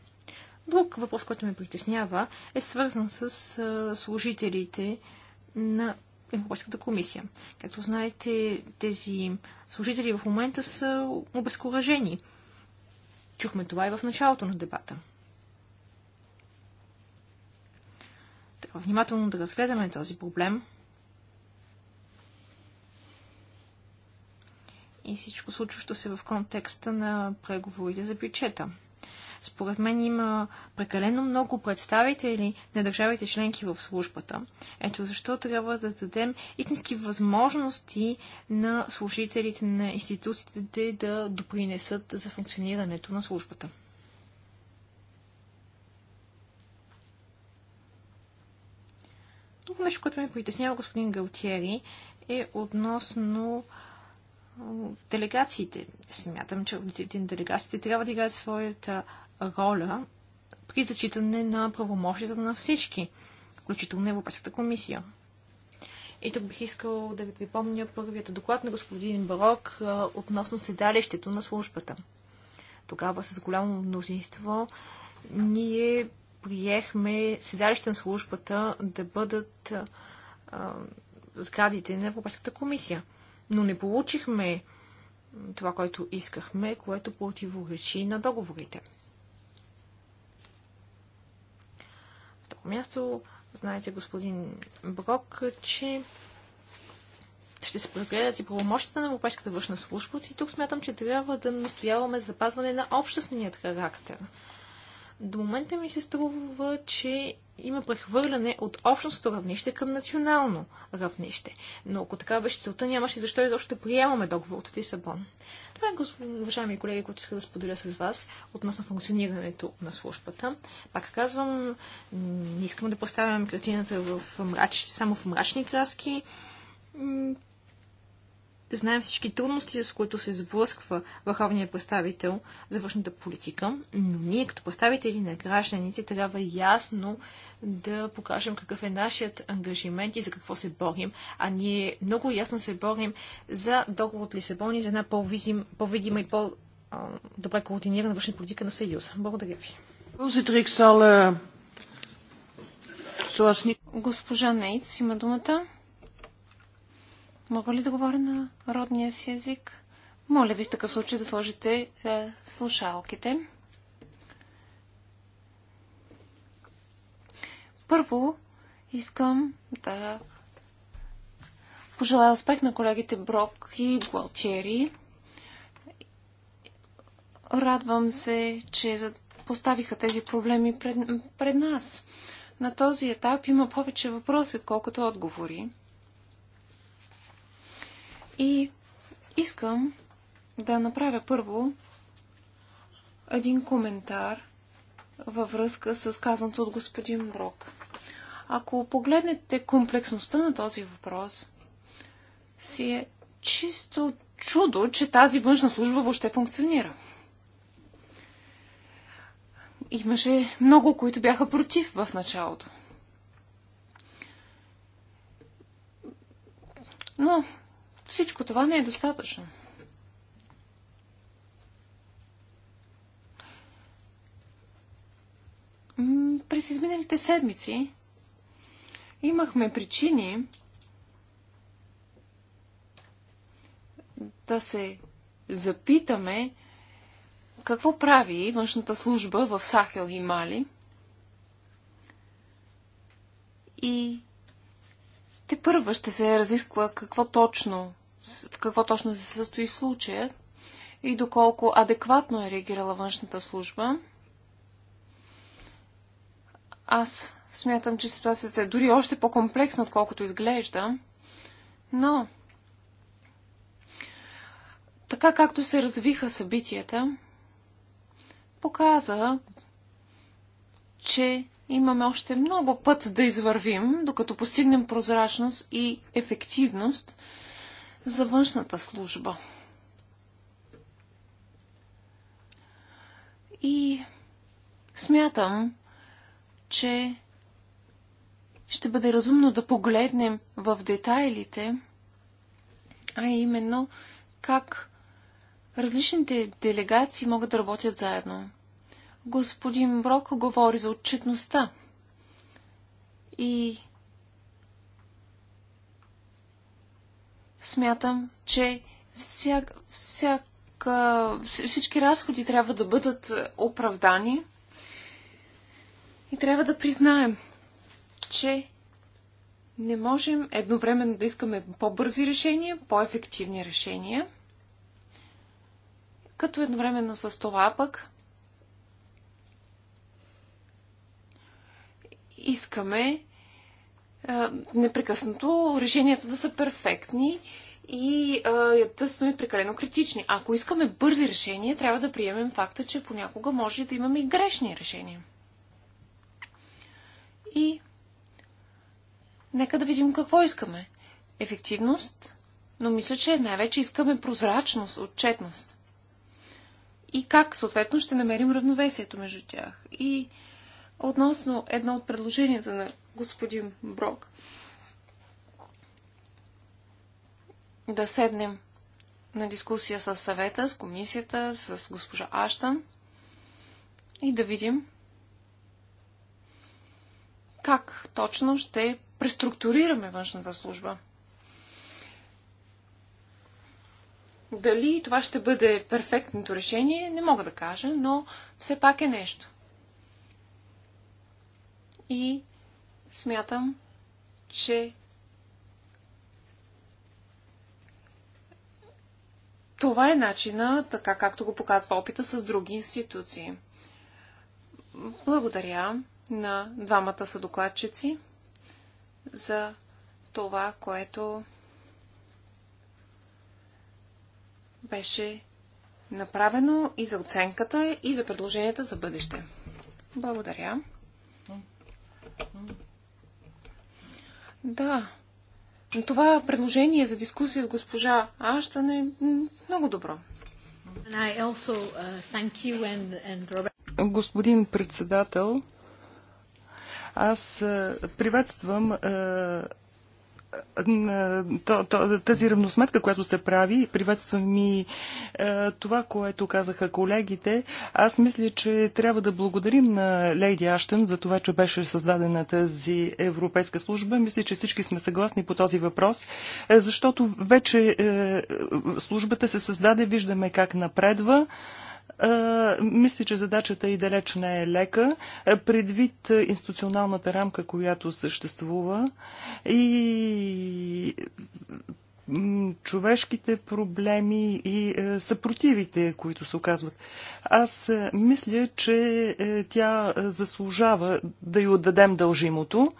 Друг въпрос, който ме притеснява, е свързан с служителите на Европейската комисия. Както знаете, тези служители в момента са обезкуражени. Чухме това и в началото на дебата. Трябва внимателно да разгледаме този проблем. И всичко случващо се в контекста на преговорите за бюджета. Според мен има прекалено много представители на държавите членки в службата. Ето защо трябва да дадем истински възможности на служителите на институциите да допринесат за функционирането на службата. Друго нещо, което ме притеснява господин Галтиери, е относно делегациите. Смятам, че делегациите трябва да играят своята роля при зачитане на правомощията на всички, включително Европейската комисия. И тук бих искал да ви припомня първият доклад на господин Барок относно седалището на службата. Тогава с голямо мнозинство ние приехме седалище на службата да бъдат а, сградите на Европейската комисия. Но не получихме това, което искахме, което противоречи на договорите. всяко място. Знаете, господин Брок, че ще се разгледат и правомощите на Европейската външна служба и тук смятам, че трябва да настояваме за запазване на общественият характер. До момента ми се струва, че има прехвърляне от общностното равнище към национално равнище. Но ако така беше целта, нямаше защо изобщо да приемаме договор от Лисабон. Това е, уважаеми колеги, които исках да споделя с вас относно функционирането на службата. Пак казвам, не искам да поставям картината в мрач... само в мрачни краски Знаем всички трудности, с които се сблъсква върховният представител за външната политика, но ние като представители на гражданите трябва ясно да покажем какъв е нашият ангажимент и за какво се борим. А ние много ясно се борим за договор от Лисабон и за една по-видима по и по-добре координирана външна политика на Съюза. Благодаря ви. Eh, Госпожа Нейц има думата. Мога ли да говоря на родния си език? Моля ви в такъв случай да сложите е, слушалките. Първо искам да пожелая успех на колегите Брок и Гуалтиери. Радвам се, че поставиха тези проблеми пред, пред нас. На този етап има повече въпроси, отколкото отговори. И искам да направя първо един коментар във връзка с казаното от господин Брок. Ако погледнете комплексността на този въпрос, си е чисто чудо, че тази външна служба въобще функционира. Имаше много, които бяха против в началото. Но всичко това не е достатъчно. През изминалите седмици имахме причини да се запитаме какво прави външната служба в Сахел и Мали. И те първа ще се разисква какво точно в какво точно се състои случая и доколко адекватно е реагирала външната служба. Аз смятам, че ситуацията е дори още по-комплексна, отколкото изглежда, но така както се развиха събитията, показа, че имаме още много път да извървим, докато постигнем прозрачност и ефективност за външната служба. И смятам, че ще бъде разумно да погледнем в детайлите, а именно как различните делегации могат да работят заедно. Господин Брок говори за отчетността и смятам, че вся, всяка, всички разходи трябва да бъдат оправдани и трябва да признаем, че не можем едновременно да искаме по-бързи решения, по-ефективни решения, като едновременно с това пък искаме непрекъснато решенията да са перфектни и да сме прекалено критични. Ако искаме бързи решения, трябва да приемем факта, че понякога може да имаме и грешни решения. И нека да видим какво искаме. Ефективност, но мисля, че най-вече искаме прозрачност, отчетност. И как, съответно, ще намерим равновесието между тях. И относно едно от предложенията на господин Брок, да седнем на дискусия с съвета, с комисията, с госпожа Аштън и да видим как точно ще преструктурираме външната служба. Дали това ще бъде перфектното решение, не мога да кажа, но все пак е нещо. И смятам, че това е начина, така както го показва опита с други институции. Благодаря на двамата съдокладчици за това, което беше направено и за оценката, и за предложенията за бъдеще. Благодаря. Да. Но Това предложение за дискусия с госпожа Аштан е много добро. Uh, Господин председател, аз е, приветствам е, тази равносметка, която се прави, приветствам и е, това, което казаха колегите. Аз мисля, че трябва да благодарим на Лейди Аштен за това, че беше създадена тази европейска служба. Мисля, че всички сме съгласни по този въпрос, е, защото вече е, службата се създаде, виждаме как напредва. Мисля, че задачата и далеч не е лека, предвид институционалната рамка, която съществува и човешките проблеми и съпротивите, които се оказват. Аз мисля, че тя заслужава да й отдадем дължимото.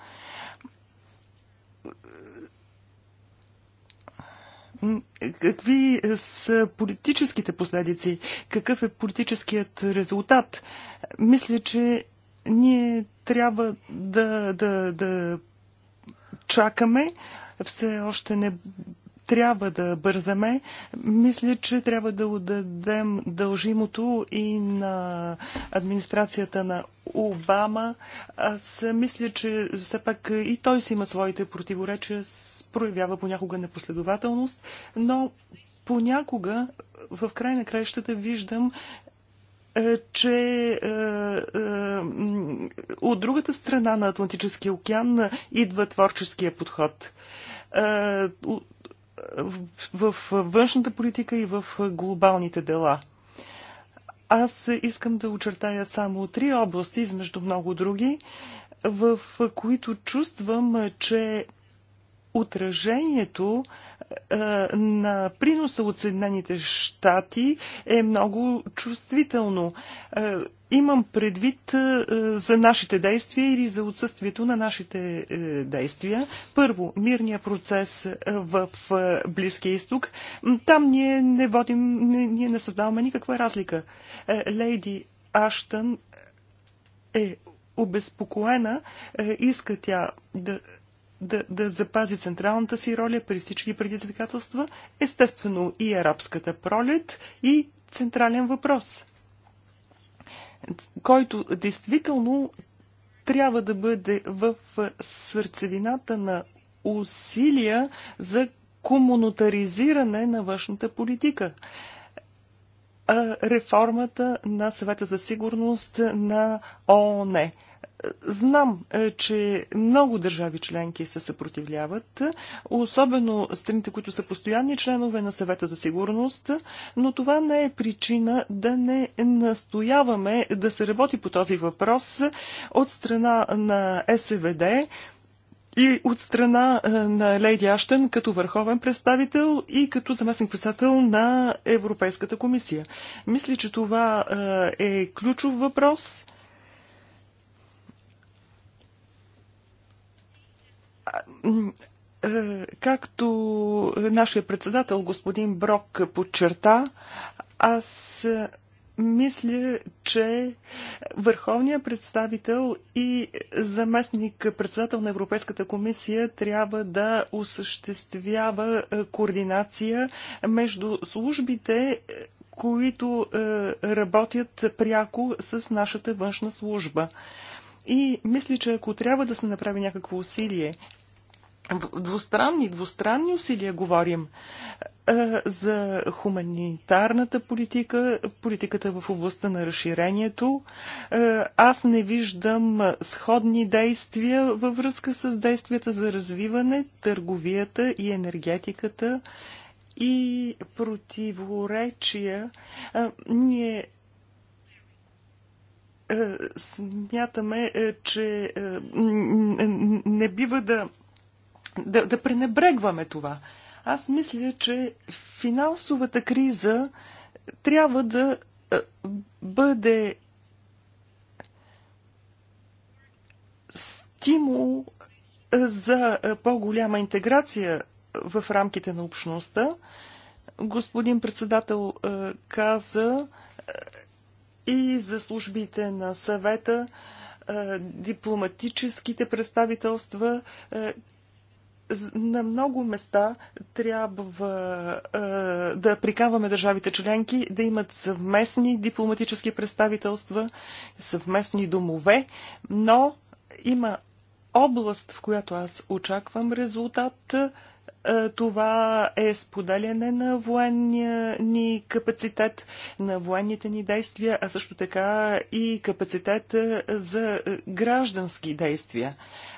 Какви са политическите последици? Какъв е политическият резултат? Мисля, че ние трябва да, да, да чакаме. Все още не трябва да бързаме. Мисля, че трябва да отдадем дължимото и на администрацията на Обама. Аз мисля, че все пак и той си има своите противоречия, проявява понякога непоследователност, но понякога в край на краищата виждам е, че е, е, от другата страна на Атлантическия океан идва творческия подход. Е, в външната политика и в глобалните дела. Аз искам да очертая само три области, измежду много други, в които чувствам, че отражението е, на приноса от Съединените щати е много чувствително. Е, имам предвид е, за нашите действия или за отсъствието на нашите действия. Първо, мирния процес в Близкия изток. Там ние не водим, ние не създаваме никаква разлика. Лейди Аштън е обезпокоена, иска тя да да, да запази централната си роля при всички предизвикателства, естествено и арабската пролет и централен въпрос, който действително трябва да бъде в сърцевината на усилия за комунотаризиране на външната политика. Реформата на съвета за сигурност на ООН. Знам, е, че много държави членки се съпротивляват, особено страните, които са постоянни членове на съвета за сигурност, но това не е причина да не настояваме да се работи по този въпрос от страна на СВД, и от страна е, на Лейди Аштен като върховен представител и като заместник-председател на Европейската комисия. Мисля, че това е, е ключов въпрос Както нашия председател господин Брок подчерта, аз мисля, че върховният представител и заместник председател на Европейската комисия трябва да осъществява е, координация между службите, е, които е, работят пряко с нашата външна служба. И мисля, че ако трябва да се направи някакво усилие двустранни, двустранни усилия говорим за хуманитарната политика, политиката в областта на разширението. Аз не виждам сходни действия във връзка с действията за развиване, търговията и енергетиката и противоречия. Ние смятаме, че не бива да да, да пренебрегваме това. Аз мисля, че финансовата криза трябва да бъде стимул за по-голяма интеграция в рамките на общността. Господин председател каза и за службите на съвета, дипломатическите представителства, на много места трябва е, да прикаваме държавите членки да имат съвместни дипломатически представителства, съвместни домове, но има област, в която аз очаквам резултат. Е, това е споделяне на военния ни капацитет, на военните ни действия, а също така и капацитет за граждански действия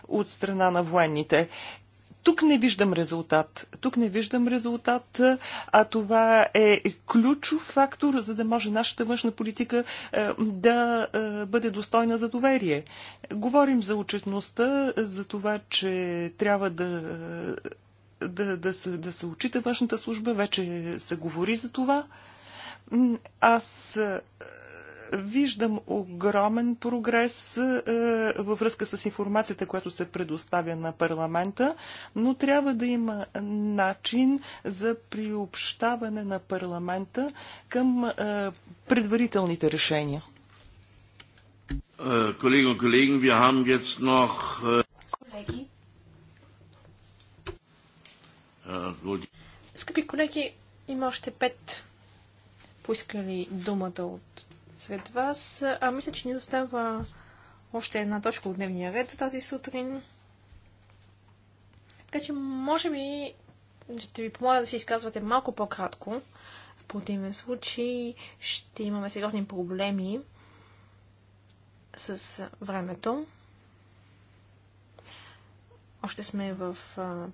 от страна на военните. Тук не виждам резултат. Тук не виждам резултат, а това е ключов фактор, за да може нашата външна политика е, да е, бъде достойна за доверие. Говорим за отчетността, за това, че трябва да да, да, се, да се учите външната служба, вече се говори за това. Аз Виждам огромен прогрес е, във връзка с информацията, която се предоставя на парламента, но трябва да има начин за приобщаване на парламента към е, предварителните решения. Колеги, колеги, wir haben jetzt noch... Е, колеги. Скъпи колеги, има още пет поискали думата от сред вас. А мисля, че ни остава още една точка от дневния ред за тази сутрин. Така че, може би, ще ви помоля да се изказвате малко по-кратко. В противен случай ще имаме сериозни проблеми с времето. Още сме в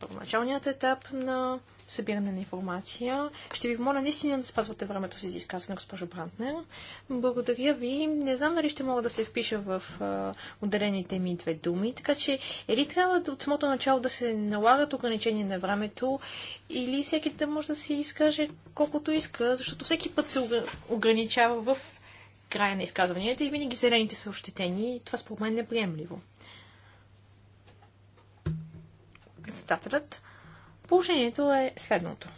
първоначалният етап на събиране на информация. Ще ви моля наистина да спазвате времето си за изказване, госпожо Брантнер. Благодаря ви. Не знам дали ще мога да се впиша в а, отделените ми две думи, така че или трябва да, от самото начало да се налагат ограничения на времето, или всеки да може да се изкаже колкото иска, защото всеки път се ограничава в края на изказванията и винаги зелените са ощетени и това според мен е неприемливо председателят. Положението е следното.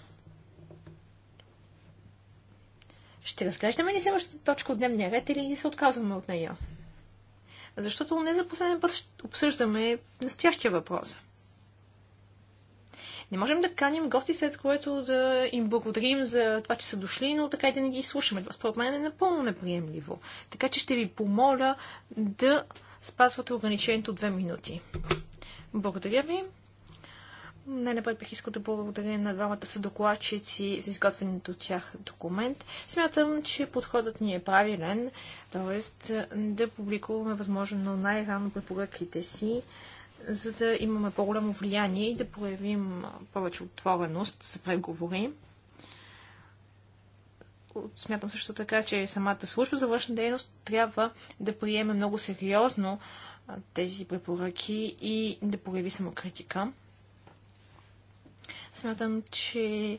Ще разглеждаме ли следващата точка от дневния ред или се отказваме от нея? Защото не за последен път обсъждаме настоящия въпрос. Не можем да каним гости, след което да им благодарим за това, че са дошли, но така и да не ги слушаме. Това според мен е напълно неприемливо. Така че ще ви помоля да спазвате ограничението от две минути. Благодаря ви най-напред бих искал да благодаря на двамата съдокладчици за изготвянето от тях документ. Смятам, че подходът ни е правилен, т.е. да публикуваме възможно най-рано препоръките си, за да имаме по-голямо влияние и да проявим повече отвореност за преговори. Смятам също така, че самата служба за външна дейност трябва да приеме много сериозно тези препоръки и да прояви самокритика. Смятам, че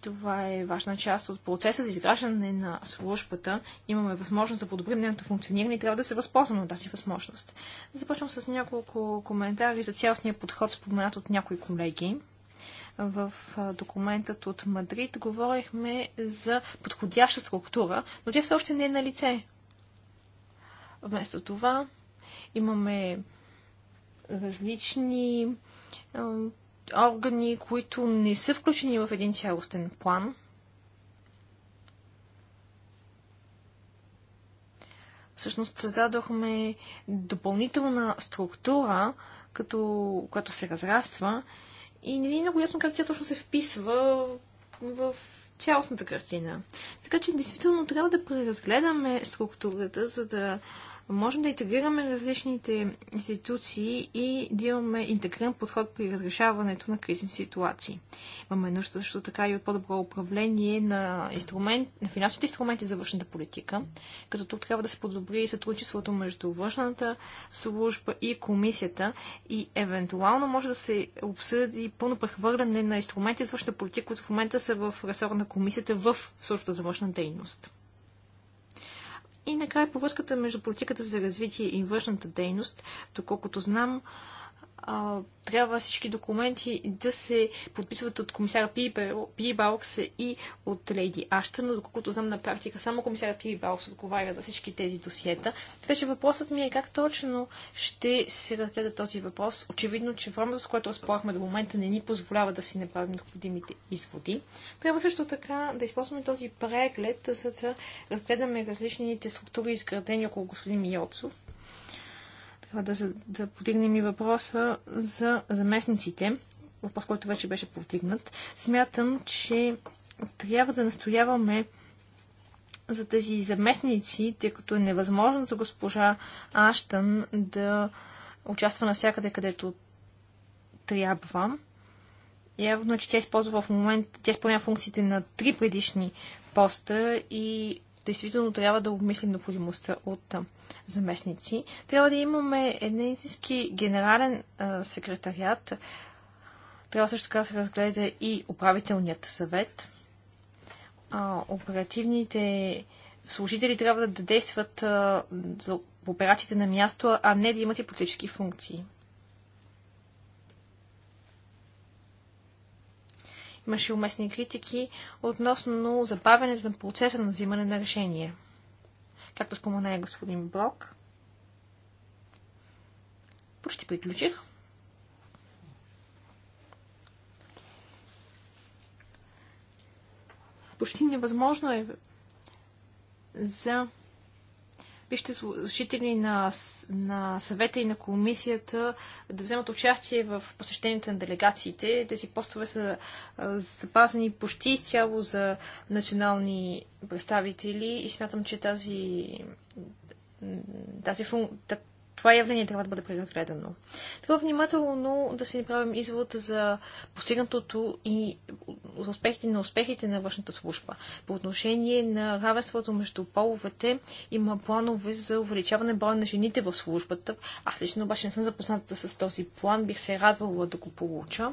това е важна част от процеса за изграждане на службата. Имаме възможност да подобрим нейното функциониране и трябва да се възползваме от тази възможност. Започвам с няколко коментари за цялостния подход, споменат от някои колеги. В документът от Мадрид говорихме за подходяща структура, но тя все още не е на лице. Вместо това имаме различни органи, които не са включени в един цялостен план. Всъщност създадохме допълнителна структура, като, която се разраства и не е много ясно как тя точно се вписва в цялостната картина. Така че действително трябва да преразгледаме структурата, за да можем да интегрираме различните институции и да имаме интегриран подход при разрешаването на кризни ситуации. Имаме нужда също така и от по-добро управление на, инструмент, на финансовите инструменти за външната политика, като тук трябва да се подобри сътрудничеството между външната служба и комисията и евентуално може да се обсъди пълно прехвърляне на инструменти за външната политика, които в момента са в ресора на комисията в службата за външна дейност. И накрая по между политиката за развитие и външната дейност, доколкото знам, а, трябва всички документи да се подписват от комисара Балкс и от Лейди Аща, но доколкото знам на практика, само комисара Балкс отговаря за всички тези досиета. Така че въпросът ми е как точно ще се разгледа този въпрос. Очевидно, че времето, с което разполагахме до момента, не ни позволява да си направим необходимите изводи. Трябва също така да използваме този преглед, за да разгледаме различните структури, изградени около господин Миоцов да, да подигнем и въпроса за заместниците, въпрос, който вече беше повдигнат. Смятам, че трябва да настояваме за тези заместници, тъй като е невъзможно за госпожа Аштън да участва навсякъде, където трябва. Явно, е, че тя използва в момента, тя изпълнява функциите на три предишни поста и действително трябва да обмислим необходимостта от заместници. Трябва да имаме един истински генерален а, секретариат. Трябва също така да се разгледа и управителният съвет. А, оперативните служители трябва да действат а, за операциите на място, а не да имат и политически функции. Имаше уместни критики относно забавянето на процеса на взимане на решение както спомена и господин Блок. Почти приключих. Почти невъзможно е за вижте, служители на, на съвета и на комисията да вземат участие в посещението на делегациите. Тези постове са запазени почти изцяло за национални представители и смятам, че тази тази, функция това явление трябва да бъде преразгледано. Трябва внимателно да си направим извод за постигнатото и за успехите на успехите на външната служба. По отношение на равенството между половете има планове за увеличаване броя на жените в службата. Аз лично обаче не съм запозната с този план. Бих се радвала да го получа.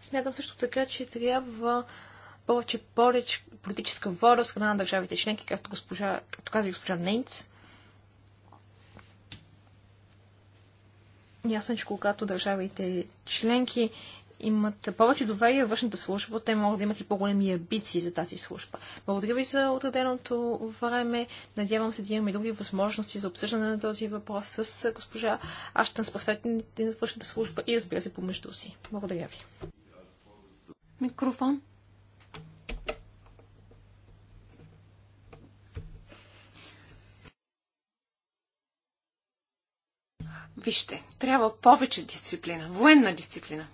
Смятам също така, че трябва повече политическа воля от страна на държавите членки, както, госпожа, както каза госпожа Нейнц Ясно че когато държавите членки имат повече доверие в външната служба, те могат да имат и по-големи амбиции за тази служба. Благодаря ви за отреденото време. Надявам се да имаме други възможности за обсъждане на този въпрос с госпожа Аштан с представителите на външната служба и разбира се помежду си. Благодаря ви. Микрофон. Вижте, трябва повече дисциплина, военна дисциплина.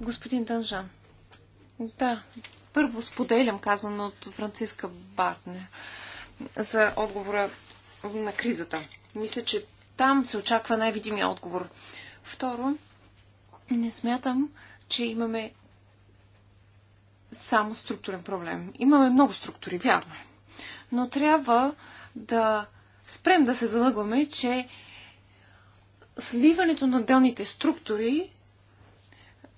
Господин Данжан, да, първо споделям казано от Франциска Бартнер за отговора на кризата. Мисля, че там се очаква най-видимия отговор. Второ, не смятам, че имаме само структурен проблем. Имаме много структури, вярно е. Но трябва да спрем да се залъгваме, че сливането на делните структури,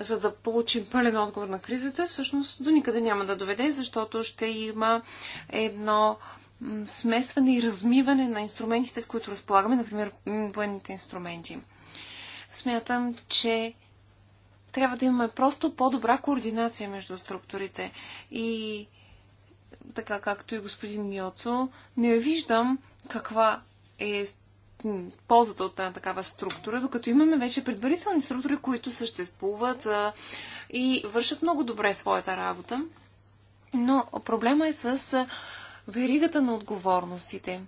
за да получим пълен отговор на кризата, всъщност до никъде няма да доведе, защото ще има едно смесване и размиване на инструментите, с които разполагаме, например военните инструменти. Смятам, че трябва да имаме просто по-добра координация между структурите и така както и господин Миоцо, не виждам каква е ползата от една такава структура, докато имаме вече предварителни структури, които съществуват а, и вършат много добре своята работа. Но проблема е с веригата на отговорностите.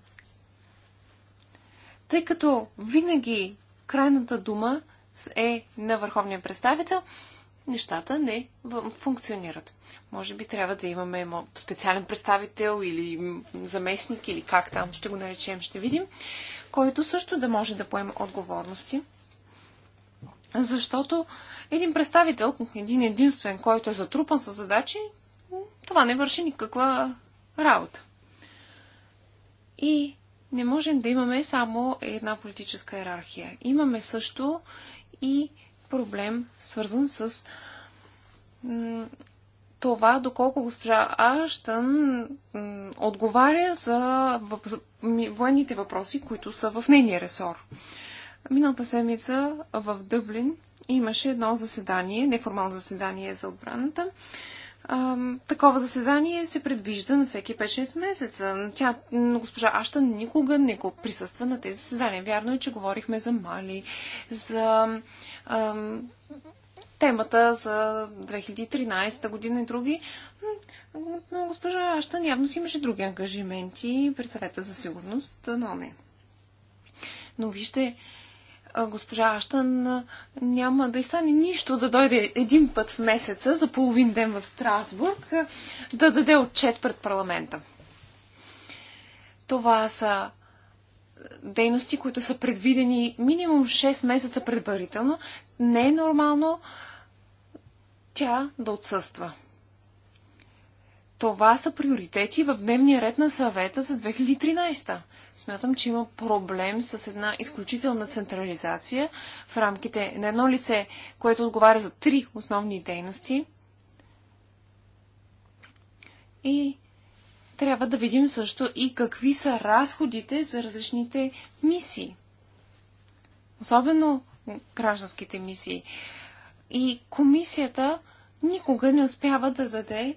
Тъй като винаги крайната дума е на върховния представител, нещата не функционират. Може би трябва да имаме специален представител или заместник, или как там ще го наречем, ще видим, който също да може да поеме отговорности. Защото един представител, един единствен, който е затрупан с задачи, това не върши никаква работа. И не можем да имаме само една политическа иерархия. Имаме също и проблем, свързан с това, доколко госпожа Аштън отговаря за военните въпроси, които са в нейния ресор. Миналата седмица в Дъблин имаше едно заседание, неформално заседание за отбраната, а, такова заседание се предвижда на всеки 5-6 месеца. Тя, госпожа Аща, никога не го присъства на тези заседания. Вярно е, че говорихме за Мали, за а, темата за 2013 година и други. Но госпожа Аща явно си имаше други ангажименти пред съвета за сигурност, но не. Но вижте, госпожа Аштън няма да изстане нищо да дойде един път в месеца за половин ден в Страсбург да даде отчет пред парламента. Това са дейности, които са предвидени минимум 6 месеца предварително. Не е нормално тя да отсъства това са приоритети в дневния ред на съвета за 2013. Смятам, че има проблем с една изключителна централизация в рамките на едно лице, което отговаря за три основни дейности. И трябва да видим също и какви са разходите за различните мисии. Особено гражданските мисии. И комисията никога не успява да даде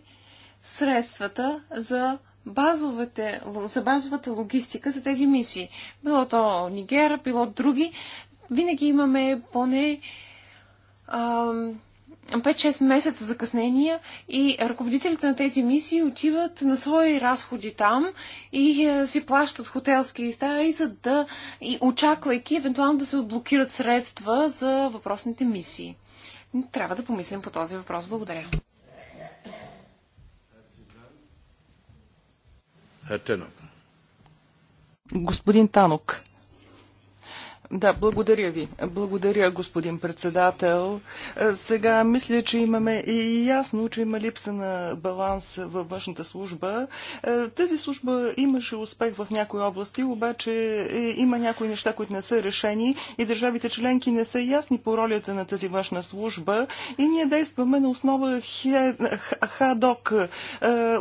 средствата за, базовете, за базовата логистика за тези мисии. Било то Нигера, било други. Винаги имаме поне 5-6 месеца закъснения и ръководителите на тези мисии отиват на свои разходи там и е, си плащат хотелски стаи, за да и очаквайки евентуално да се отблокират средства за въпросните мисии. Трябва да помислим по този въпрос. Благодаря. Господин Танок. Да, благодаря ви. Благодаря, господин председател. Е, сега мисля, че имаме и ясно, че има липса на баланс във външната служба. Е, тази служба имаше успех в някои области, обаче е, има някои неща, които не са решени и държавите членки не са ясни по ролята на тази външна служба и ние действаме на основа хадок,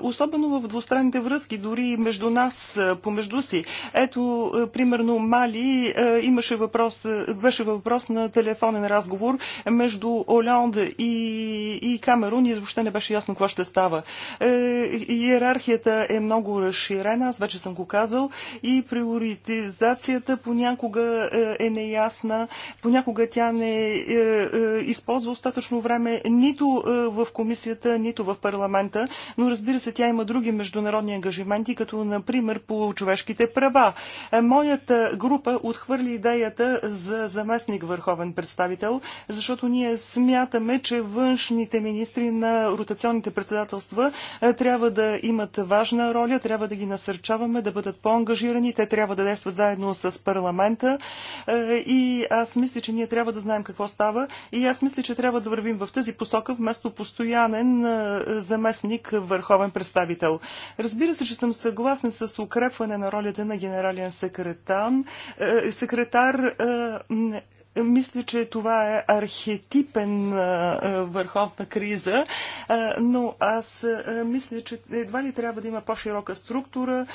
особено в двустранните връзки, дори между нас, помежду си. Ето, примерно, Мали имаше въпрос, беше въпрос на телефонен разговор между Олянд и, и Камерун и въобще не беше ясно какво ще става. Е, иерархията е много разширена, аз вече съм го казал, и приоритизацията понякога е, е неясна, понякога тя не е, е, използва остатъчно време нито е, в комисията, нито в парламента, но разбира се, тя има други международни ангажименти, като например по човешките права. Е, моята група отхвърли идея комисията за заместник върховен представител, защото ние смятаме, че външните министри на ротационните председателства е, трябва да имат важна роля, трябва да ги насърчаваме, да бъдат по-ангажирани, те трябва да действат заедно с парламента е, и аз мисля, че ние трябва да знаем какво става и аз мисля, че трябва да вървим в тази посока вместо постоянен е, заместник върховен представител. Разбира се, че съм съгласен с укрепване на ролята на генерален секретар, секретар пример е, мисля, че това е архетипен върховна криза, но аз мисля, че едва ли трябва да има по-широка структура,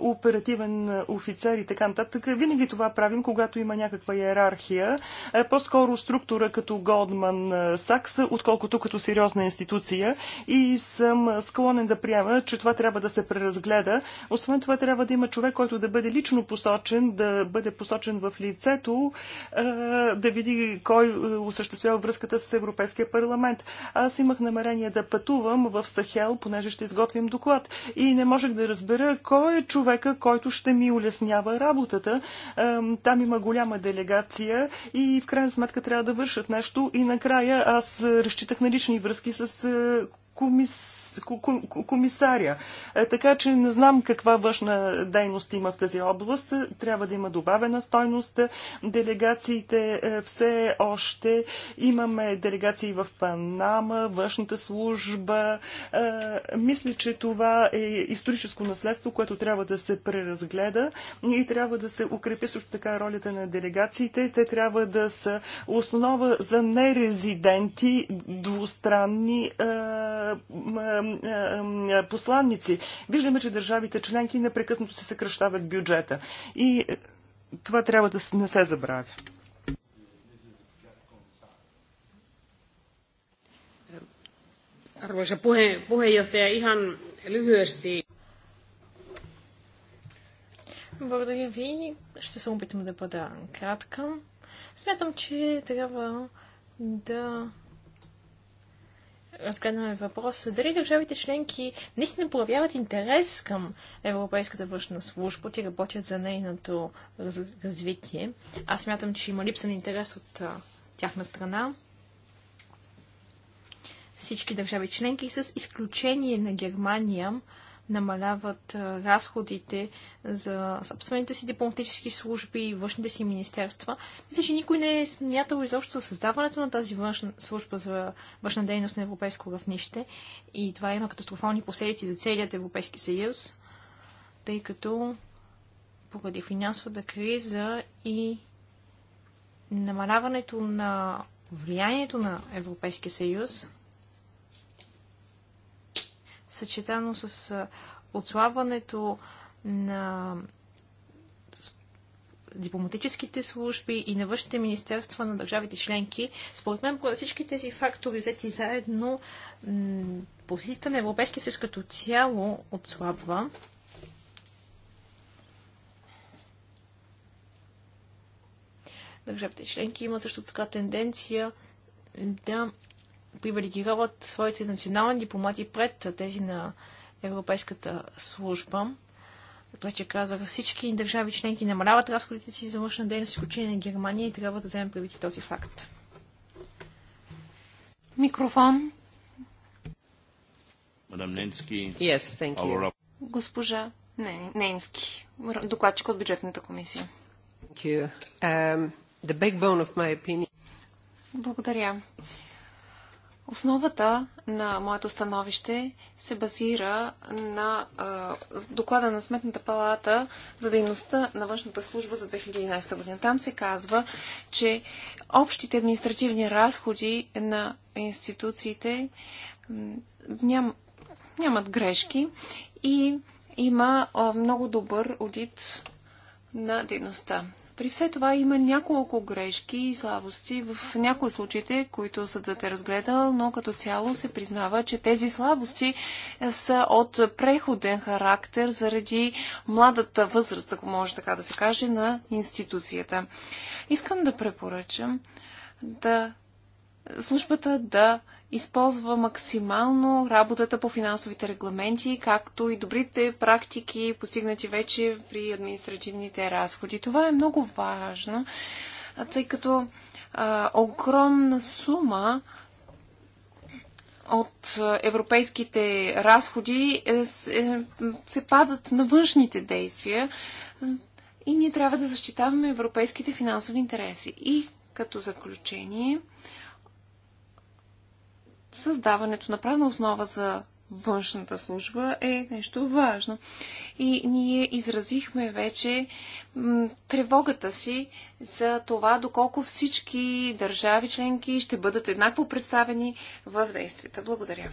оперативен офицер и така нататък. Винаги това правим, когато има някаква иерархия. По-скоро структура като Голдман Сакс, отколкото като сериозна институция. И съм склонен да приема, че това трябва да се преразгледа. Освен това трябва да има човек, който да бъде лично посочен, да бъде посочен в лицето да види кой е, осъществява връзката с Европейския парламент. Аз имах намерение да пътувам в Сахел, понеже ще изготвим доклад. И не можех да разбера кой е човека, който ще ми улеснява работата. Там има голяма делегация и в крайна сметка трябва да вършат нещо. И накрая аз разчитах на лични връзки с е, комисията комисаря. Е, така че не знам каква външна дейност има в тази област. Трябва да има добавена стойност. Делегациите е, все още имаме делегации в Панама, външната служба. Е, мисля, че това е историческо наследство, което трябва да се преразгледа и трябва да се укрепи също така ролята на делегациите. Те трябва да са основа за нерезиденти, двустранни посланници. Виждаме, че държавите членки непрекъснато се съкръщават бюджета. И е, това трябва да не се забравя. Arvoisa puhe, puheenjohtaja, ihan lyhyesti. Благодаря ви. Ще се опитам да бъда кратка. Смятам, че трябва да разгледаме въпроса дали държавите членки наистина проявяват интерес към Европейската външна служба и работят за нейното раз, развитие. Аз смятам, че има липса на интерес от а, тяхна страна. Всички държави членки, с изключение на Германия, намаляват разходите за собствените си дипломатически служби и външните си министерства. Мисля, че никой не е смятал изобщо за създаването на тази външна служба за външна дейност на европейско равнище и това има катастрофални последици за целият Европейски съюз, тъй като поради финансовата криза и намаляването на влиянието на Европейския съюз, съчетано с отслабването на дипломатическите служби и на външните министерства на държавите членки, според мен, поради всички тези фактори, взети заедно, позицията на Европейския съюз като цяло отслабва. Държавите членки имат също така тенденция да привилегироват своите национални дипломати пред тези на Европейската служба. Той, че казах, всички държави членки намаляват разходите си за външна дейност, изключение на Германия и трябва да вземем предвид този факт. Микрофон. Мадам Ненски. Yes, thank you. Госпожа Не, Ненски, докладчик от бюджетната комисия. Thank you. Um, the backbone of my opinion. Благодаря. Основата на моето становище се базира на а, доклада на Сметната палата за дейността на външната служба за 2011 година. Там се казва, че общите административни разходи на институциите ням, нямат грешки и има а, много добър одит на дейността. При все това има няколко грешки и слабости в някои от случаите, които съдът е разгледал, но като цяло се признава, че тези слабости са от преходен характер заради младата възраст, ако може така да се каже, на институцията. Искам да препоръчам да службата да използва максимално работата по финансовите регламенти, както и добрите практики, постигнати вече при административните разходи. Това е много важно, тъй като а, огромна сума от европейските разходи се, е, се падат на външните действия и ние трябва да защитаваме европейските финансови интереси. И като заключение, създаването на правна основа за външната служба е нещо важно. И ние изразихме вече тревогата си за това, доколко всички държави членки ще бъдат еднакво представени в действията. Благодаря.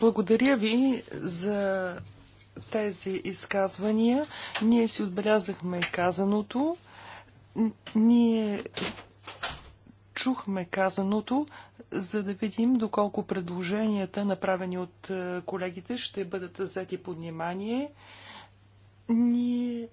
Благодаря ви за тези изказвания. Ние си отбелязахме казаното. Ние чухме казаното, за да видим доколко предложенията, направени от е, колегите, ще бъдат взети под внимание. Ние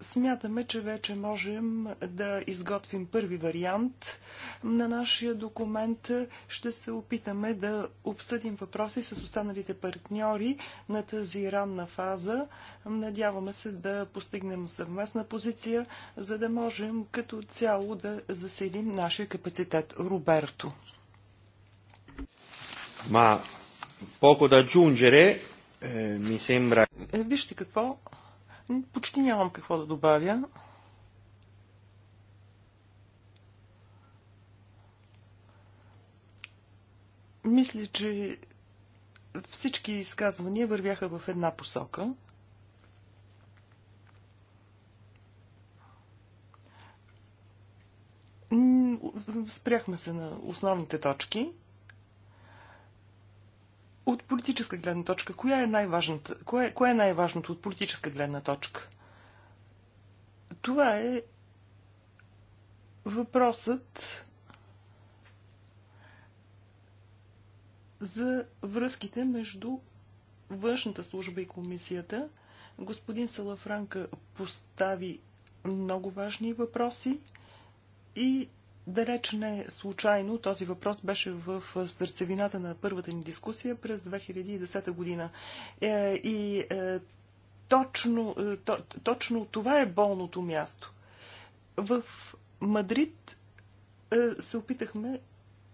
Смятаме, че вече можем да изготвим първи вариант на нашия документ. Ще се опитаме да обсъдим въпроси с останалите партньори на тази ранна фаза. Надяваме се да постигнем съвместна позиция, за да можем като цяло да заселим нашия капацитет. Роберто. Ма, поко да джунджере, е, ми сембра... Е, вижте какво, почти нямам какво да добавя. Мисля, че всички изказвания вървяха в една посока. Спряхме се на основните точки от политическа гледна точка, коя е най-важната, кое, кое е най-важното от политическа гледна точка? Това е въпросът за връзките между външната служба и комисията. Господин Салафранка постави много важни въпроси и Далеч не случайно този въпрос беше в сърцевината на първата ни дискусия през 2010 година. Е, и е, точно, е, точно това е болното място. В Мадрид се опитахме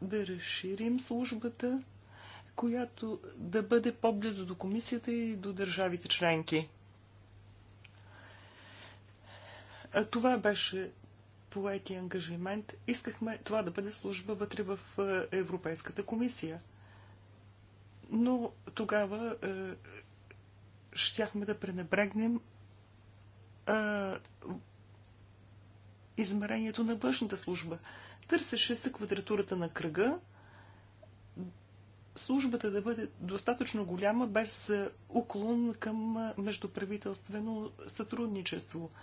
да разширим службата, която да бъде по-близо до комисията и до държавите членки. Това беше поети ангажимент, искахме това да бъде служба вътре в е, Европейската комисия. Но тогава е, щяхме да пренебрегнем е, измерението на външната служба. Търсеше се квадратурата на кръга, службата да бъде достатъчно голяма без е, уклон към е, междуправителствено сътрудничество. Е,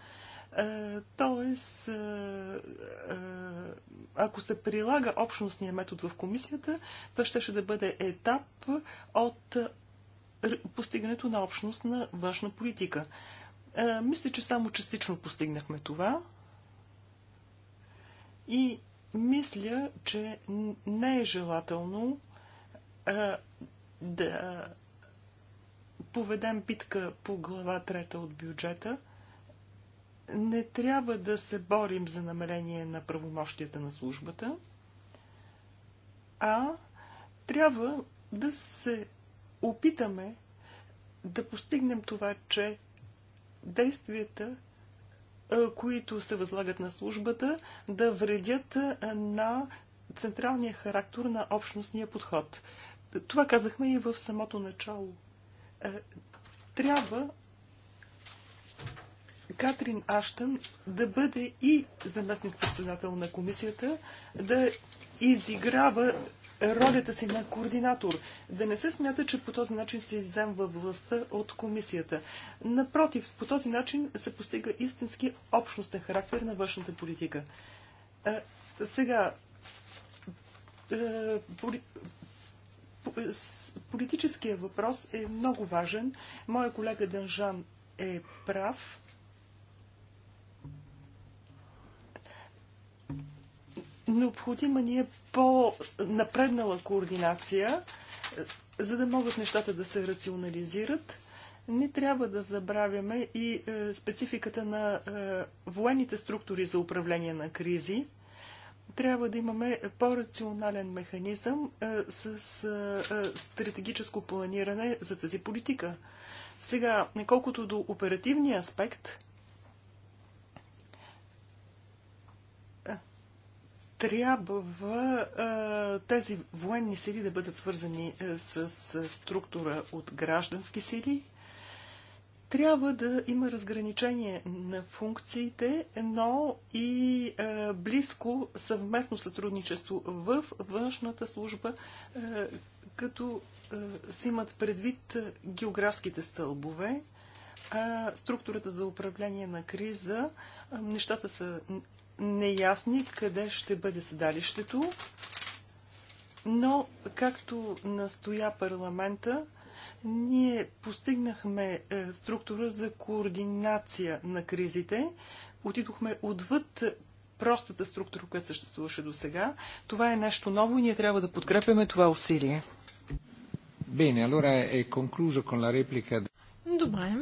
Тоест, ако се прилага общностния метод в комисията, това ще, ще да бъде етап от постигането на общност на външна политика. Мисля, че само частично постигнахме това. И мисля, че не е желателно да поведем битка по глава трета от бюджета – не трябва да се борим за намаление на правомощията на службата, а трябва да се опитаме да постигнем това, че действията, които се възлагат на службата, да вредят на централния характер на общностния подход. Това казахме и в самото начало. Е, трябва Катрин Аштън да бъде и заместник-председател на комисията, да изиграва ролята си на координатор. Да не се смята, че по този начин се иземва властта от комисията. Напротив, по този начин се постига истински общностен характер на външната политика. А, сега, а, политическия въпрос е много важен. Моя колега Дънжан е прав. Необходима ни е по-напреднала координация, е, за да могат нещата да се рационализират. Не трябва да забравяме и е, спецификата на е, военните структури за управление на кризи. Трябва да имаме по-рационален механизъм с стратегическо планиране за тази политика. Сега, колкото до оперативния аспект, трябва а, тези военни сили да бъдат свързани а, с, с структура от граждански сили. Трябва да има разграничение на функциите, но и а, близко съвместно сътрудничество в външната служба, а, като а, се имат предвид географските стълбове, а, структурата за управление на криза. А, нещата са неясни къде ще бъде седалището, но както настоя парламента, ние постигнахме е, структура за координация на кризите, отидохме отвъд простата структура, която съществуваше до сега. Това е нещо ново и ние трябва да подкрепяме това усилие. allora concluso con la replica. Добре.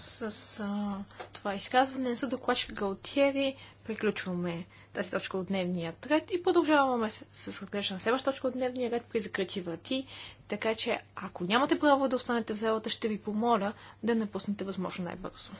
с а, това изказване за докладчик Галтиери приключваме тази точка от дневния ред и продължаваме с, с разглеждане на следваща точка от дневния ред при закрити врати. Така че, ако нямате право да останете в залата, ще ви помоля да напуснете възможно най-бързо.